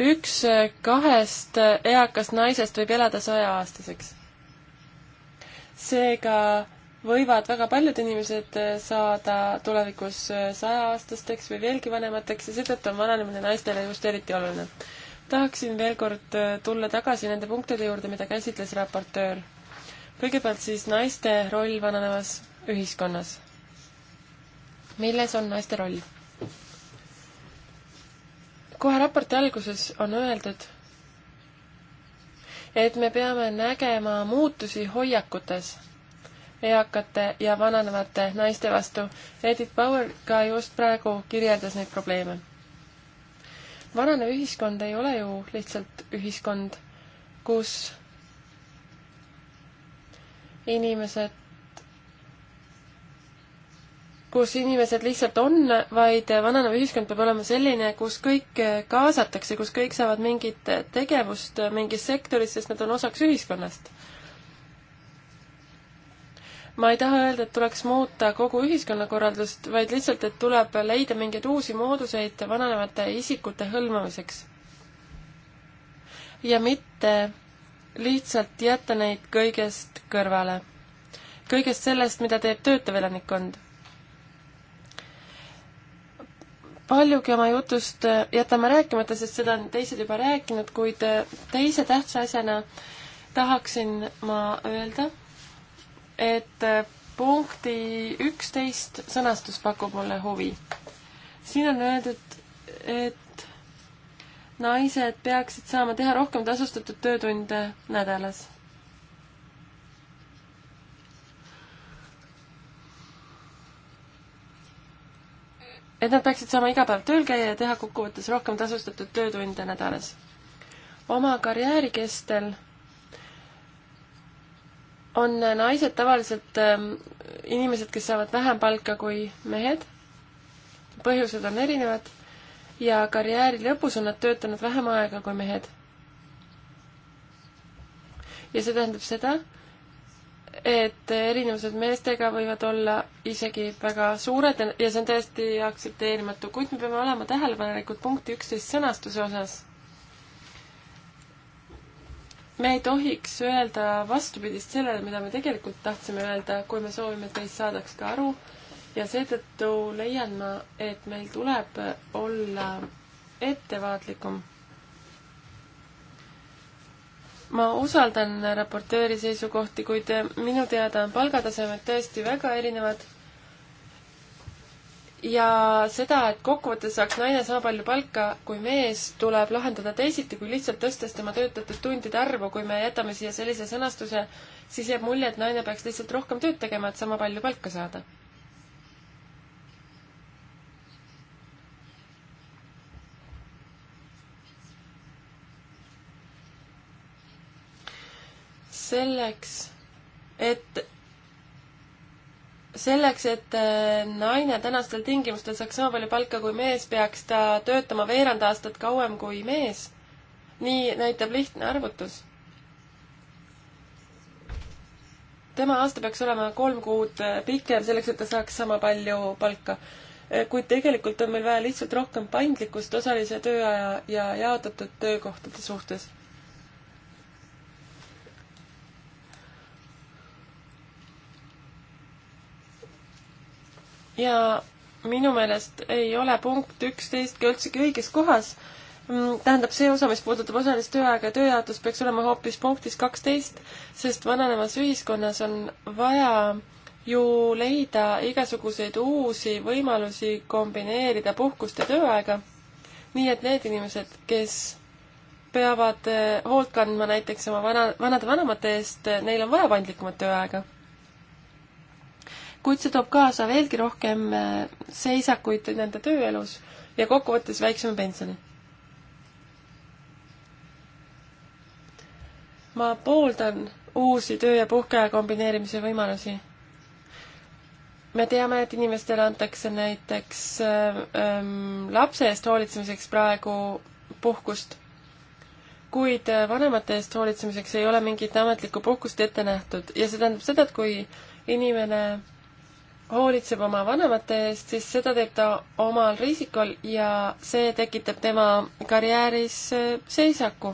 üks kahest eakast naisest võib elada sajaaastaseks seega võivad väga paljud inimesed äh, saada tulevikus äh, sajaaastasteks või veelgi vanemateks ja seetõttu on vananemine naistele just eriti oluline. tahaksin veel kord äh, tulla tagasi nende punktide juurde, mida käsitles raportöör. kõigepealt siis naiste roll vananevas ühiskonnas. milles on naiste roll? kohe raporti alguses on öeldud, et me peame nägema muutusi hoiakutes eakate ja vananevate naiste vastu. Edith Bauer ka just praegu kirjeldas neid probleeme. vananev ühiskond ei ole ju lihtsalt ühiskond, kus inimesed kus inimesed lihtsalt on, vaid vananev ühiskond peab olema selline, kus kõik kaasatakse, kus kõik saavad mingit tegevust mingis sektoris, sest nad on osaks ühiskonnast. ma ei taha öelda, et tuleks muuta kogu ühiskonnakorraldust, vaid lihtsalt, et tuleb leida mingeid uusi mooduseid vananevate isikute hõlmamiseks. ja mitte lihtsalt jätta neid kõigest kõrvale. kõigest sellest, mida teeb töötav elanikkond paljugi oma jutust äh, jätan ma rääkimata, sest seda on teised juba rääkinud, kuid äh, teise tähtsa asjana tahaksin ma öelda, et äh, punkti üksteist sõnastus pakub mulle huvi. siin on öeldud, et naised peaksid saama teha rohkem tasustatud töötunde nädalas et nad peaksid saama iga päev tööl käia ja teha kokkuvõttes rohkem tasustatud töötunde nädalas. oma karjääri kestel on naised tavaliselt ähm, inimesed, kes saavad vähem palka kui mehed. põhjused on erinevad ja karjääri lõpus on nad töötanud vähem aega kui mehed. ja see tähendab seda, et erinevused meestega võivad olla isegi väga suured ja see on täiesti aktsepteerimatu, kuid me peame olema tähelepanelikud punkti üksteist sõnastuse osas. me ei tohiks öelda vastupidist sellele, mida me tegelikult tahtsime öelda, kui me soovime, et teist saadaks ka aru ja seetõttu leian ma, et meil tuleb olla ettevaatlikum ma usaldan raportööri seisukohti, kuid minu teada on palgatasemed tõesti väga erinevad. ja seda, et kokkuvõttes saaks naine sama palju palka kui mees, tuleb lahendada teisiti kui lihtsalt tõstes tema töötatud tundide arvu. kui me jätame siia sellise sõnastuse, siis jääb mulje, et naine peaks lihtsalt rohkem tööd tegema, et sama palju palka saada selleks, et selleks, et äh, naine tänastel tingimustel saaks sama palju palka kui mees, peaks ta töötama veerand aastat kauem kui mees. nii näitab lihtne arvutus. tema aasta peaks olema kolm kuud äh, pikem, selleks et ta saaks sama palju palka. Äh, kuid tegelikult on meil vaja lihtsalt rohkem paindlikkust osalise tööaja ja jaotatud töökohtade suhtes ja minu meelest ei ole punkt üksteist ka üldsegi õiges kohas. Mm, tähendab, see osa, mis puudutab osalist tööaega ja tööjaotust, peaks olema hoopis punktis kaksteist, sest vananevas ühiskonnas on vaja ju leida igasuguseid uusi võimalusi kombineerida puhkust ja tööaega. nii et need inimesed, kes peavad eh, hoolt kandma näiteks oma vana, vanade vanemate eest, neil on vaja paindlikumat tööaega kuid see toob kaasa veelgi rohkem äh, seisakuid nende tööelus ja kokkuvõttes väiksema pensioni. ma pooldan uusi töö- ja puhkeaja kombineerimise võimalusi. me teame, et inimestele antakse näiteks äh, ähm, lapse eest hoolitsemiseks praegu puhkust, kuid äh, vanemate eest hoolitsemiseks ei ole mingit ametlikku puhkust ette nähtud ja see tähendab seda, et kui inimene hoolitseb oma vanemate eest, siis seda teeb ta omal riisikul ja see tekitab tema karjääris äh, seisaku.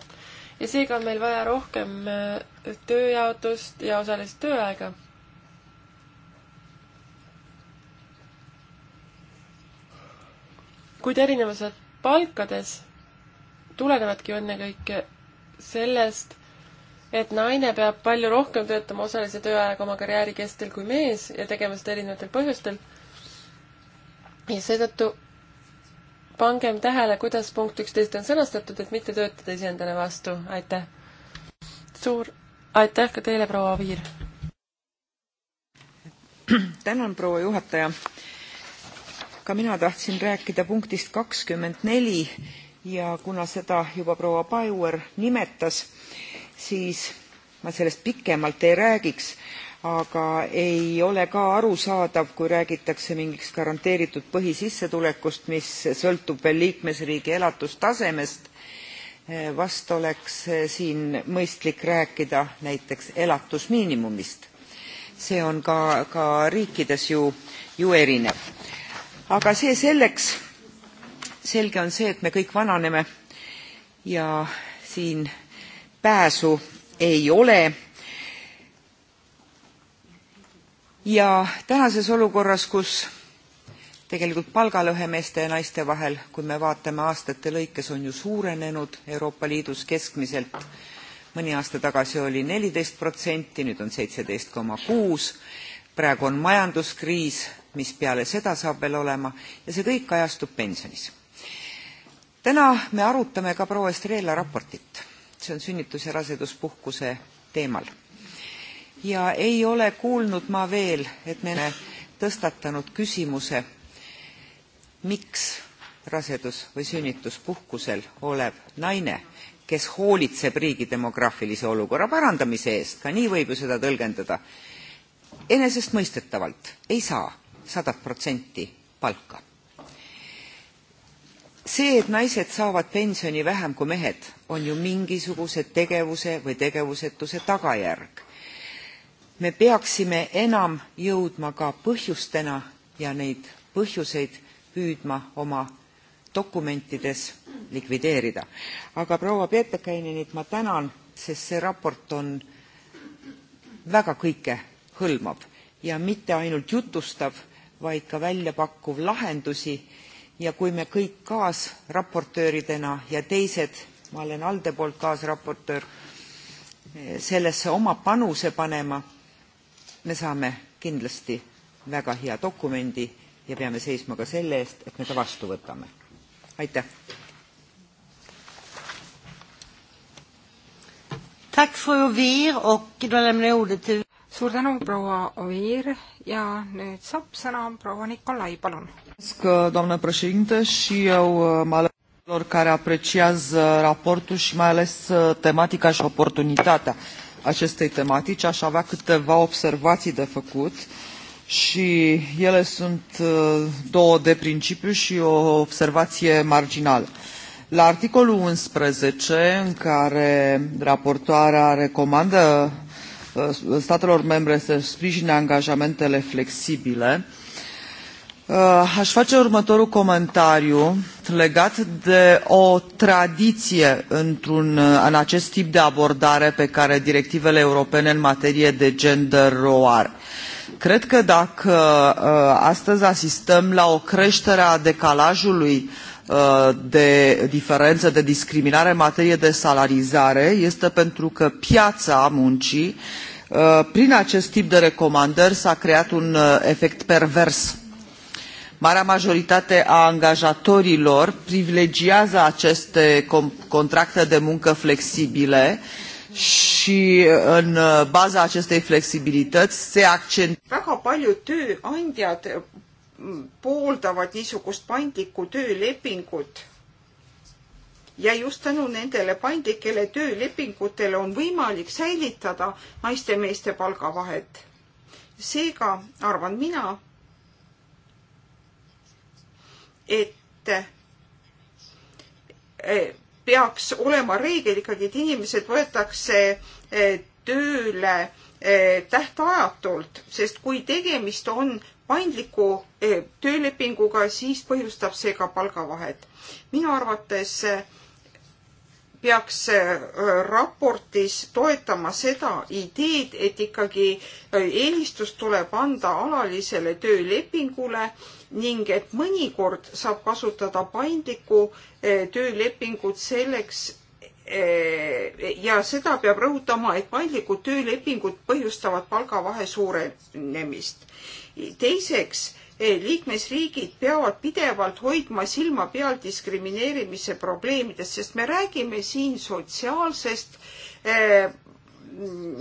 ja seega on meil vaja rohkem äh, tööjaotust ja osalist tööaega. kuid erinevused palkades tulenevadki ennekõike sellest, et naine peab palju rohkem töötama osalise tööajaga oma karjääri kestel kui mees ja tegema seda erinevatel põhjustel. ja seetõttu pangem tähele, kuidas punkt üksteist on sõnastatud, et mitte töötada iseendale vastu, aitäh. suur aitäh ka teile, proua Oviir. tänan, proua juhataja. ka mina tahtsin rääkida punktist kakskümmend neli ja kuna seda juba proua Bauer nimetas, siis ma sellest pikemalt ei räägiks aga ei ole ka arusaadav kui räägitakse mingist garanteeritud põhisissetulekust mis sõltub veel liikmesriigi elatustasemest vast oleks siin mõistlik rääkida näiteks elatusmiinimumist see on ka ka riikides ju ju erinev aga see selleks selge on see et me kõik vananeme ja siin pääsu ei ole ja tänases olukorras kus tegelikult palgalõhe meeste ja naiste vahel kui me vaatame aastate lõikes on ju suurenenud euroopa liidus keskmiselt mõni aasta tagasi oli neliteist protsenti nüüd on seitseteist koma kuus praegu on majanduskriis mis peale seda saab veel olema ja see kõik ajastub pensionis täna me arutame ka proua estrela raportit see on sünnitus- ja raseduspuhkuse teemal. ja ei ole kuulnud ma veel, et me tõstatanud küsimuse, miks rasedus- või sünnituspuhkusel olev naine, kes hoolitseb riigi demograafilise olukorra parandamise eest, ka nii võib ju seda tõlgendada, enesestmõistetavalt ei saa sadat protsenti palka see, et naised saavad pensioni vähem kui mehed, on ju mingisuguse tegevuse või tegevusetuse tagajärg. me peaksime enam jõudma ka põhjustena ja neid põhjuseid püüdma oma dokumentides likvideerida. aga proua Peetekainenit ma tänan, sest see raport on väga kõike hõlmav ja mitte ainult jutustav, vaid ka välja pakkuv lahendusi ja kui me kõik kaasraportööridena ja teised ma olen alde poolt kaasraportöör sellesse oma panuse panema me saame kindlasti väga hea dokumendi ja peame seisma ka selle eest et me ta vastu võtame aitäh Tack fru Ovir och då lämnar jag ordet till suur tänu, proua Oviir ja nüüd saab sõna proua Nikolai, palun. Uh, celor care apreciază raportul și mai ales uh, tematica și oportunitatea acestei tematici. Aș avea câteva observații de făcut și ele sunt uh, două de principiu și o observație marginală. La articolul 11, în care raportoarea recomandă statelor membre să sprijine angajamentele flexibile. Aș face următorul comentariu legat de o tradiție într-un, în acest tip de abordare pe care directivele europene în materie de gender o are. Cred că dacă astăzi asistăm la o creștere a decalajului uh, Uh, de diferențe, de discriminare în materie de salarizare este pentru că piața muncii, uh, prin acest tip de recomandări, s-a creat un uh, efect pervers. Marea majoritate a angajatorilor privilegiază aceste contracte de muncă flexibile și în baza acestei flexibilități se accentuează. Väga paljud tööandjad pooldavad niisugust paindlikku töölepingut ja just tänu nendele paindlikele töölepingutele on võimalik säilitada naiste meeste palgavahet. seega arvan mina, et e, peaks olema reegel ikkagi, et inimesed võetakse e, tööle e, tähtajatult, sest kui tegemist on paindliku eh, töölepinguga, siis põhjustab see ka palgavahet. minu arvates eh, peaks eh, raportis toetama seda ideed, et ikkagi eelistus tuleb anda alalisele töölepingule ning et mõnikord saab kasutada paindlikku töölepingut selleks, ja seda peab rõhutama, et paindlikud töölepingud põhjustavad palgavahe suurenemist teiseks, eh, liikmesriigid peavad pidevalt hoidma silma peal diskrimineerimise probleemidest, sest me räägime siin sotsiaalsest eh,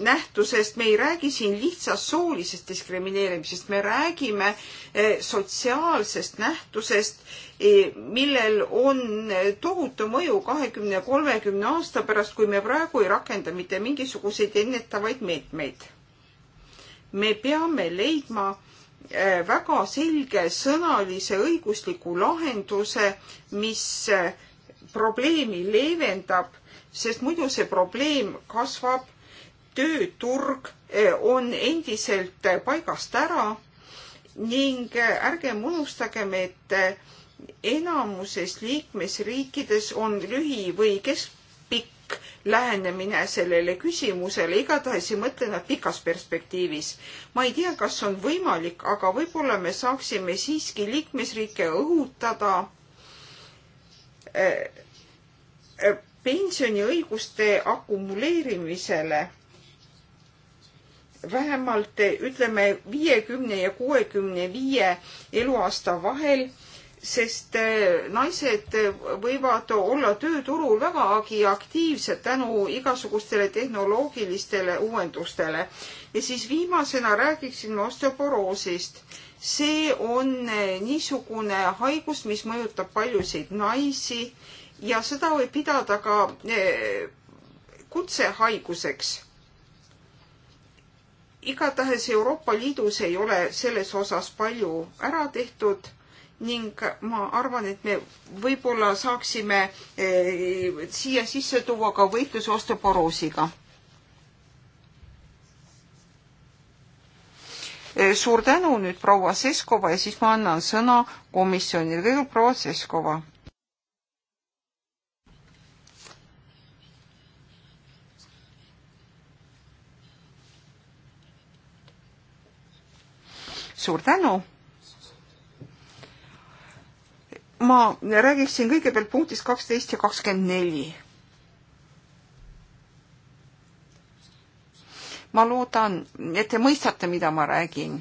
nähtusest, me ei räägi siin lihtsast soolisest diskrimineerimisest, me räägime eh, sotsiaalsest nähtusest, millel on tohutu mõju kahekümne, kolmekümne aasta pärast, kui me praegu ei rakenda mitte mingisuguseid ennetavaid meetmeid. me peame leidma äh, Eh, väga selgesõnalise õigusliku lahenduse, mis eh, probleemi leevendab, sest muidu see probleem kasvab, tööturg eh, on endiselt paigast ära ning ärgem unustagem, et enamuses liikmesriikides on lühi- või kesk-, pikk lähenemine sellele küsimusele, igatahes ei mõtle nad pikas perspektiivis. ma ei tea, kas on võimalik, aga võib-olla me saaksime siiski liikmesriike õhutada eh, eh, pensioniõiguste akumuleerimisele vähemalt ütleme viiekümne ja kuuekümne viie eluaasta vahel sest äh, naised äh, võivad olla tööturul vägagi aktiivsed tänu igasugustele tehnoloogilistele uuendustele. ja siis viimasena räägiksin osteoporoosist. see on äh, niisugune haigus, mis mõjutab paljusid naisi ja seda võib pidada ka kutsehaiguseks igatahes Euroopa Liidus ei ole selles osas palju ära tehtud ning ma arvan, et me võib-olla saaksime eh, siia sisse tuua ka võitluse osteoporoosiga. Eh, suur tänu nüüd proua Seskova ja siis ma annan sõna komisjonile. kõigepealt proua Seskova. suur tänu ma räägiksin kõigepealt punktist kaksteist ja kakskümmend neli. ma loodan, et te mõistate, mida ma räägin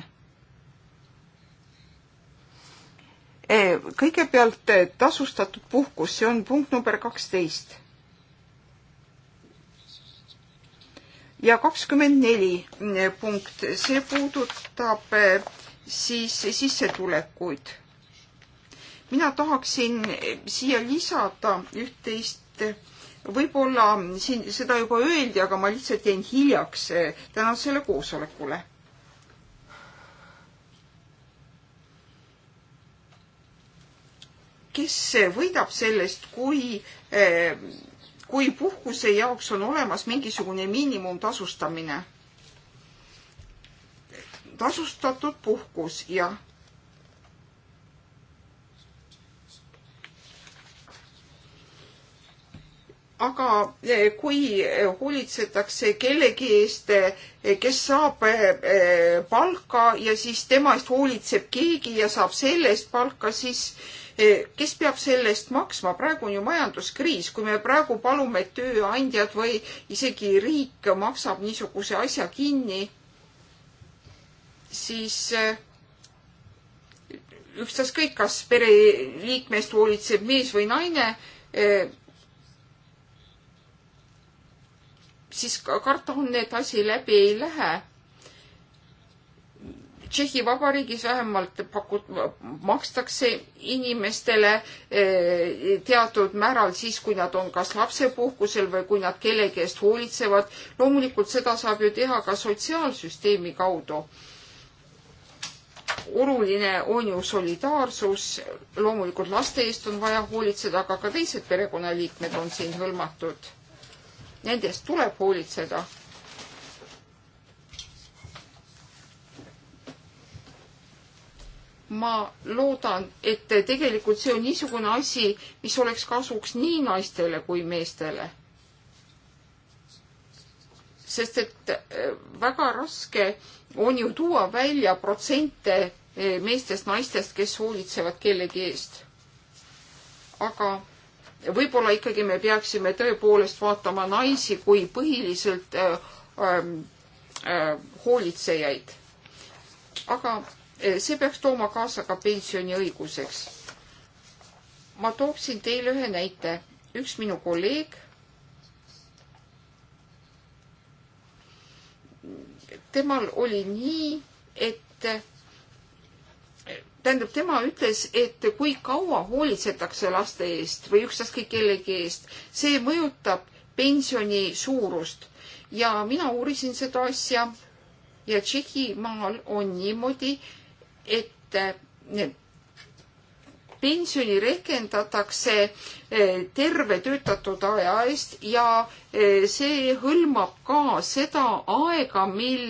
e, kõigepealt e, tasustatud puhkus, see on punkt number kaksteist. ja kakskümmend neli e, punkt, see puudutab siis sissetulekuid mina tahaksin siia lisada üht-teist võib-olla siin seda juba öeldi, aga ma lihtsalt jäin hiljaks eh, tänasele koosolekule. kes eh, võidab sellest, kui, eh, kui puhkuse jaoks on olemas mingisugune miinimumtasustamine? tasustatud puhkus, jah aga eh, kui eh, hoolitsetakse kellegi eest, eh, kes saab palka ja siis tema eest hoolitseb keegi ja saab selle eest palka, siis kes peab selle eest maksma, praegu on ju majanduskriis, kui me praegu palume, et tööandjad või isegi riik maksab niisuguse asja kinni, siis ükstaskõik, kas pereliikmest hoolitseb mees või naine, siis karta on, et asi läbi ei lähe. Tšehhi Vabariigis vähemalt pakut-, makstakse inimestele eh, teatud määral siis, kui nad on kas lapsepuhkusel või kui nad kellegi eest hoolitsevad. loomulikult seda saab ju teha ka sotsiaalsüsteemi kaudu oluline on ju solidaarsus, loomulikult laste eest on vaja hoolitseda, aga ka teised perekonnaliikmed on siin hõlmatud nendest tuleb hoolitseda. ma loodan, et tegelikult see on niisugune asi, mis oleks kasuks nii naistele kui meestele. sest et äh, väga raske on ju tuua välja protsente äh, meestest, naistest, kes hoolitsevad kellegi eest. aga võib-olla ikkagi me peaksime tõepoolest vaatama naisi kui põhiliselt äh, ähm, äh, hoolitsejaid. aga äh, see peaks tooma kaasa ka pensioniõiguseks. ma tooksin teile ühe näite. üks minu kolleeg temal oli nii, et tähendab, tema ütles, et kui kaua hoolitsetakse laste eest või ükstaskõik kellegi eest, see mõjutab pensioni suurust. ja mina uurisin seda asja ja Tšehhimaal on niimoodi, et eh, pensioni rehkendatakse eh, terve töötatud aja eest ja eh, see hõlmab ka seda aega, mil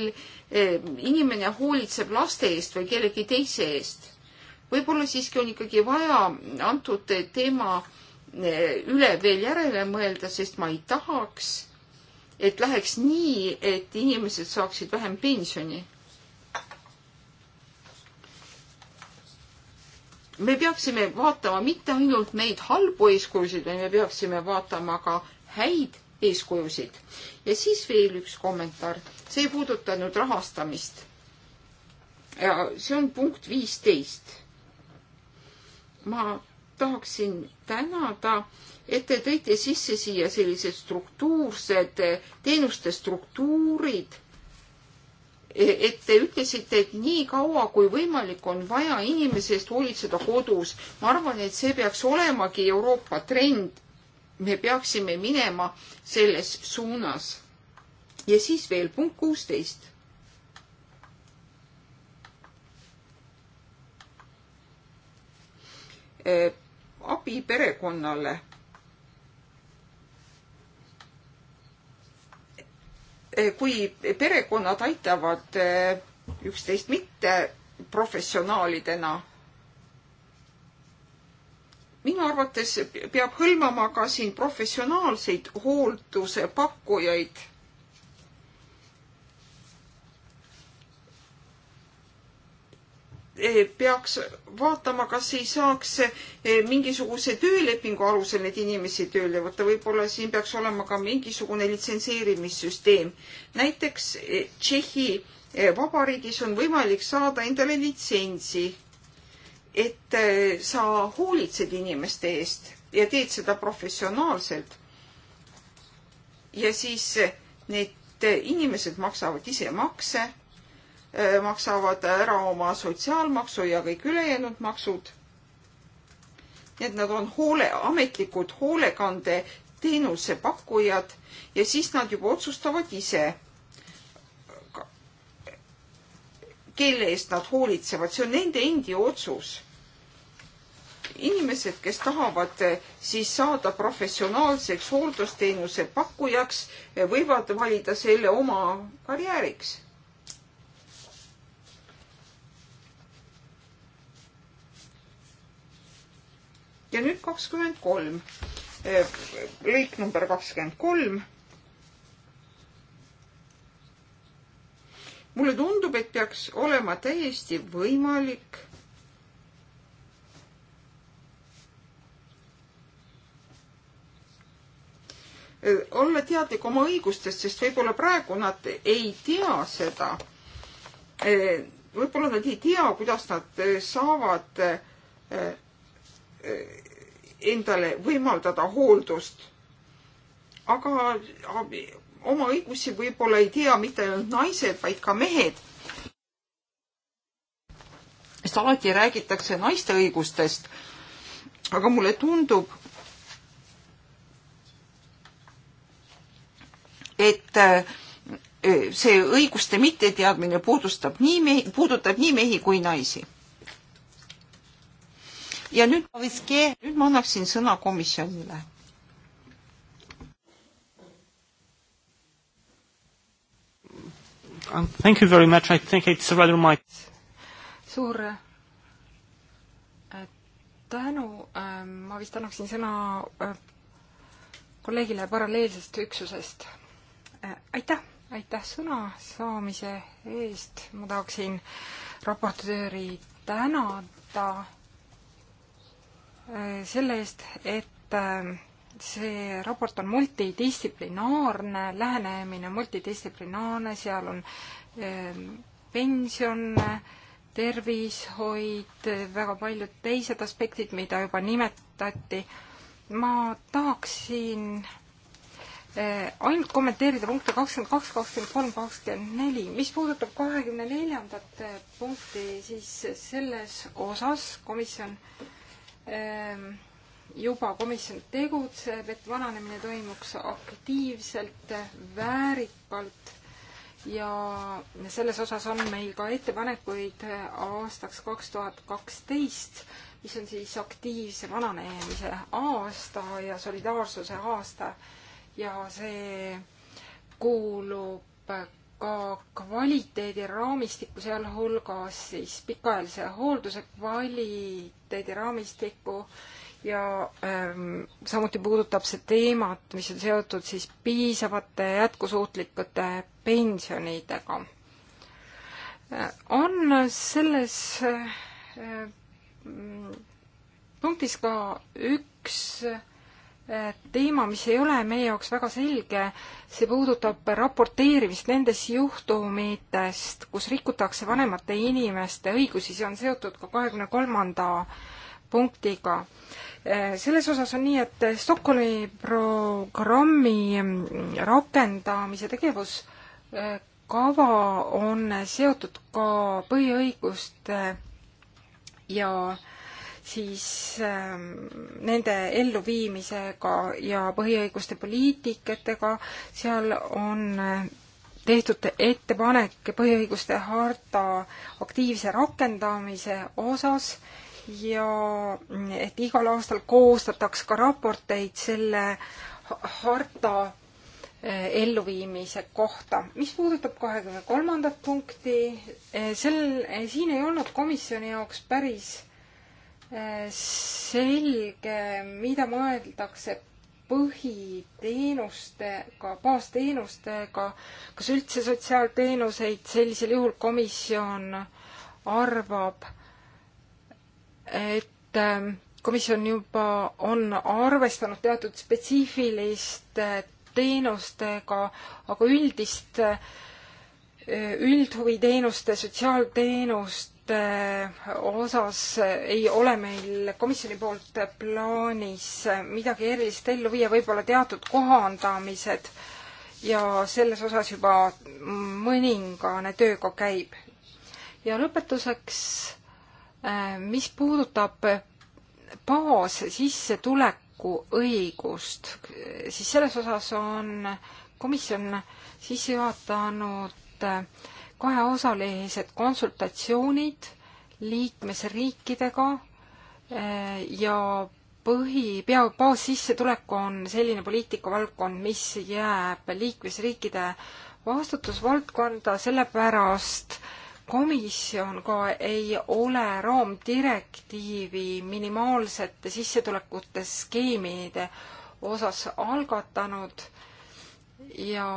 inimene hoolitseb laste eest või kellegi teise eest võib-olla siiski on ikkagi vaja antud teema eh, üle veel järele mõelda, sest ma ei tahaks, et läheks nii, et inimesed saaksid vähem pensioni. me peaksime vaatama mitte ainult neid halbu eeskujusid, vaid me peaksime vaatama ka häid eeskujusid. ja siis veel üks kommentaar, see ei puuduta nüüd rahastamist. ja see on punkt viisteist ma tahaksin tänada, et te tõite sisse siia sellised struktuursed teenuste struktuurid. et te ütlesite, et nii kaua kui võimalik on vaja inimese eest hoolitseda kodus. ma arvan, et see peaks olemagi Euroopa trend. me peaksime minema selles suunas. ja siis veel punkt kuusteist Eh, abi perekonnale. Eh, kui perekonnad aitavad eh, üksteist mitte professionaalidena. minu arvates peab hõlmama ka siin professionaalseid hoolduse pakkujaid Eh, peaks vaatama, kas ei saaks eh, mingisuguse töölepingu alusel neid inimesi tööle võtta, võib-olla siin peaks olema ka mingisugune litsenseerimissüsteem. näiteks eh, Tšehhi Vabariigis on võimalik saada endale litsentsi, et sa hoolitsed inimeste eest ja teed seda professionaalselt. ja siis need inimesed maksavad ise makse Äh, maksavad ära oma sotsiaalmaksu ja kõik ülejäänud maksud. nii et nad on hoole, ametlikud hoolekandeteenuse pakkujad ja siis nad juba otsustavad ise, kelle eest nad hoolitsevad, see on nende endi otsus inimesed, kes tahavad eh, siis saada professionaalseks hooldusteenuse pakkujaks, eh, võivad valida selle oma karjääriks. ja nüüd kakskümmend kolm, eh, lõik number kakskümmend kolm. mulle tundub, et peaks olema täiesti võimalik eh, olla teadlik oma õigustest, sest võib-olla praegu nad ei tea seda. Eh, võib-olla nad ei tea, kuidas nad saavad Eh, endale võimaldada hooldust. aga oma õigusi võib-olla ei tea mitte ainult naised, vaid ka mehed. sest alati räägitakse naiste õigustest. aga mulle tundub, et eh, see õiguste mitteteadmine puudustab nii mehi, puudutab nii mehi kui naisi ja nüüd, nüüd ma annaksin sõna komisjonile. Thank you very much, I think it's rather my suur äh, tänu, ähm, ma vist annaksin sõna äh, kolleegile paralleelsest üksusest. Äh, aitäh, aitäh sõna saamise eest, ma tahaksin raportööri tänada Äh, selle eest, et äh, see raport on multidistsiplinaarne, lähenemine on multidistsiplinaarne, seal on äh, pension, tervishoid, väga paljud teised aspektid, mida juba nimetati. ma tahaksin ainult kommenteerida punkte kakskümmend kaks, kakskümmend kolm, kakskümmend neli. mis puudutab kahekümne neljandat punkti, siis selles osas komisjon äh, Ehm, juba komisjon tegutseb, et vananemine toimuks aktiivselt, väärikalt ja selles osas on meil ka ettepanekuid aastaks kaks tuhat kaksteist, mis on siis aktiivse vananemise aasta ja solidaarsuse aasta ja see kuulub ka kvaliteediraamistikku, sealhulgas siis pikaajalise hoolduse kvaliteediraamistikku ja ähm, samuti puudutab see teemat, mis on seotud siis piisavate jätkusuutlikute pensionidega. on selles äh, mm, punktis ka üks äh, teema, mis ei ole meie jaoks väga selge, see puudutab raporteerimist nendes juhtumitest, kus rikutakse vanemate inimeste õigusi, see on seotud ka kahekümne kolmanda punktiga. selles osas on nii, et Stockholmi programmi rakendamise tegevuskava on seotud ka põhiõiguste ja äh, siis ähm, nende elluviimisega ja põhiõiguste poliitikatega, seal on äh, tehtud ettepanek põhiõiguste harta aktiivse rakendamise osas ja et igal aastal koostataks ka raporteid selle harta äh, elluviimise kohta. mis puudutab kahekümne kolmandat punkti, äh, sel, siin ei olnud komisjoni jaoks päris selge, mida mõeldakse põhiteenustega, baasteenustega, kas üldse sotsiaalteenuseid, sellisel juhul komisjon arvab, et ähm, komisjon juba on arvestanud teatud spetsiifiliste teenustega, aga üldist, äh, üldhuviteenuste, sotsiaalteenust osas ei ole meil komisjoni poolt plaanis midagi erilist ellu viia, võib-olla teatud kohandamised ja selles osas juba mõningane töö ka käib. ja lõpetuseks, äh, mis puudutab baassissetuleku õigust, siis selles osas on komisjon sisse juhatanud äh, kaheosalised konsultatsioonid liikmesriikidega eh, ja põhi, pea, baassissetulek on selline poliitikavaldkond, mis jääb liikmesriikide vastutusvaldkonda, sellepärast komisjon ka ei ole raamdirektiivi minimaalsete sissetulekute skeemide osas algatanud ja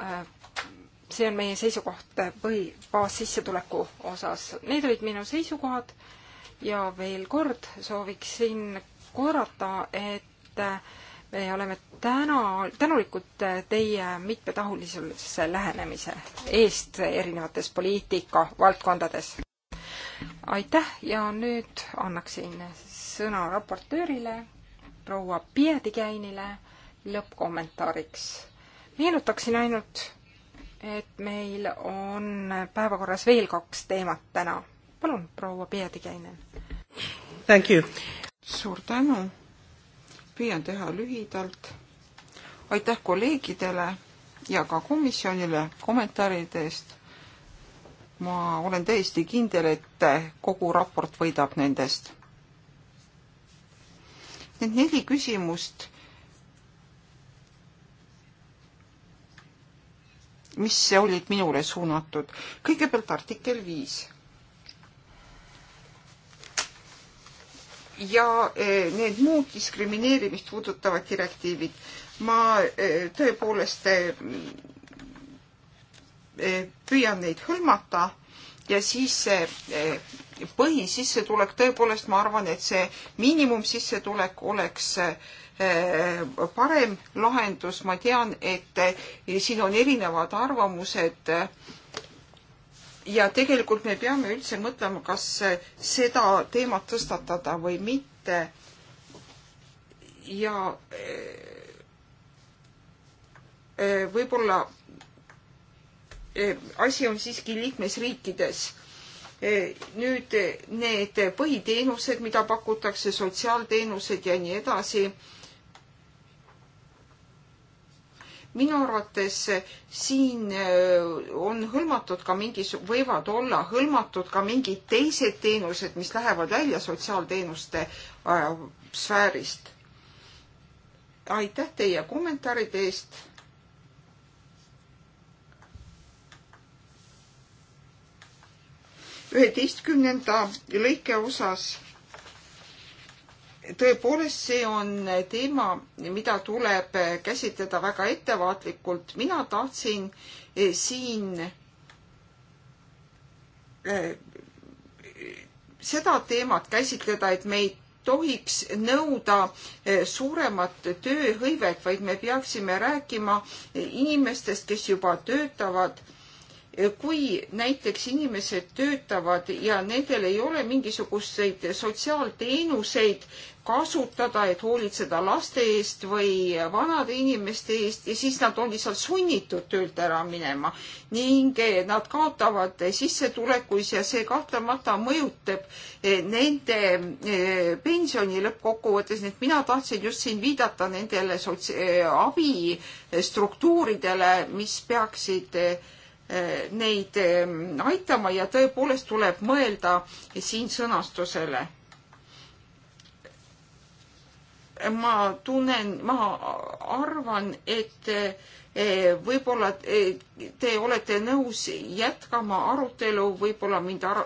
eh, see on meie seisukoht põhi, baassissetuleku osas. Need olid minu seisukohad ja veel kord sooviksin korrata, et me oleme täna tänulikud teie mitmetahulisuse lähenemise eest erinevates poliitikavaldkondades. aitäh ja nüüd annaksin sõna raportöörile, proua Pietikäinile lõppkommentaariks. meenutaksin ainult et meil on päevakorras veel kaks teemat täna. palun, proua Piia Tigeinen. Thank you. suur tänu. püüan teha lühidalt. aitäh kolleegidele ja ka komisjonile kommentaaride eest. ma olen täiesti kindel, et kogu raport võidab nendest. Need neli küsimust mis olid minule suunatud. kõigepealt artikkel viis. ja e, need muud diskrimineerimist puudutavad direktiivid. ma e, tõepoolest e, püüan neid hõlmata ja siis see põhisissetulek, tõepoolest ma arvan, et see miinimumsissetulek oleks äh, Äh, parem lahendus, ma tean, et äh, siin on erinevad arvamused ja tegelikult me peame üldse mõtlema, kas äh, seda teemat tõstatada või mitte. ja võib-olla asi on siiski liikmesriikides. nüüd need põhiteenused, mida pakutakse, sotsiaalteenused ja nii edasi minu arvates eh, siin eh, on hõlmatud ka mingis, võivad olla hõlmatud ka mingid teised teenused, mis lähevad välja sotsiaalteenuste äh, sfäärist. aitäh teie kommentaaride eest. üheteistkümnenda lõike osas tõepoolest, see on teema, mida tuleb käsitleda väga ettevaatlikult. mina tahtsin eh, siin eh, seda teemat käsitleda, et me ei tohiks nõuda eh, suuremat tööhõivet, vaid me peaksime rääkima inimestest, kes juba töötavad kui näiteks inimesed töötavad ja nendel ei ole mingisuguseid sotsiaalteenuseid, kasutada, et hoolitseda laste eest või vanade inimeste eest ja siis nad on lihtsalt sunnitud töölt ära minema ning eh, nad kaotavad sissetulekus ja see kahtlemata mõjutab eh, nende eh, pensioni lõppkokkuvõttes, nii et mina tahtsin just siin viidata nendele sots-, abistruktuuridele, mis peaksid neid aitama ja tõepoolest tuleb mõelda siin sõnastusele ma tunnen, ma arvan, et eh, võib-olla eh, te olete nõus jätkama arutelu, võib-olla mind ar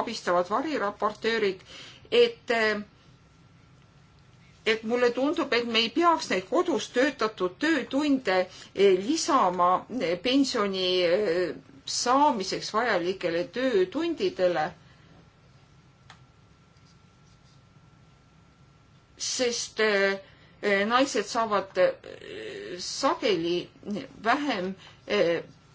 abistavad variraportöörid, et eh, et mulle tundub, et me ei peaks neid kodus töötatud töötunde lisama pensioni saamiseks vajalikele töötundidele sest eh, eh, naised saavad eh, sageli vähem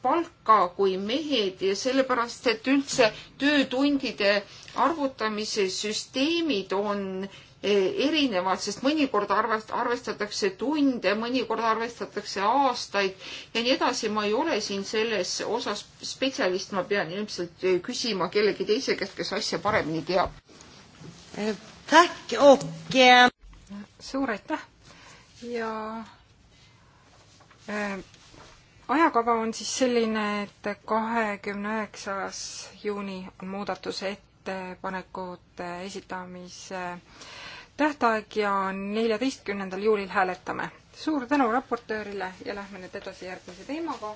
palka kui mehed ja sellepärast, et üldse töötundide arvutamise süsteemid on erinevad, sest mõnikord arvest-, arvestatakse tunde, mõnikord arvestatakse aastaid ja nii edasi. ma ei ole siin selles osas spetsialist, ma pean ilmselt küsima kellegi teise käest, kes asja paremini teab. Tack och eh, suur aitäh ja äh, ajakava on siis selline, et kahekümne üheksas juuni on muudatusettepanekute esitamise tähtaeg ja neljateistkümnendal juulil hääletame. suur tänu raportöörile ja lähme nüüd edasi järgmise teemaga.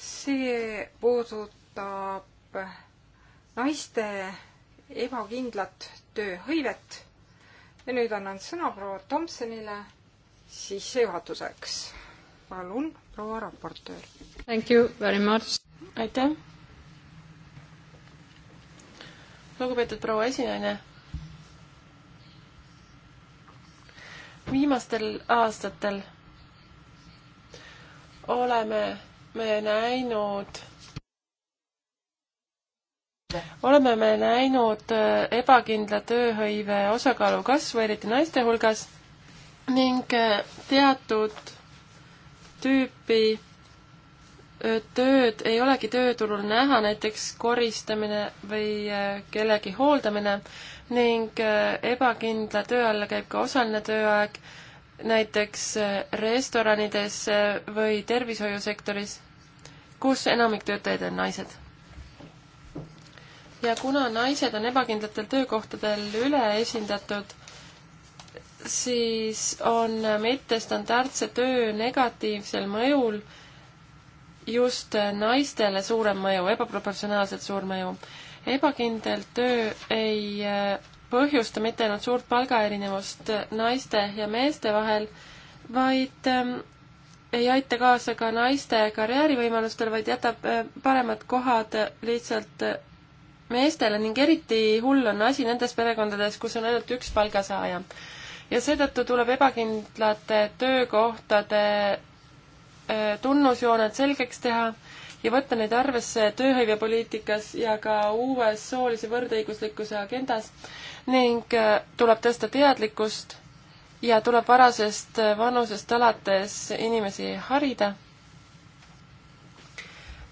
see puudutab naiste ebakindlat tööhõivet ja nüüd annan sõna proua Tomsonile sissejuhatuseks. palun, proua raportöör. Thank you very much. aitäh. lugupeetud proua esinaine. viimastel aastatel oleme me näinud oleme me näinud äh, ebakindla tööhõive osakaalu kasvu, eriti naiste hulgas, ning äh, teatud tüüpi äh, tööd ei olegi tööturul näha, näiteks koristamine või kellegi hooldamine ning ebakindla töö alla käib ka osaline tööaeg, näiteks restoranides või tervishoiusektoris, kus enamik töötajaid on naised ja kuna naised on ebakindlatel töökohtadel üleesindatud, siis on mittestandardse töö negatiivsel mõjul just naistele suurem mõju, ebaproportsionaalselt suur mõju. ebakindel töö ei äh, põhjusta mitte ainult suurt palgaerinevust naiste ja meeste vahel, vaid ähm, ei aita kaasa ka naiste karjäärivõimalustele, vaid jätab äh, paremad kohad lihtsalt äh, meestele ning eriti hull on asi nendes perekondades, kus on ainult üks palgasaaja. ja seetõttu tuleb ebakindlate töökohtade äh, tunnusjooned selgeks teha ja võtta neid arvesse tööhõivepoliitikas ja ka uues soolise võrdõiguslikkuse agendas ning äh, tuleb tõsta teadlikkust ja tuleb varasest äh, vanusest alates inimesi harida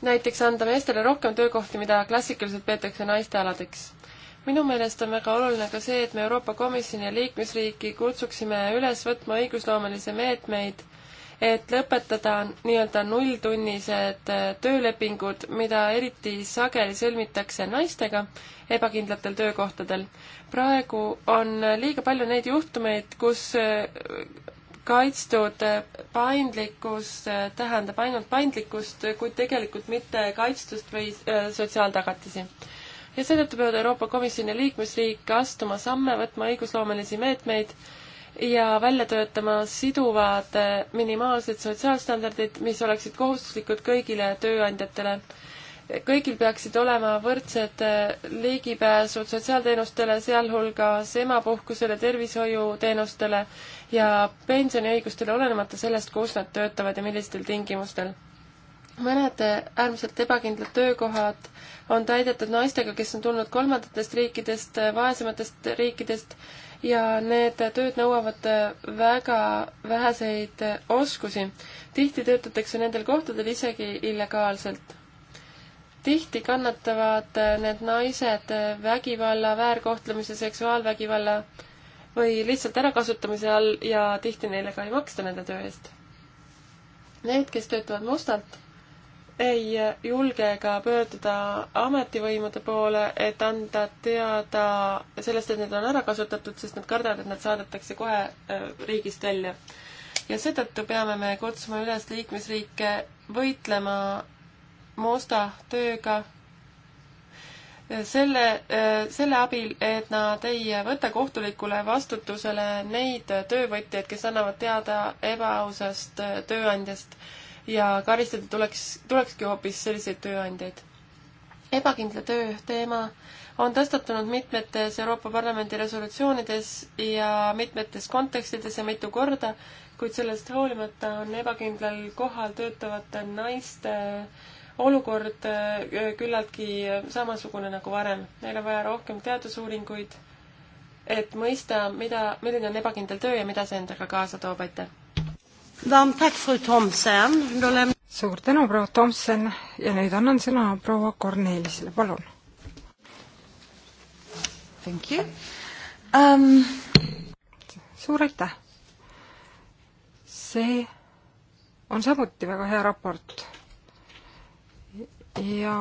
näiteks anda meestele rohkem töökohti, mida klassikaliselt peetakse naistealadeks. minu meelest on väga oluline ka see, et me Euroopa Komisjoni ja liikmesriiki kutsuksime üles võtma õigusloomelisi meetmeid, et lõpetada nii-öelda nulltunnised äh, töölepingud, mida eriti sageli sõlmitakse naistega ebakindlatel töökohtadel. praegu on liiga palju neid juhtumeid, kus äh, kaitstud paindlikkus tähendab ainult paindlikkust, kuid tegelikult mitte kaitstust või äh, sotsiaaltagatisi. ja seetõttu peavad Euroopa Komisjoni liikmesriik astuma samme, võtma õigusloomelisi meetmeid ja välja töötama siduvad äh, minimaalsed sotsiaalstandardid, mis oleksid kohustuslikud kõigile tööandjatele kõigil peaksid olema võrdsed äh, ligipääsud sotsiaalteenustele, sealhulgas emapuhkusele, tervishoiuteenustele ja pensioniõigustele olenemata sellest, kus nad töötavad ja millistel tingimustel. mõned äärmiselt ebakindlad töökohad on täidetud naistega, kes on tulnud kolmandatest riikidest, vaesematest riikidest ja need tööd nõuavad väga väheseid oskusi. tihti töötatakse nendel kohtadel isegi illegaalselt. tihti kannatavad need naised vägivalla, väärkohtlemise, seksuaalvägivalla või lihtsalt ärakasutamise all ja tihti neile ka ei maksta nende töö eest. Need, kes töötavad mustalt, ei julge ka pöörduda ametivõimude poole, et anda teada sellest, et need on ära kasutatud, sest nad kardavad, et nad saadetakse kohe äh, riigist välja. ja seetõttu peame me kutsuma üles liikmesriike võitlema musta tööga selle, äh, selle abil, et nad ei võta kohtulikule vastutusele neid töövõtjaid, kes annavad teada ebaausast tööandjast ja karistada tuleks, tulekski hoopis selliseid tööandjaid. ebakindla töö teema on tõstatunud mitmetes Euroopa Parlamendi resolutsioonides ja mitmetes kontekstides ja mitu korda, kuid sellest hoolimata on ebakindlal kohal töötavate naiste äh, olukord äh, küllaltki samasugune nagu varem. meil on vaja rohkem teadusuuringuid, et mõista, mida, milline on ebakindel töö ja mida see endaga kaasa toob, aitäh! suur tänu, proua Tomson ja nüüd annan sõna proua Kornelisele, palun! Thank you um.... suur aitäh! see on samuti väga hea raport ja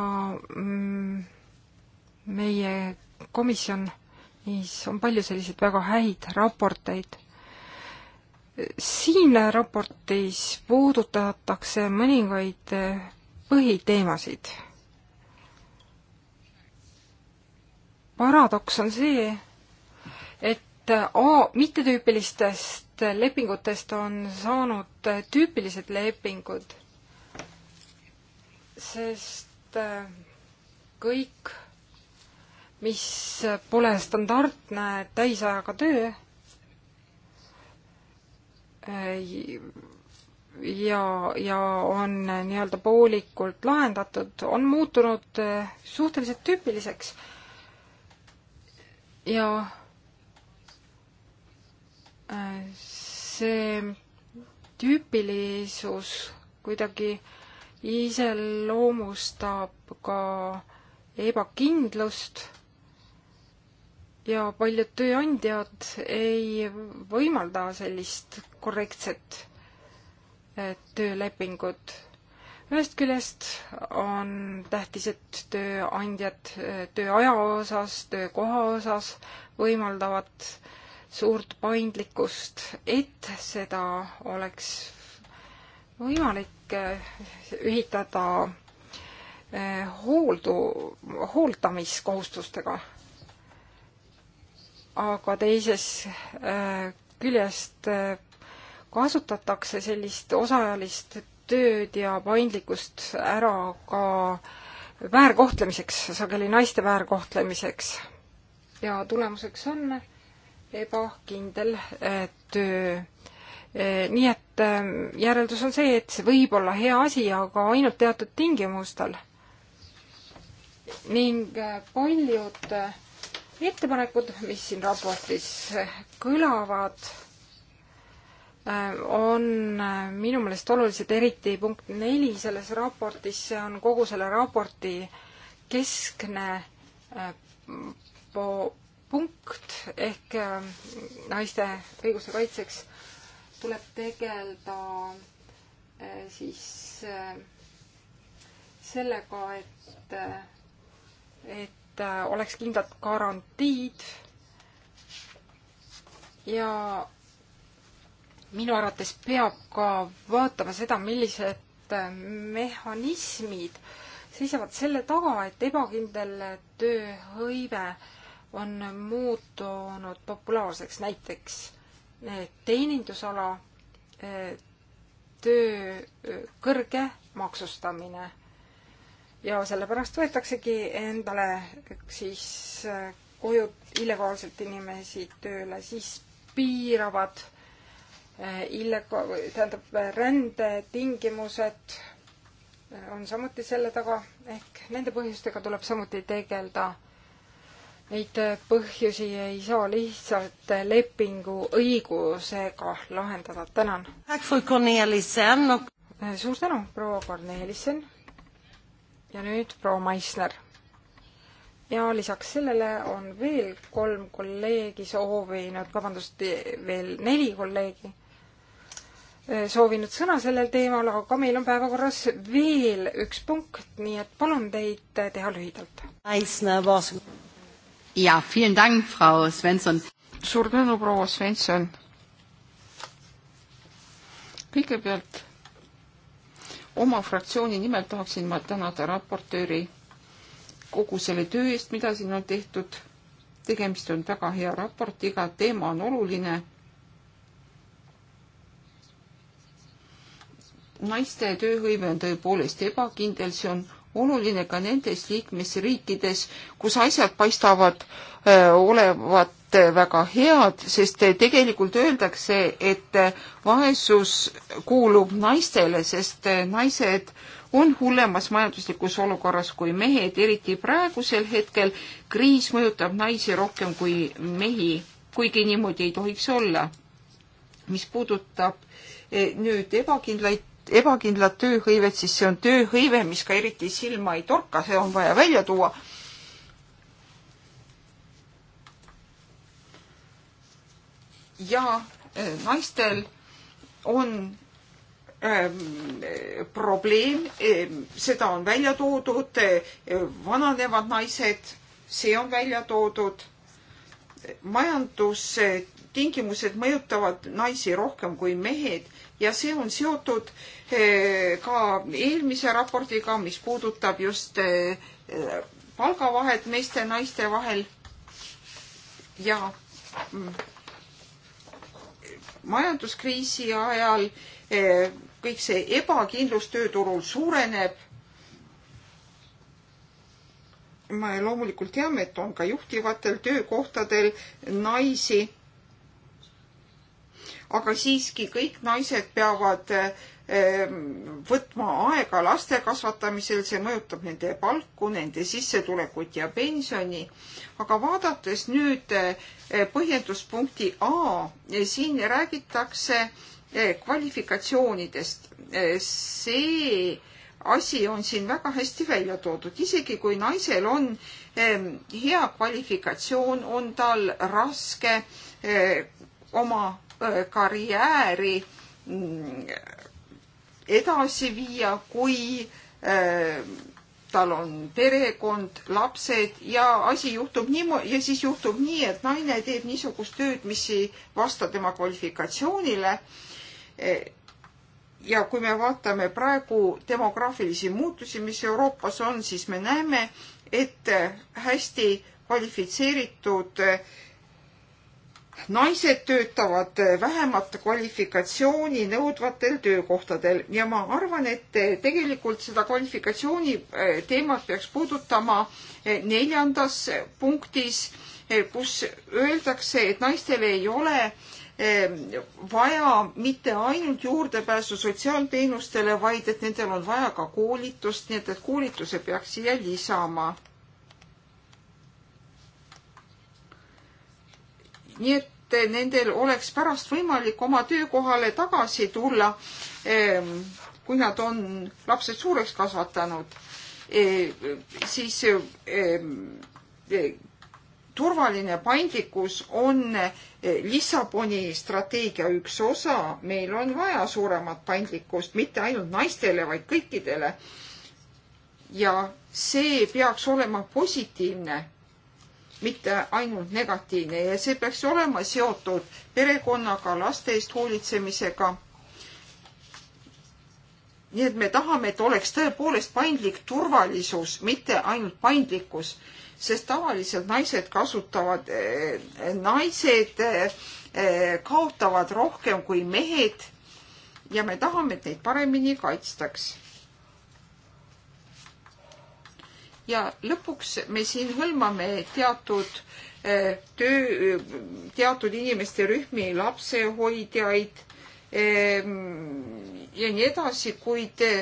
mm, meie komisjonis on palju selliseid väga häid raporteid. siin raportis puudutatakse mõningaid põhiteemasid. paradoks on see, et A mittetüüpilistest lepingutest on saanud tüüpilised lepingud sest äh, kõik, mis pole standardne täisajaga töö äh, ja, ja on nii-öelda poolikult lahendatud, on muutunud äh, suhteliselt tüüpiliseks. ja see tüüpilisus kuidagi äh, iseloomustab ka ebakindlust ja paljud tööandjad ei võimalda sellist korrektset eh, töölepingut. ühest küljest on tähtis, et tööandjad eh, tööaja osas, töökoha osas võimaldavad suurt paindlikkust, et seda oleks võimalik võimalik eh, ühitada eh, hooldu, hooldamiskohustustega. aga teisest eh, küljest kasutatakse sellist osaajalist tööd ja paindlikkust ära ka väärkohtlemiseks, sageli naiste väärkohtlemiseks. ja tulemuseks on ebakindel töö Eh, nii et ehm, järeldus on see, et see võib olla hea asi, aga ainult teatud tingimustel. ning eh, paljud eh, ettepanekud, mis siin raportis kõlavad, on minu meelest olulised, eriti punkt neli selles raportis, see on kogu selle raporti keskne punkt ehk naiste õiguste kaitseks tuleb tegeleda eh, siis eh, sellega, et, eh, et oleks kindlad garantiid ja minu arvates peab ka vaatama seda, millised mehhanismid seisavad selle taga, et ebakindel tööhõive on muutunud populaarseks, näiteks teenindusala eh, töö eh, kõrge maksustamine. ja sellepärast võetaksegi endale siis eh, koju illegaalselt inimesi tööle, siis piiravad illega-, tähendab rändetingimused on samuti selle taga, ehk nende põhjustega tuleb samuti tegeleda Neid põhjusi ei saa lihtsalt lepingu õigusega lahendada. tänan. suur tänu, proua Kornelissen. ja nüüd proua Maisner. ja lisaks sellele on veel kolm kolleegi soovinud, vabandust, veel neli kolleegi eh, soovinud sõna sellel teemal, aga meil on päevakorras veel üks punkt, nii et palun teid teha lühidalt ja, vielen Dank, Frau Svensson. suur tänu, proua Svensson. kõigepealt oma fraktsiooni nimel tahaksin ma tänada raportööri kogu selle töö eest, mida siin on tehtud. tegemist on väga hea raportiga, teema on oluline. naiste tööhõive on tõepoolest ebakindel, see on oluline ka nendes liikmesriikides, kus asjad paistavad äh, olevat väga head, sest äh, tegelikult öeldakse, et äh, vaesus kuulub naistele, sest naised on hullemas majanduslikus olukorras kui mehed, eriti praegusel hetkel. kriis mõjutab naisi rohkem kui mehi, kuigi niimoodi ei tohiks olla. mis puudutab nüüd ebakindlaid ebakindlat tööhõivet, siis see on tööhõive, mis ka eriti silma ei torka, see on vaja välja tuua. ja äh, naistel on ähm, probleem, ähm, seda on välja toodud, äh, vananevad naised, see on välja toodud, majandustingimused mõjutavad naisi rohkem kui mehed ja see on seotud eh, ka eelmise raportiga, mis puudutab just eh, palgavahet meeste ja naiste vahel. ja mm, majanduskriisi ajal eh, kõik see ebakindlus tööturul suureneb. me loomulikult teame, et on ka juhtivatel töökohtadel naisi aga siiski kõik naised peavad ehm, võtma aega laste kasvatamisel, see mõjutab nende palku, nende sissetulekut ja pensioni. aga vaadates nüüd eh, põhjenduspunkti A, eh, siin räägitakse eh, kvalifikatsioonidest. see asi on siin väga hästi välja toodud, isegi kui naisel on ehm, hea kvalifikatsioon, on tal raske oma Äh, karjääri mm, edasi viia, kui äh, tal on perekond, lapsed ja asi juhtub niimoodi ja siis juhtub nii, et naine teeb niisugust tööd, mis ei vasta tema kvalifikatsioonile. Äh, ja kui me vaatame praegu demograafilisi muutusi, mis Euroopas on, siis me näeme, et hästi kvalifitseeritud naised töötavad vähemat kvalifikatsiooni nõudvatel töökohtadel ja ma arvan, et tegelikult seda kvalifikatsiooni eh, teemat peaks puudutama eh, neljandas punktis, eh, kus öeldakse, et naistel ei ole vaja mitte ainult juurdepääsu sotsiaalteenustele, vaid et nendel on vaja ka koolitust, nii et, et koolituse peaks siia lisama nii et eh, nendel oleks pärast võimalik oma töökohale tagasi tulla, ehm, kui nad on lapsed suureks kasvatanud, eh, siis ehm, eh, turvaline paindlikkus on Lissaboni strateegia üks osa, meil on vaja suuremat paindlikkust mitte ainult naistele, vaid kõikidele. ja see peaks olema positiivne mitte ainult negatiivne ja see peaks olema seotud perekonnaga, laste eest hoolitsemisega. nii et me tahame, et oleks tõepoolest paindlik turvalisus, mitte ainult paindlikkus, sest tavaliselt naised kasutavad, eh, naised eh, kaotavad rohkem kui mehed ja me tahame, et neid paremini kaitstaks ja lõpuks me siin hõlmame teatud eh, töö, teatud inimeste rühmi, lapsehoidjaid eh, ja nii edasi, kuid eh,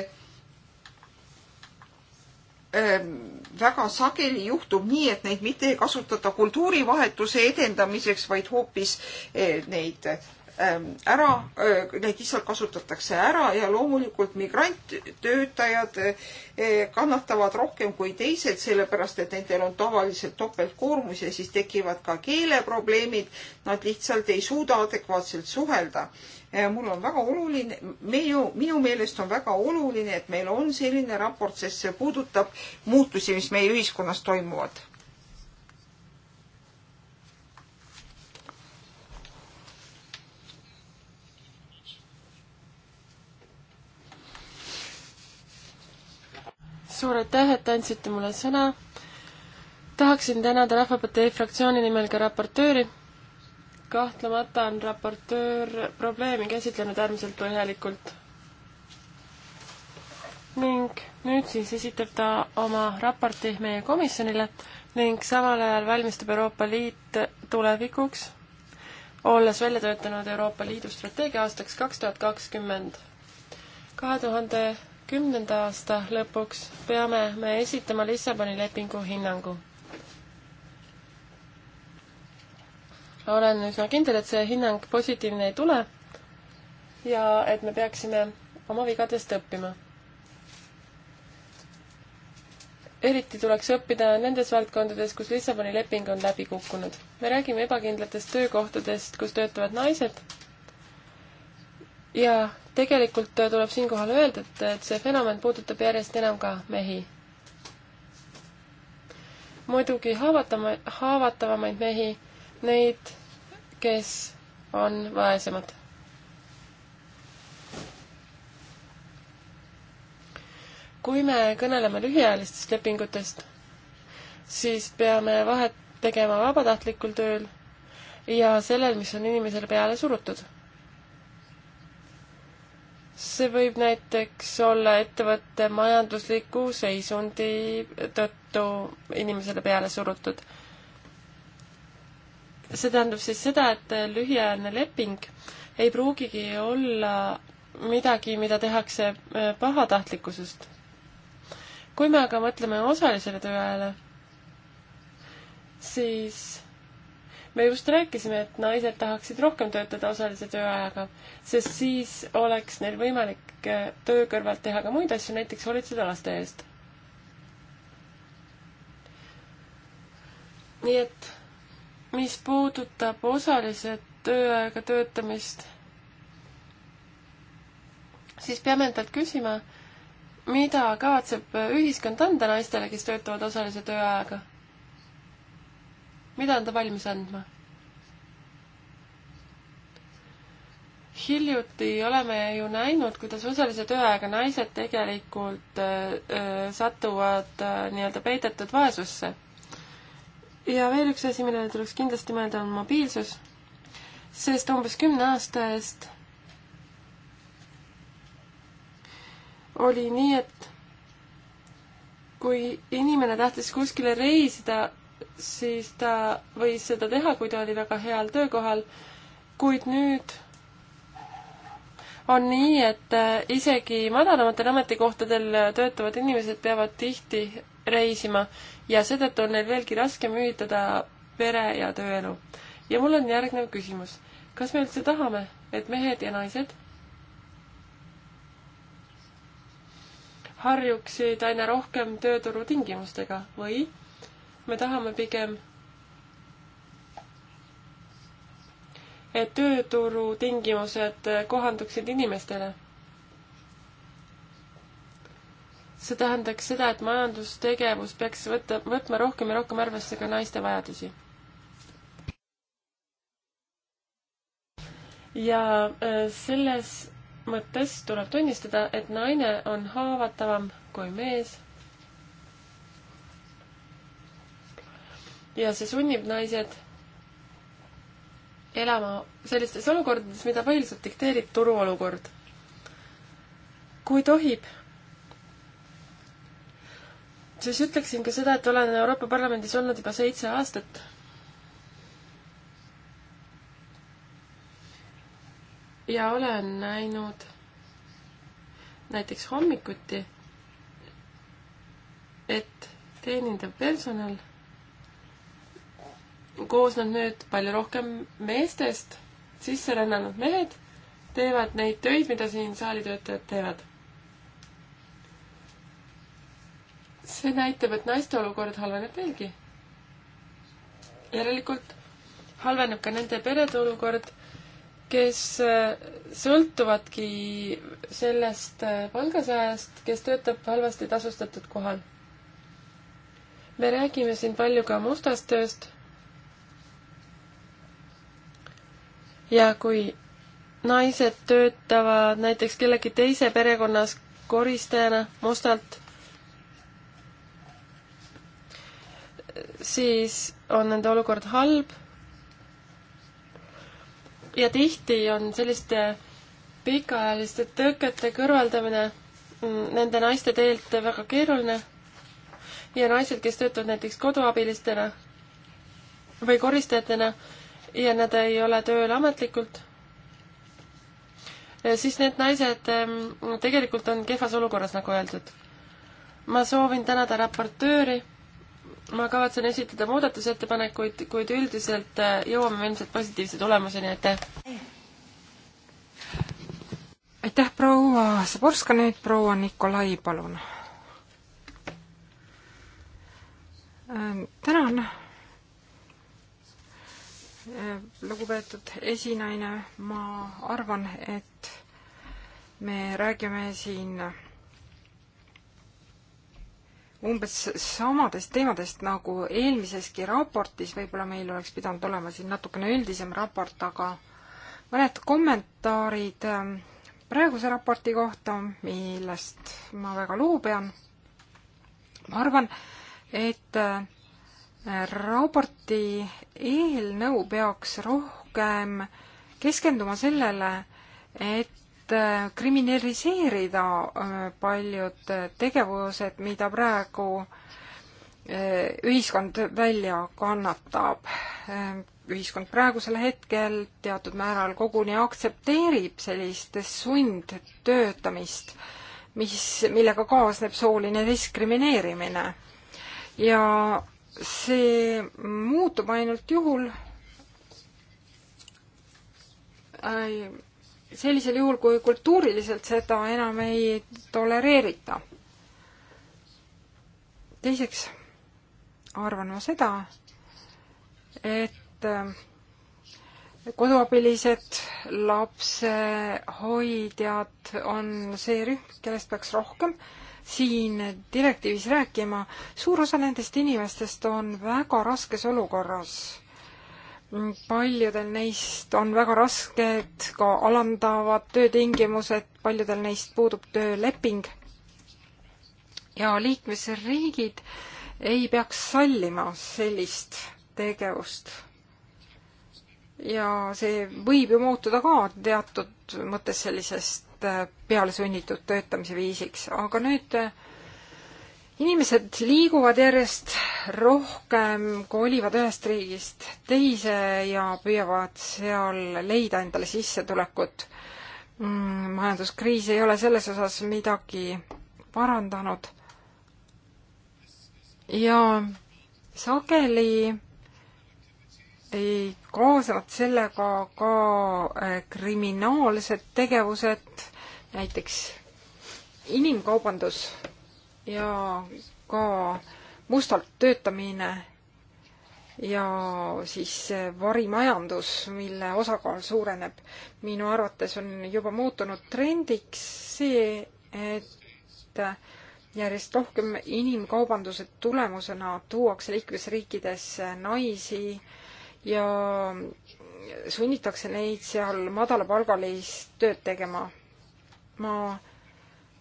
väga sageli juhtub nii, et neid mitte ei kasutata kultuurivahetuse edendamiseks, vaid hoopis neid Ähm, ära, äh, neid lihtsalt kasutatakse ära ja loomulikult migranttöötajad äh, kannatavad rohkem kui teised, sellepärast et nendel on tavaliselt topeltkoormus ja siis tekivad ka keeleprobleemid. Nad lihtsalt ei suuda adekvaatselt suhelda. Äh, mul on väga oluline, minu, minu meelest on väga oluline, et meil on selline raport, sest see puudutab muutusi, mis meie ühiskonnas toimuvad suur aitäh, et andsite mulle sõna. tahaksin tänada Rahvapartei fraktsiooni nimel ka raportööri. kahtlemata on raportöör probleemi käsitlenud äärmiselt põhjalikult. ning nüüd siis esitab ta oma raporti meie komisjonile ning samal ajal valmistub Euroopa Liit tulevikuks, olles välja töötanud Euroopa Liidu strateegia aastaks kaks tuhat kakskümmend. kahe tuhande kümnenda aasta lõpuks peame me esitama Lissaboni lepingu hinnangu. olen üsna kindel, et see hinnang positiivne ei tule ja et me peaksime oma vigadest õppima. eriti tuleks õppida nendes valdkondades, kus Lissaboni leping on läbi kukkunud. me räägime ebakindlatest töökohtadest, kus töötavad naised ja tegelikult äh, tuleb siinkohal öelda, et, et see fenomen puudutab järjest enam ka mehi. muidugi haavatama, haavatavamaid mehi, neid, kes on vaesemad. kui me kõneleme lühiajalistest lepingutest, siis peame vahet tegema vabatahtlikul tööl ja sellel, mis on inimesele peale surutud see võib näiteks olla ettevõtte majandusliku seisundi tõttu inimesele peale surutud. see tähendab siis seda, et lühiajaline leping ei pruugigi olla midagi, mida tehakse äh, pahatahtlikkusest. kui me aga mõtleme osalisele tööajale, siis me just rääkisime, et naised tahaksid rohkem töötada osalise tööajaga, sest siis oleks neil võimalik äh, töö kõrvalt teha ka muid asju, näiteks hoolitseda laste eest. nii et mis puudutab osalise tööajaga töötamist, siis peame endalt küsima, mida kavatseb ühiskond anda naistele, kes töötavad osalise tööajaga mida on ta valmis andma? hiljuti oleme ju näinud, kuidas osalise tööaega naised tegelikult äh, äh, satuvad äh, nii-öelda peidetud vaesusse. ja veel üks asi, millele tuleks kindlasti mõelda, on mobiilsus, sest umbes kümne aasta eest oli nii, et kui inimene tahtis kuskile reisida, siis ta võis seda teha, kui ta oli väga heal töökohal, kuid nüüd on nii, et äh, isegi madalamatel ametikohtadel äh, töötavad inimesed peavad tihti reisima ja seetõttu on neil veelgi raskem ühitada pere- ja tööelu. ja mul on järgnev küsimus. kas me üldse tahame, et mehed ja naised harjuksid aina rohkem tööturutingimustega või me tahame pigem, et tööturu tingimused kohanduksid inimestele. see tähendaks seda, et majandustegevus peaks võtta, võtma rohkem ja rohkem arvesse ka naiste vajadusi ja äh, selles mõttes tuleb tunnistada, et naine on haavatavam kui mees ja see sunnib naised elama sellistes olukordades, mida põhiliselt dikteerib turuolukord. kui tohib, siis ütleksin ka seda, et olen Euroopa Parlamendis olnud juba seitse aastat. ja olen näinud näiteks hommikuti, et teenindav personal koosneb nüüd palju rohkem meestest, sisserännanud mehed teevad neid töid, mida siin saalitöötajad teevad. see näitab, et naiste olukord halveneb veelgi. järelikult halveneb ka nende perede olukord, kes äh, sõltuvadki sellest äh, palgasaajast, kes töötab halvasti tasustatud kohal. me räägime siin palju ka mustast tööst ja kui naised töötavad näiteks kellegi teise perekonnas koristajana mustalt, siis on nende olukord halb. ja tihti on selliste pikaajaliste tõkete kõrvaldamine mm, nende naiste teelt väga keeruline. ja naised, kes töötavad näiteks koduabilistena või koristajatena, ja nad ei ole tööl ametlikult, eh, siis need naised ehm, tegelikult on kehvas olukorras, nagu öeldud. ma soovin tänada raportööri, ma kavatsen esitada muudatusettepanekuid, kuid üldiselt eh, jõuame ilmselt positiivse tulemuseni, aitäh! aitäh, proua Saborska, nüüd proua Nikolai, palun! tänan Eh, lugupeetud esinaine, ma arvan, et me räägime siin umbes samadest teemadest nagu eelmiseski raportis, võib-olla meil oleks pidanud olema siin natukene üldisem raport, aga mõned kommentaarid eh, praeguse raporti kohta, millest ma väga lugu pean. ma arvan, et eh, raporti eelnõu peaks rohkem keskenduma sellele, et äh, kriminaliseerida äh, paljud tegevused, mida praegu äh, ühiskond välja kannatab. ühiskond praegusel hetkel teatud määral koguni aktsepteerib sellist sundtöötamist, mis, millega kaasneb sooline diskrimineerimine. ja see muutub ainult juhul, äh, sellisel juhul, kui kultuuriliselt seda enam ei tolereerita. teiseks arvan ma seda, et äh, koduabilised, lapsehoidjad on see rühm, kellest peaks rohkem äh, siin direktiivis rääkima. suur osa nendest inimestest on väga raskes olukorras. paljudel neist on väga rasked ka alandavad töötingimused, paljudel neist puudub tööleping. ja liikmesriigid ei peaks sallima sellist tegevust ja see võib ju muutuda ka teatud mõttes sellisest muutuvad äh, pealesunnitud töötamise viisiks, aga nüüd äh, inimesed liiguvad järjest rohkem, kolivad ühest riigist teise ja püüavad seal leida endale sissetulekut. Mm, majanduskriis ei ole selles osas midagi parandanud. ja sageli ei kaasnevad sellega ka äh, kriminaalsed tegevused näiteks inimkaubandus ja ka mustalt töötamine ja siis varimajandus, mille osakaal suureneb. minu arvates on juba muutunud trendiks see, et järjest rohkem inimkaubanduse tulemusena tuuakse liikmesriikidesse naisi ja sunnitakse neid seal madalapalgalist tööd tegema ma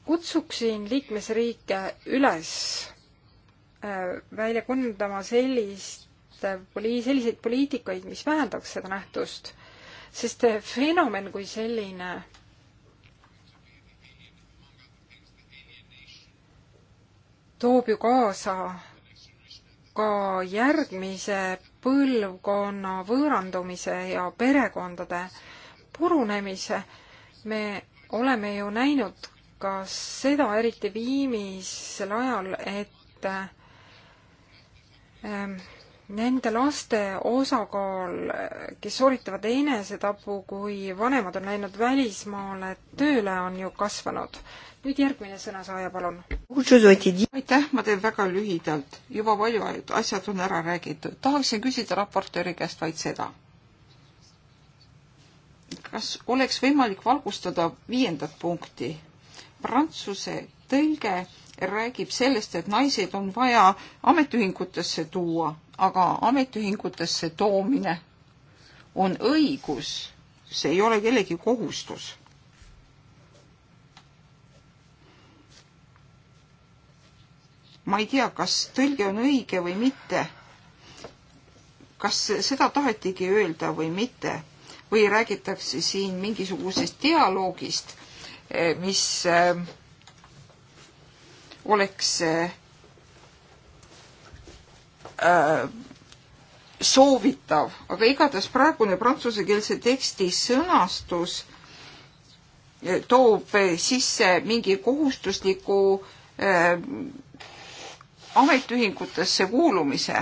kutsuksin liikmesriike üles äh, välja kujundama sellist, äh, selliseid poliitikaid, mis vähendaks seda nähtust, sest fenomen kui selline toob ju kaasa ka järgmise põlvkonna võõrandumise ja perekondade purunemise. me oleme ju näinud ka seda, eriti viimisel ajal, et ähm, nende laste osakaal, kes sooritavad enesetapu, kui vanemad on läinud välismaale tööle, on ju kasvanud. nüüd järgmine sõnasaaja, palun. aitäh, ma teen väga lühidalt. juba palju asjad on ära räägitud. tahaksin küsida raportööri käest vaid seda kas oleks võimalik valgustada viiendat punkti? Prantsuse tõlge räägib sellest, et naised on vaja ametiühingutesse tuua, aga ametiühingutesse toomine on õigus, see ei ole kellegi kohustus. ma ei tea, kas tõlge on õige või mitte. kas seda tahetigi öelda või mitte või räägitakse siin mingisugusest dialoogist, eh, mis eh, oleks eh, soovitav, aga igatahes praegune prantsusekeelse teksti sõnastus toob sisse mingi kohustusliku äh, ametiühingutesse kuulumise.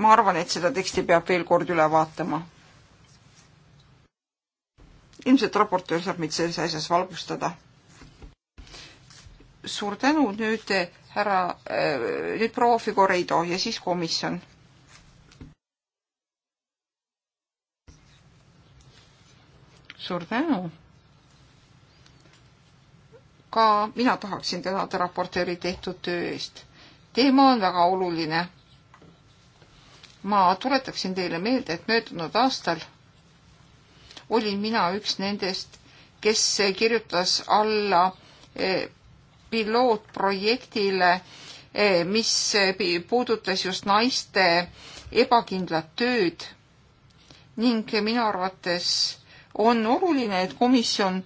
ma arvan, et seda teksti peab veel kord üle vaatama ilmselt raportöör saab meid selles asjas valgustada. suur tänu, nüüd eh, härra, eh, nüüd proua Figoreido ja siis komisjon. suur tänu. ka mina tahaksin tänada raportööri tehtud töö eest. teema on väga oluline. ma tuletaksin teile meelde, et möödunud aastal olin mina üks nendest, kes kirjutas alla eh, pilootprojektile, eh, mis eh, puudutas just naiste ebakindlat tööd ning minu arvates on oluline, et komisjon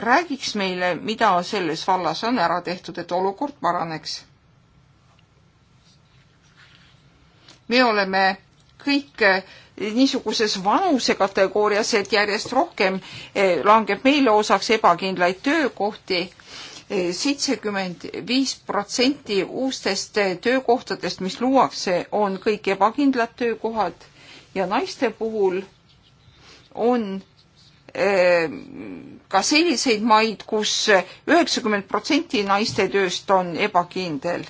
räägiks meile, mida selles vallas on ära tehtud, et olukord paraneks. me oleme kõik niisuguses vanusekategoorias, et järjest rohkem eh, langeb meile osaks ebakindlaid töökohti. Eh, seitsekümmend viis protsenti uustest eh, töökohtadest, mis luuakse, on kõik ebakindlad töökohad ja naiste puhul on ka selliseid maid kus, kus üheksakümmend protsenti naiste tööst on ebakindel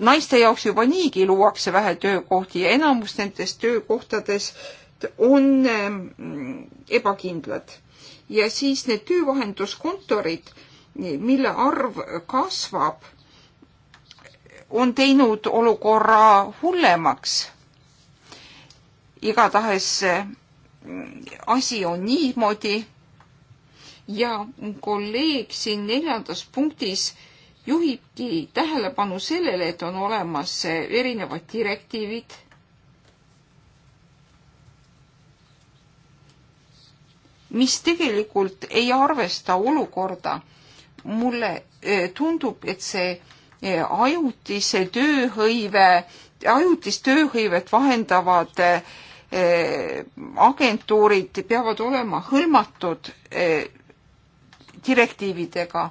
naiste jaoks juba niigi luuakse vähe töökohti ja enamus nendest töökohtades on ehm, ebakindlad. ja siis need töövahenduskontorid, mille arv kasvab, on teinud olukorra hullemaks. igatahes ehm, asi on niimoodi ja kolleeg siin neljandas punktis juhibki tähelepanu sellele, et on olemas erinevad direktiivid. mis tegelikult ei arvesta olukorda. mulle eh, tundub, et see eh, ajutise tööhõive, ajutist tööhõivet vahendavad eh, agentuurid peavad olema hõlmatud direktiividega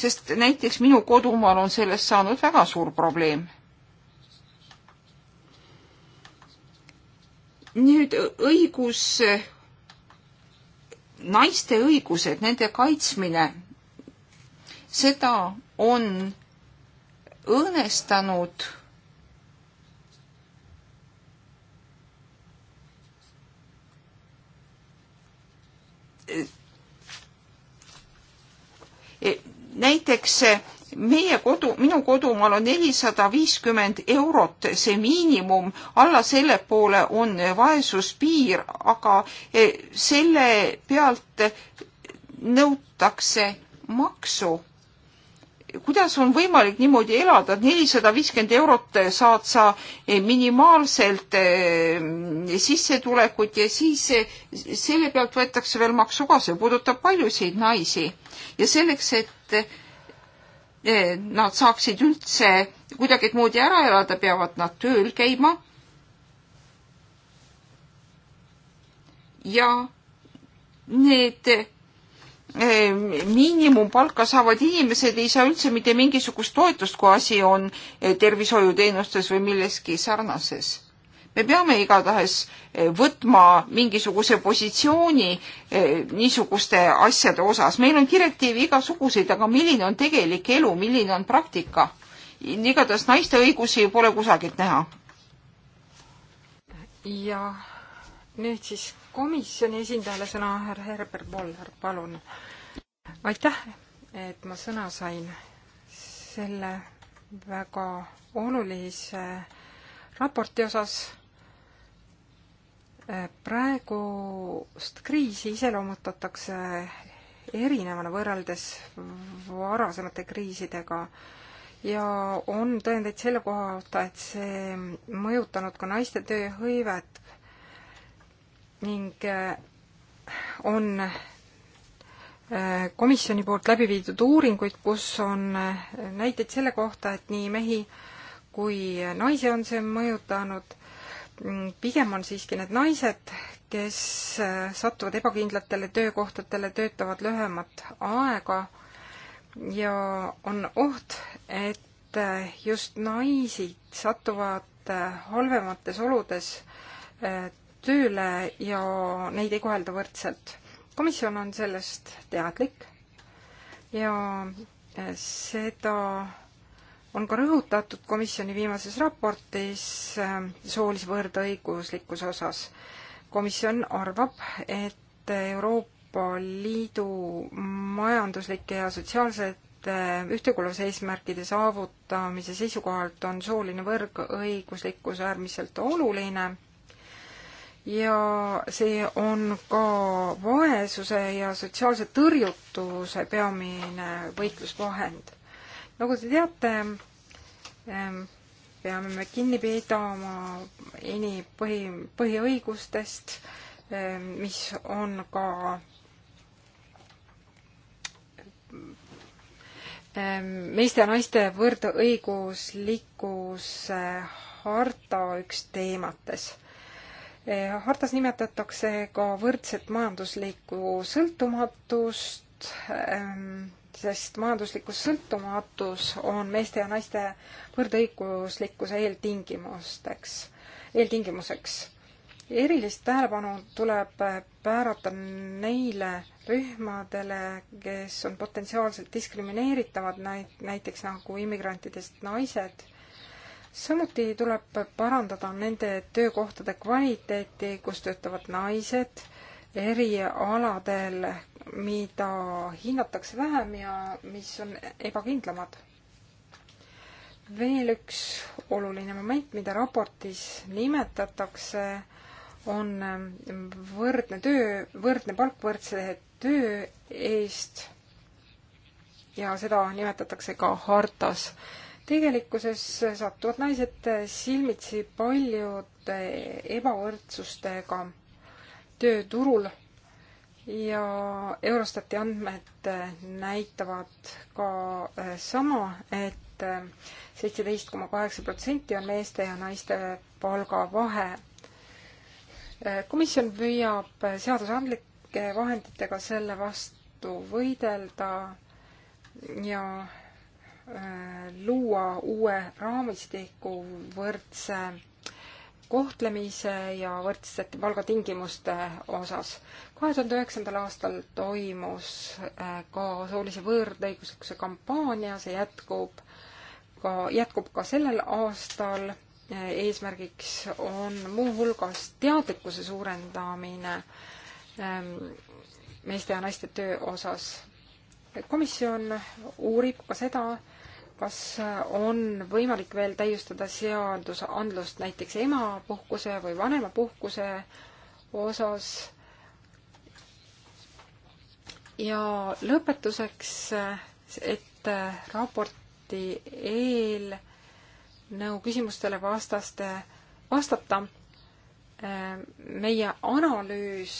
sest näiteks minu kodumaal on sellest saanud väga suur probleem. nüüd õigus, naiste õigused, nende kaitsmine, seda on õõnestanud näiteks eh, meie kodu, minu kodumaal on nelisada viiskümmend eurot see miinimum, alla selle poole on eh, vaesuspiir, aga eh, selle pealt nõutakse maksu kuidas on võimalik niimoodi elada, et nelisada viiskümmend eurot saad sa eh, minimaalselt eh, sissetulekut ja siis eh, selle pealt võetakse veel maksu ka, see puudutab paljusid naisi. ja selleks, et nad saaksid üldse kuidagimoodi ära elada, peavad nad tööl käima. ja need miinimumpalka saavad inimesed ei saa üldse mitte mingisugust toetust, kui asi on äh, tervishoiuteenustes või milleski sarnases. me peame igatahes äh, võtma mingisuguse positsiooni äh, niisuguste asjade osas. meil on direktiivi igasuguseid, aga milline on tegelik elu, milline on praktika? igatahes naiste õigusi pole kusagilt näha. ja nüüd siis komisjoni esindajale sõna, härra Herbert Voller, palun. aitäh, et ma sõna sain selle väga olulise raporti osas. praegust kriisi iseloomutatakse erinevana võrreldes varasemate kriisidega ja on tõendeid selle kohta, et see mõjutanud ka naiste tööhõivet ning äh, on äh, komisjoni poolt läbi viidud uuringuid, kus on äh, näiteid selle kohta, et nii mehi kui naisi on see mõjutanud. Mm, pigem on siiski need naised, kes satuvad ebakindlatele töökohtadele, töötavad lühemat aega ja on oht, et just naised satuvad halvemates oludes tööle ja neid ei kohelda võrdselt. komisjon on sellest teadlik ja eh, seda on ka rõhutatud komisjoni viimases raportis eh, soolise võrdõiguslikkuse osas. komisjon arvab, et Euroopa Liidu majanduslike ja sotsiaalsete ühtekuuluvuseesmärkide saavutamise seisukohalt on sooline võrgõiguslikkus äärmiselt oluline ja see on ka vaesuse ja sotsiaalse tõrjutuse peamine võitlusvahend. nagu te teate, peame me kinni pidama ini põhi, põhiõigustest, mis on ka meeste ja naiste võrdõiguslikkuse harta üks teemates Eh, hartas nimetatakse ka võrdset majanduslikku sõltumatust, ehm, sest majanduslikus sõltumatus on meeste ja naiste võrdõiguslikkuse eeltingimusteks, eeltingimuseks erilist tähelepanu tuleb eh, päärata neile rühmadele, kes on potentsiaalselt diskrimineeritavad, näiteks nagu immigrantidest naised samuti tuleb parandada nende töökohtade kvaliteeti, kus töötavad naised erialadel, mida hinnatakse vähem ja mis on ebakindlamad. veel üks oluline moment, mida raportis nimetatakse, on võrdne töö, võrdne palk võrdse töö eest ja seda nimetatakse ka hartas tegelikkuses satuvad naised silmitsi paljude ebavõrdsustega tööturul ja Eurostati andmed näitavad ka eh, sama, et eh, seitseteist koma kaheksa protsenti on meeste ja naiste palgavahe. Eh, komisjon püüab seadusandlike vahenditega selle vastu võidelda ja Äh, luua uue raamistiku võrdse kohtlemise ja võrdsete palgatingimuste osas. kahe tuhande üheksandal aastal toimus äh, ka soolise võõrdõiguslikkuse kampaania, see jätkub ka, jätkub ka sellel aastal. Äh, eesmärgiks on muuhulgas teadlikkuse suurendamine ähm, meeste ja naiste töö osas. komisjon uurib ka seda, kas on võimalik veel täiustada seadusandlust näiteks emapuhkuse või vanemapuhkuse osas? ja lõpetuseks, et raporti eelnõu küsimustele vastaste, vastata meie analüüs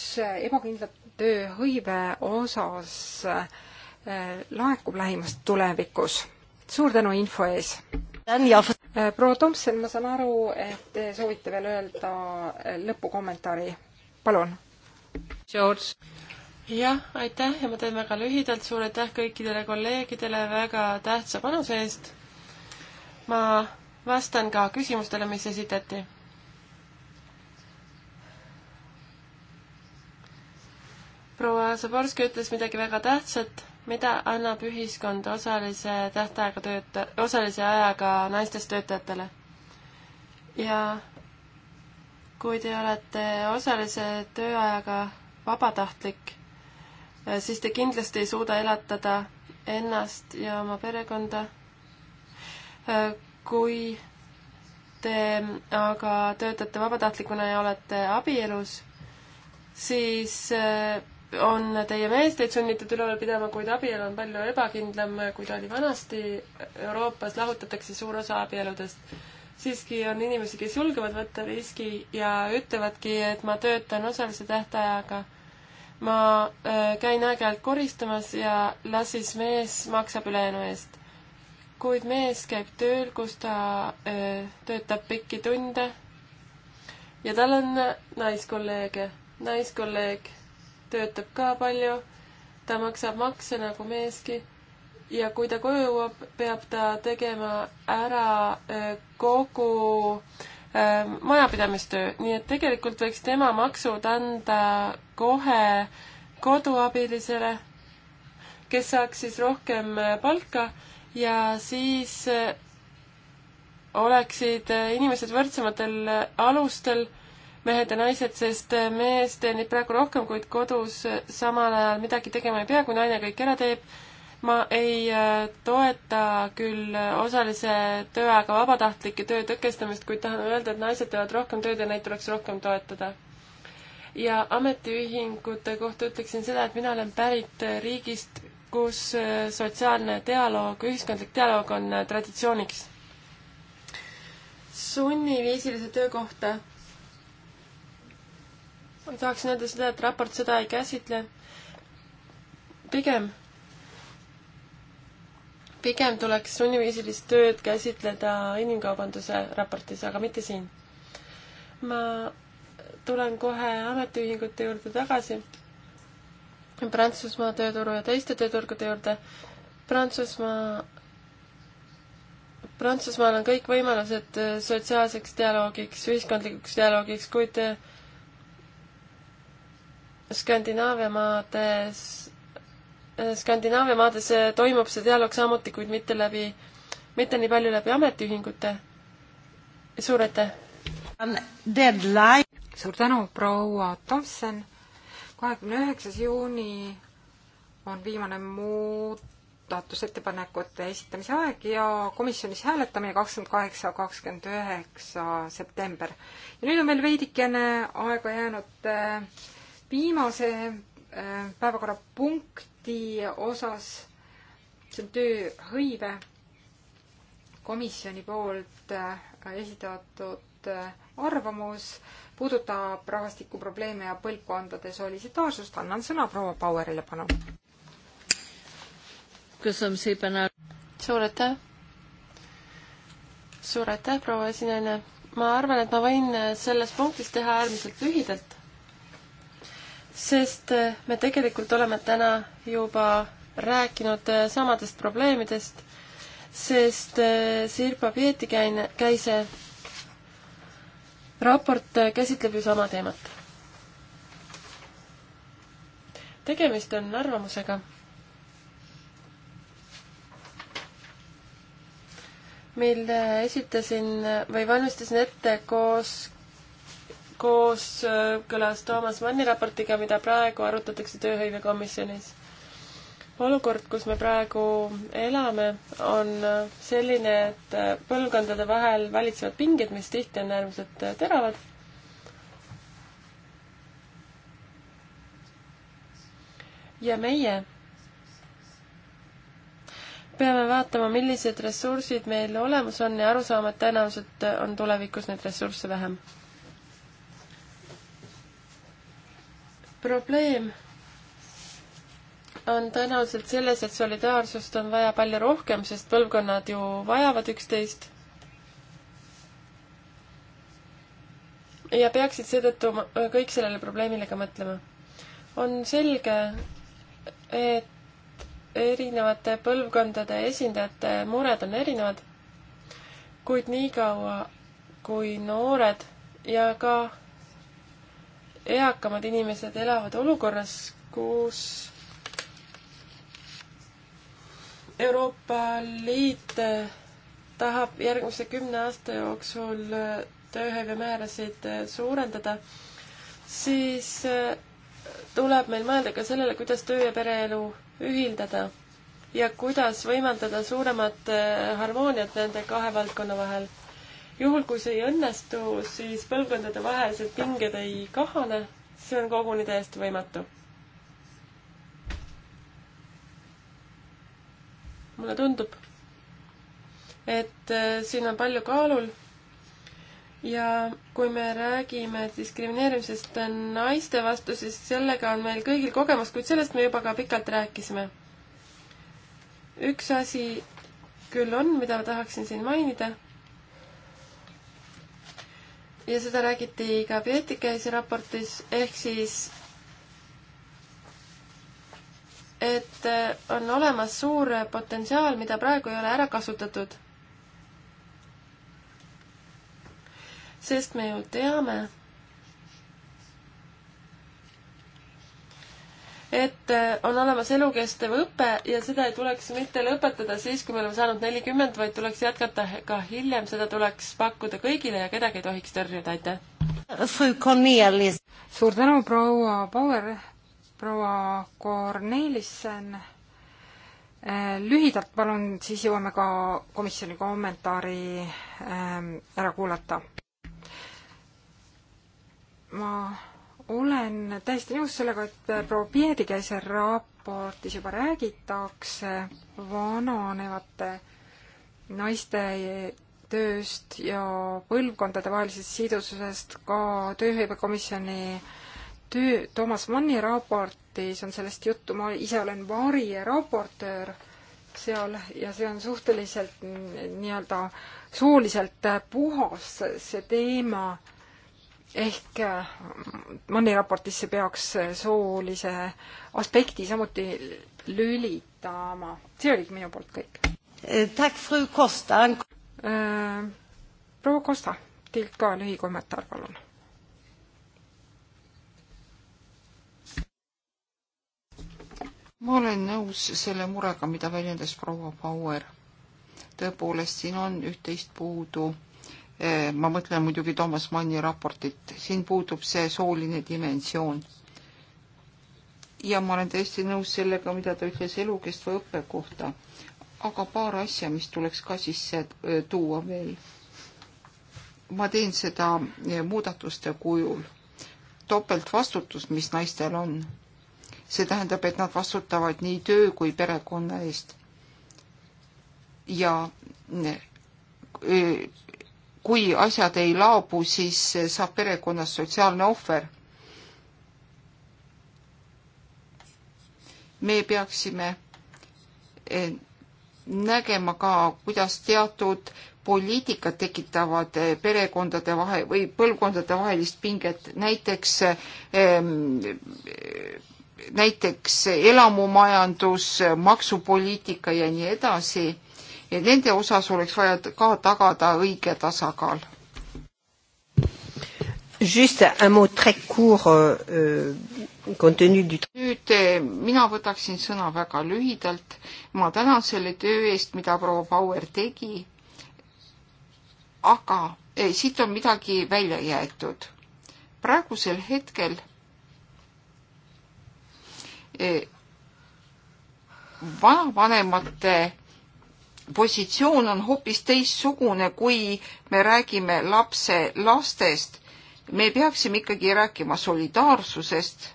ebakindlat tööhõive osas eh, laekub lähimas tulevikus suur tänu info ees! Äh, proua Tomson, ma saan aru, et te soovite veel öelda lõpukommentaari, palun. George. jah, aitäh ja ma teen väga lühidalt, suur aitäh kõikidele kolleegidele väga tähtsa panuse eest. ma vastan ka küsimustele, mis esitati proua Zaborski ütles midagi väga tähtsat mida annab ühiskond osalise tähtaega tööta-, osalise ajaga naistest töötajatele. ja kui te olete osalise tööajaga vabatahtlik, siis te kindlasti ei suuda elatada ennast ja oma perekonda. kui te aga töötate vabatahtlikuna ja olete abielus, siis on teie mees teid sunnitud üleval pidama, kuid abielu on palju ebakindlam, kui ta oli vanasti. Euroopas lahutatakse suur osa abieludest. siiski on inimesi, kes julgevad võtta riski ja ütlevadki, et ma töötan osalise tähtajaga. ma äh, käin aeg-ajalt koristamas ja las siis mees maksab ülejäänu eest. kuid mees käib tööl, kus ta äh, töötab pikki tunde ja tal on naiskolleege, naiskolleeg töötab ka palju, ta maksab makse nagu meeski ja kui ta koju jõuab, peab ta tegema ära äh, kogu äh, majapidamistöö, nii et tegelikult võiks tema maksud anda kohe koduabilisele, kes saaks siis rohkem äh, palka ja siis oleksid inimesed võrdsematel alustel mehed ja naised, sest mees teenib praegu rohkem, kuid kodus samal ajal midagi tegema ei pea, kui naine kõik ära teeb. ma ei äh, toeta küll osalise tööajaga vabatahtlike töö tõkestamist, kuid tahan öelda, et naised teevad rohkem tööd ja neid tuleks rohkem toetada. ja ametiühingute kohta ütleksin seda, et mina olen pärit riigist, kus äh, sotsiaalne dialoog, ühiskondlik dialoog on äh, traditsiooniks sunniviisilise töökohta tahaksin öelda seda, et raport seda ei käsitle. pigem, pigem tuleks sunniviisilist tööd käsitleda inimkaubanduse raportis, aga mitte siin. ma tulen kohe ametiühingute juurde tagasi. Prantsusmaa tööturu ja teiste tööturgude juurde. Prantsusmaa Prantsusmaal on kõik võimalused sotsiaalseks dialoogiks, ühiskondlikuks dialoogiks, kuid Skandinaavia maades, Skandinaavia maades eh, toimub see dialoog samuti, kuid mitte läbi, mitte nii palju läbi ametiühingute. suur aitäh! suur tänu, proua Tomson! kahekümne üheksas juuni on viimane muudatusettepanekute esitamise aeg ja komisjonis hääletamine kakskümmend kaheksa, kakskümmend üheksa september. ja nüüd on meil veidikene aega jäänud äh, viimase äh, päevakorrapunkti osas, see on tööhõive komisjoni poolt äh, esitatud äh, arvamus, puudutab rahvastikuprobleeme ja põlvkondade solidaarsust. annan sõna proua Bauerile, palun. suur aitäh. suur aitäh, proua esinaine. ma arvan, et ma võin selles punktis teha äärmiselt lühidalt sest eh, me tegelikult oleme täna juba rääkinud eh, samadest probleemidest, sest eh, Sirpa Pietikäine, Käise raport käsitleb ju sama teemat. tegemist on arvamusega, mille esitasin või valmistasin ette koos kooskõlas äh, Toomas Manni raportiga, mida praegu arutatakse tööhõivekomisjonis. olukord, kus me praegu elame, on äh, selline, et äh, põlvkondade vahel valitsevad pinged, mis tihti on äärmiselt teravad. ja meie peame vaatama, millised ressursid meil olemas on ja aru saama, et tõenäoliselt on tulevikus neid ressursse vähem. probleem on tõenäoliselt selles, et solidaarsust on vaja palju rohkem, sest põlvkonnad ju vajavad üksteist. ja peaksid seetõttu kõik sellele probleemile ka mõtlema. on selge, et erinevate põlvkondade esindajate mured on erinevad, kuid niikaua, kui noored ja ka eakamad inimesed elavad olukorras, kus Euroopa Liit tahab järgmise kümne aasta jooksul tööhõive määrasid suurendada, siis tuleb meil mõelda ka sellele, kuidas töö ja pereelu ühildada ja kuidas võimaldada suuremat harmooniat nende kahe valdkonna vahel juhul, kui see ei õnnestu, siis põlvkondade vahelised pinged ei kahane, see on koguni täiesti võimatu. mulle tundub, et äh, siin on palju kaalul ja kui me räägime diskrimineerimisest naiste vastu, siis sellega on meil kõigil kogemus, kuid sellest me juba ka pikalt rääkisime. üks asi küll on, mida ma tahaksin siin mainida ja seda räägiti ka Pietikäise raportis, ehk siis et eh, on olemas suur potentsiaal, mida praegu ei ole ära kasutatud. sest me ju teame et äh, on olemas elukestev õpe ja seda ei tuleks mitte lõpetada siis, kui me oleme saanud nelikümmend, vaid tuleks jätkata ka hiljem, seda tuleks pakkuda kõigile ja kedagi ei tohiks tõrjuda, aitäh! suur tänu, proua Bauer, proua Kornelissen, äh, lühidalt palun, siis jõuame ka komisjoni kommentaari ähm, ära kuulata. ma olen täiesti nõus sellega, et proua Piedikäise raportis juba räägitakse vananevate naiste tööst ja põlvkondadevahelisest sidususest ka Tööhõivekomisjoni töö, Toomas Manni raportis on sellest juttu, ma ise olen variraportöör seal ja see on suhteliselt nii-öelda sooliselt puhas, see teema ehk äh, Manni raportisse peaks soolise aspekti samuti lülitama. see oligi minu poolt kõik. Eh, äh, proua Kosta, teilt ka lühikommentaar, palun. ma olen nõus selle murega, mida väljendas proua Bauer. tõepoolest, siin on üht-teist puudu Eh, ma mõtlen muidugi Toomas Manni raportit, siin puudub see sooline dimensioon. ja ma olen täiesti nõus sellega, mida ta ütles elukestva õppe kohta. aga paar asja, mis tuleks ka sisse eh, tuua veel. ma teen seda eh, muudatuste kujul. topeltvastutus, mis naistel on, see tähendab, et nad vastutavad nii töö kui perekonna eest. ja kui asjad ei laabu, siis saab perekonnas sotsiaalne ohver. me peaksime eh, nägema ka, kuidas teatud poliitikad tekitavad eh, perekondade vahe või põlvkondade vahelist pinget, näiteks ehm, näiteks elamumajandus, maksupoliitika ja nii edasi ja nende osas oleks vaja ka tagada õige tasakaal. Juste un mot très court euh, euh compte tenu du nüüd eh, mina võtaksin sõna väga lühidalt. ma tänan selle töö eest, mida proua Bauer tegi. aga eh, siit on midagi välja jäetud. praegusel hetkel eh, vanavanemate positsioon on hoopis teistsugune, kui me räägime lapse lastest. me peaksime ikkagi rääkima solidaarsusest.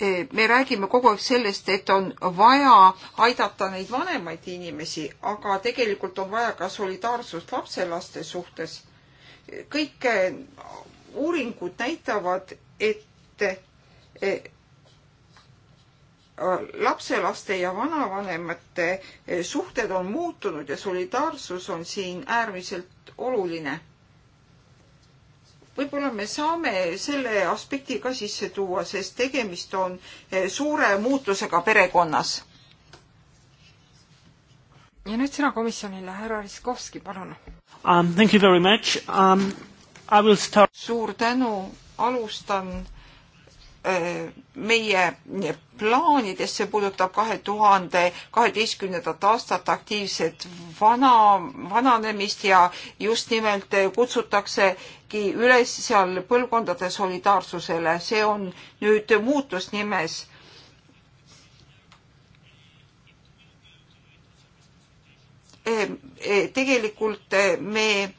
E, me räägime kogu aeg sellest, et on vaja aidata neid vanemaid inimesi, aga tegelikult on vaja ka solidaarsust lapselaste suhtes. kõik uuringud näitavad, et e, lapselaste ja vanavanemate e, suhted on muutunud ja solidaarsus on siin äärmiselt oluline. võib-olla me saame selle aspekti ka sisse tuua, sest tegemist on e, suure muutusega perekonnas. ja nüüd sõna komisjonile, härra Riskovski, palun um,. Thank you very much um, suur tänu, alustan äh, meie plaanides, see puudutab kahe tuhande kaheteistkümnendat aastat aktiivset vana, vananemist ja just nimelt äh, kutsutaksegi üles seal põlvkondade solidaarsusele, see on nüüd muutusnimes. Äh, tegelikult me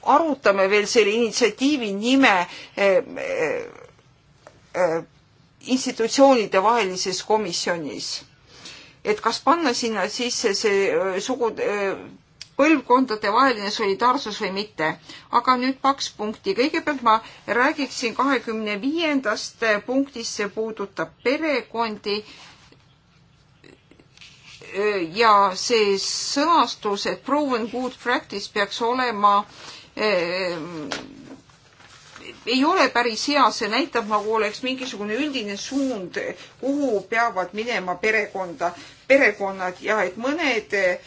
arutame veel selle initsiatiivi nime e, e, e, institutsioonide vahelises komisjonis. et kas panna sinna sisse see sugu, põlvkondade vaheline solidaarsus või mitte. aga nüüd kaks punkti. kõigepealt ma räägiksin kahekümne viiendast punktist, see puudutab perekondi ja see sõnastus, et proven good practice peaks olema eh, ei ole päris hea, see näitab, nagu oleks mingisugune üldine suund, kuhu peavad minema perekonda, perekonnad ja et mõned eh,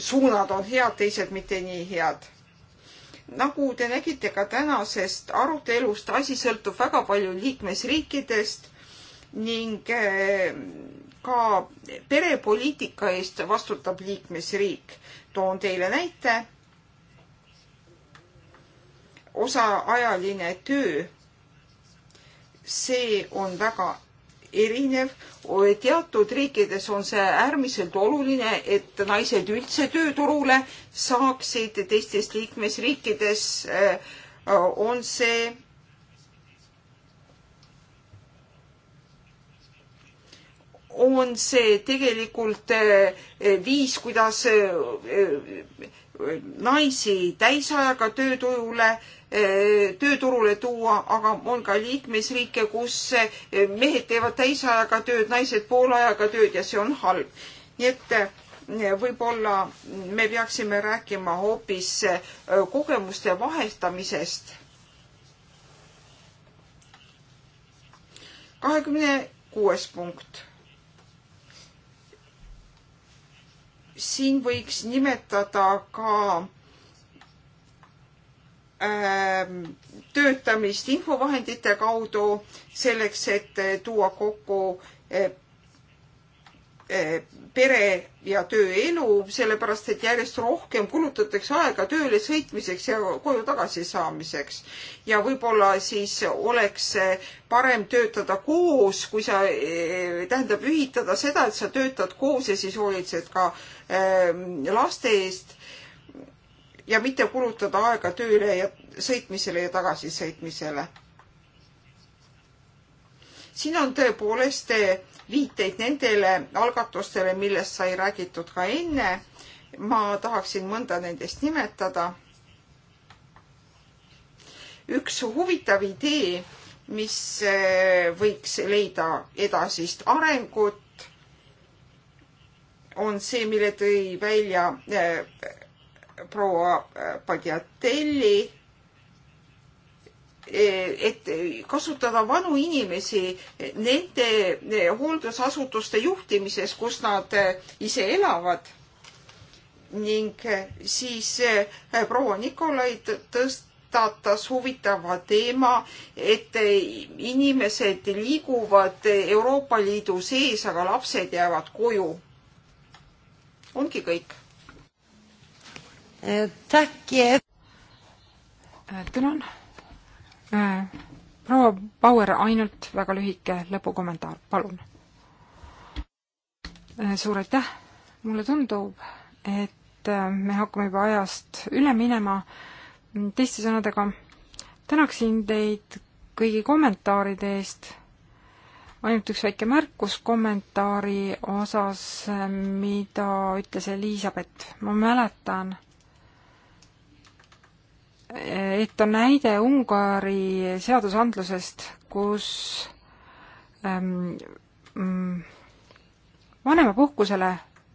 suunad on head, teised mitte nii head. nagu te nägite ka tänasest arutelust, asi sõltub väga palju liikmesriikidest ning eh, ka perepoliitika eest vastutab liikmesriik. toon teile näite. osaajaline töö, see on väga erinev. teatud riikides on see äärmiselt oluline, et naised üldse tööturule saaksid, teistes liikmesriikides äh, on see on see tegelikult eh, viis, kuidas eh, naisi täisajaga töötujule, eh, tööturule tuua, aga on ka liikmesriike, kus mehed teevad täisajaga tööd, naised poolajaga tööd ja see on halb. nii et võib-olla me peaksime rääkima hoopis kogemuste vahetamisest. kahekümne kuues punkt siin võiks nimetada ka ähm, töötamist infovahendite kaudu selleks, et äh, tuua kokku äh, äh, pere ja tööelu, sellepärast et järjest rohkem kulutatakse aega tööle sõitmiseks ja koju tagasi saamiseks. ja võib-olla siis oleks parem töötada koos, kui sa, eh, tähendab ühitada seda, et sa töötad koos ja siis hoolitsed ka ehm, laste eest ja mitte kulutada aega tööle ja sõitmisele ja tagasisõitmisele siin on tõepoolest viiteid nendele algatustele, millest sai räägitud ka enne. ma tahaksin mõnda nendest nimetada. üks huvitav idee, mis eh, võiks leida edasist arengut, on see, mille tõi välja eh, proua eh, Pagiatelli et kasutada vanu inimesi nende hooldusasutuste juhtimises, kus nad ise elavad. ning siis eh, proua Nikolai tõstatas huvitava teema, et inimesed liiguvad Euroopa Liidu sees, aga lapsed jäävad koju. ongi kõik. Eh, eh. tänan proua Bauer, ainult väga lühike lõpukommentaar, palun. Äh, suur aitäh, mulle tundub, et äh, me hakkame juba ajast üle minema, teiste sõnadega tänaksin teid kõigi kommentaaride eest, ainult üks väike märkus kommentaari osas, äh, mida ütles Elizabeth, ma mäletan et on näide Ungari seadusandlusest, kus ähm, mm, vanemapuhkusele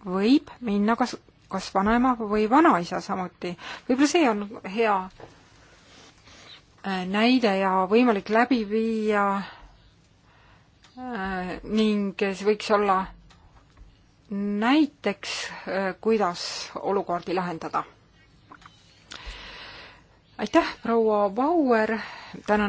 võib minna kas, kas vanaema või vanaisa samuti. võib-olla see on hea äh, näide ja võimalik läbi viia äh, ning see võiks olla näiteks äh,, kuidas olukordi lahendada aitäh, proua Bauer, tänan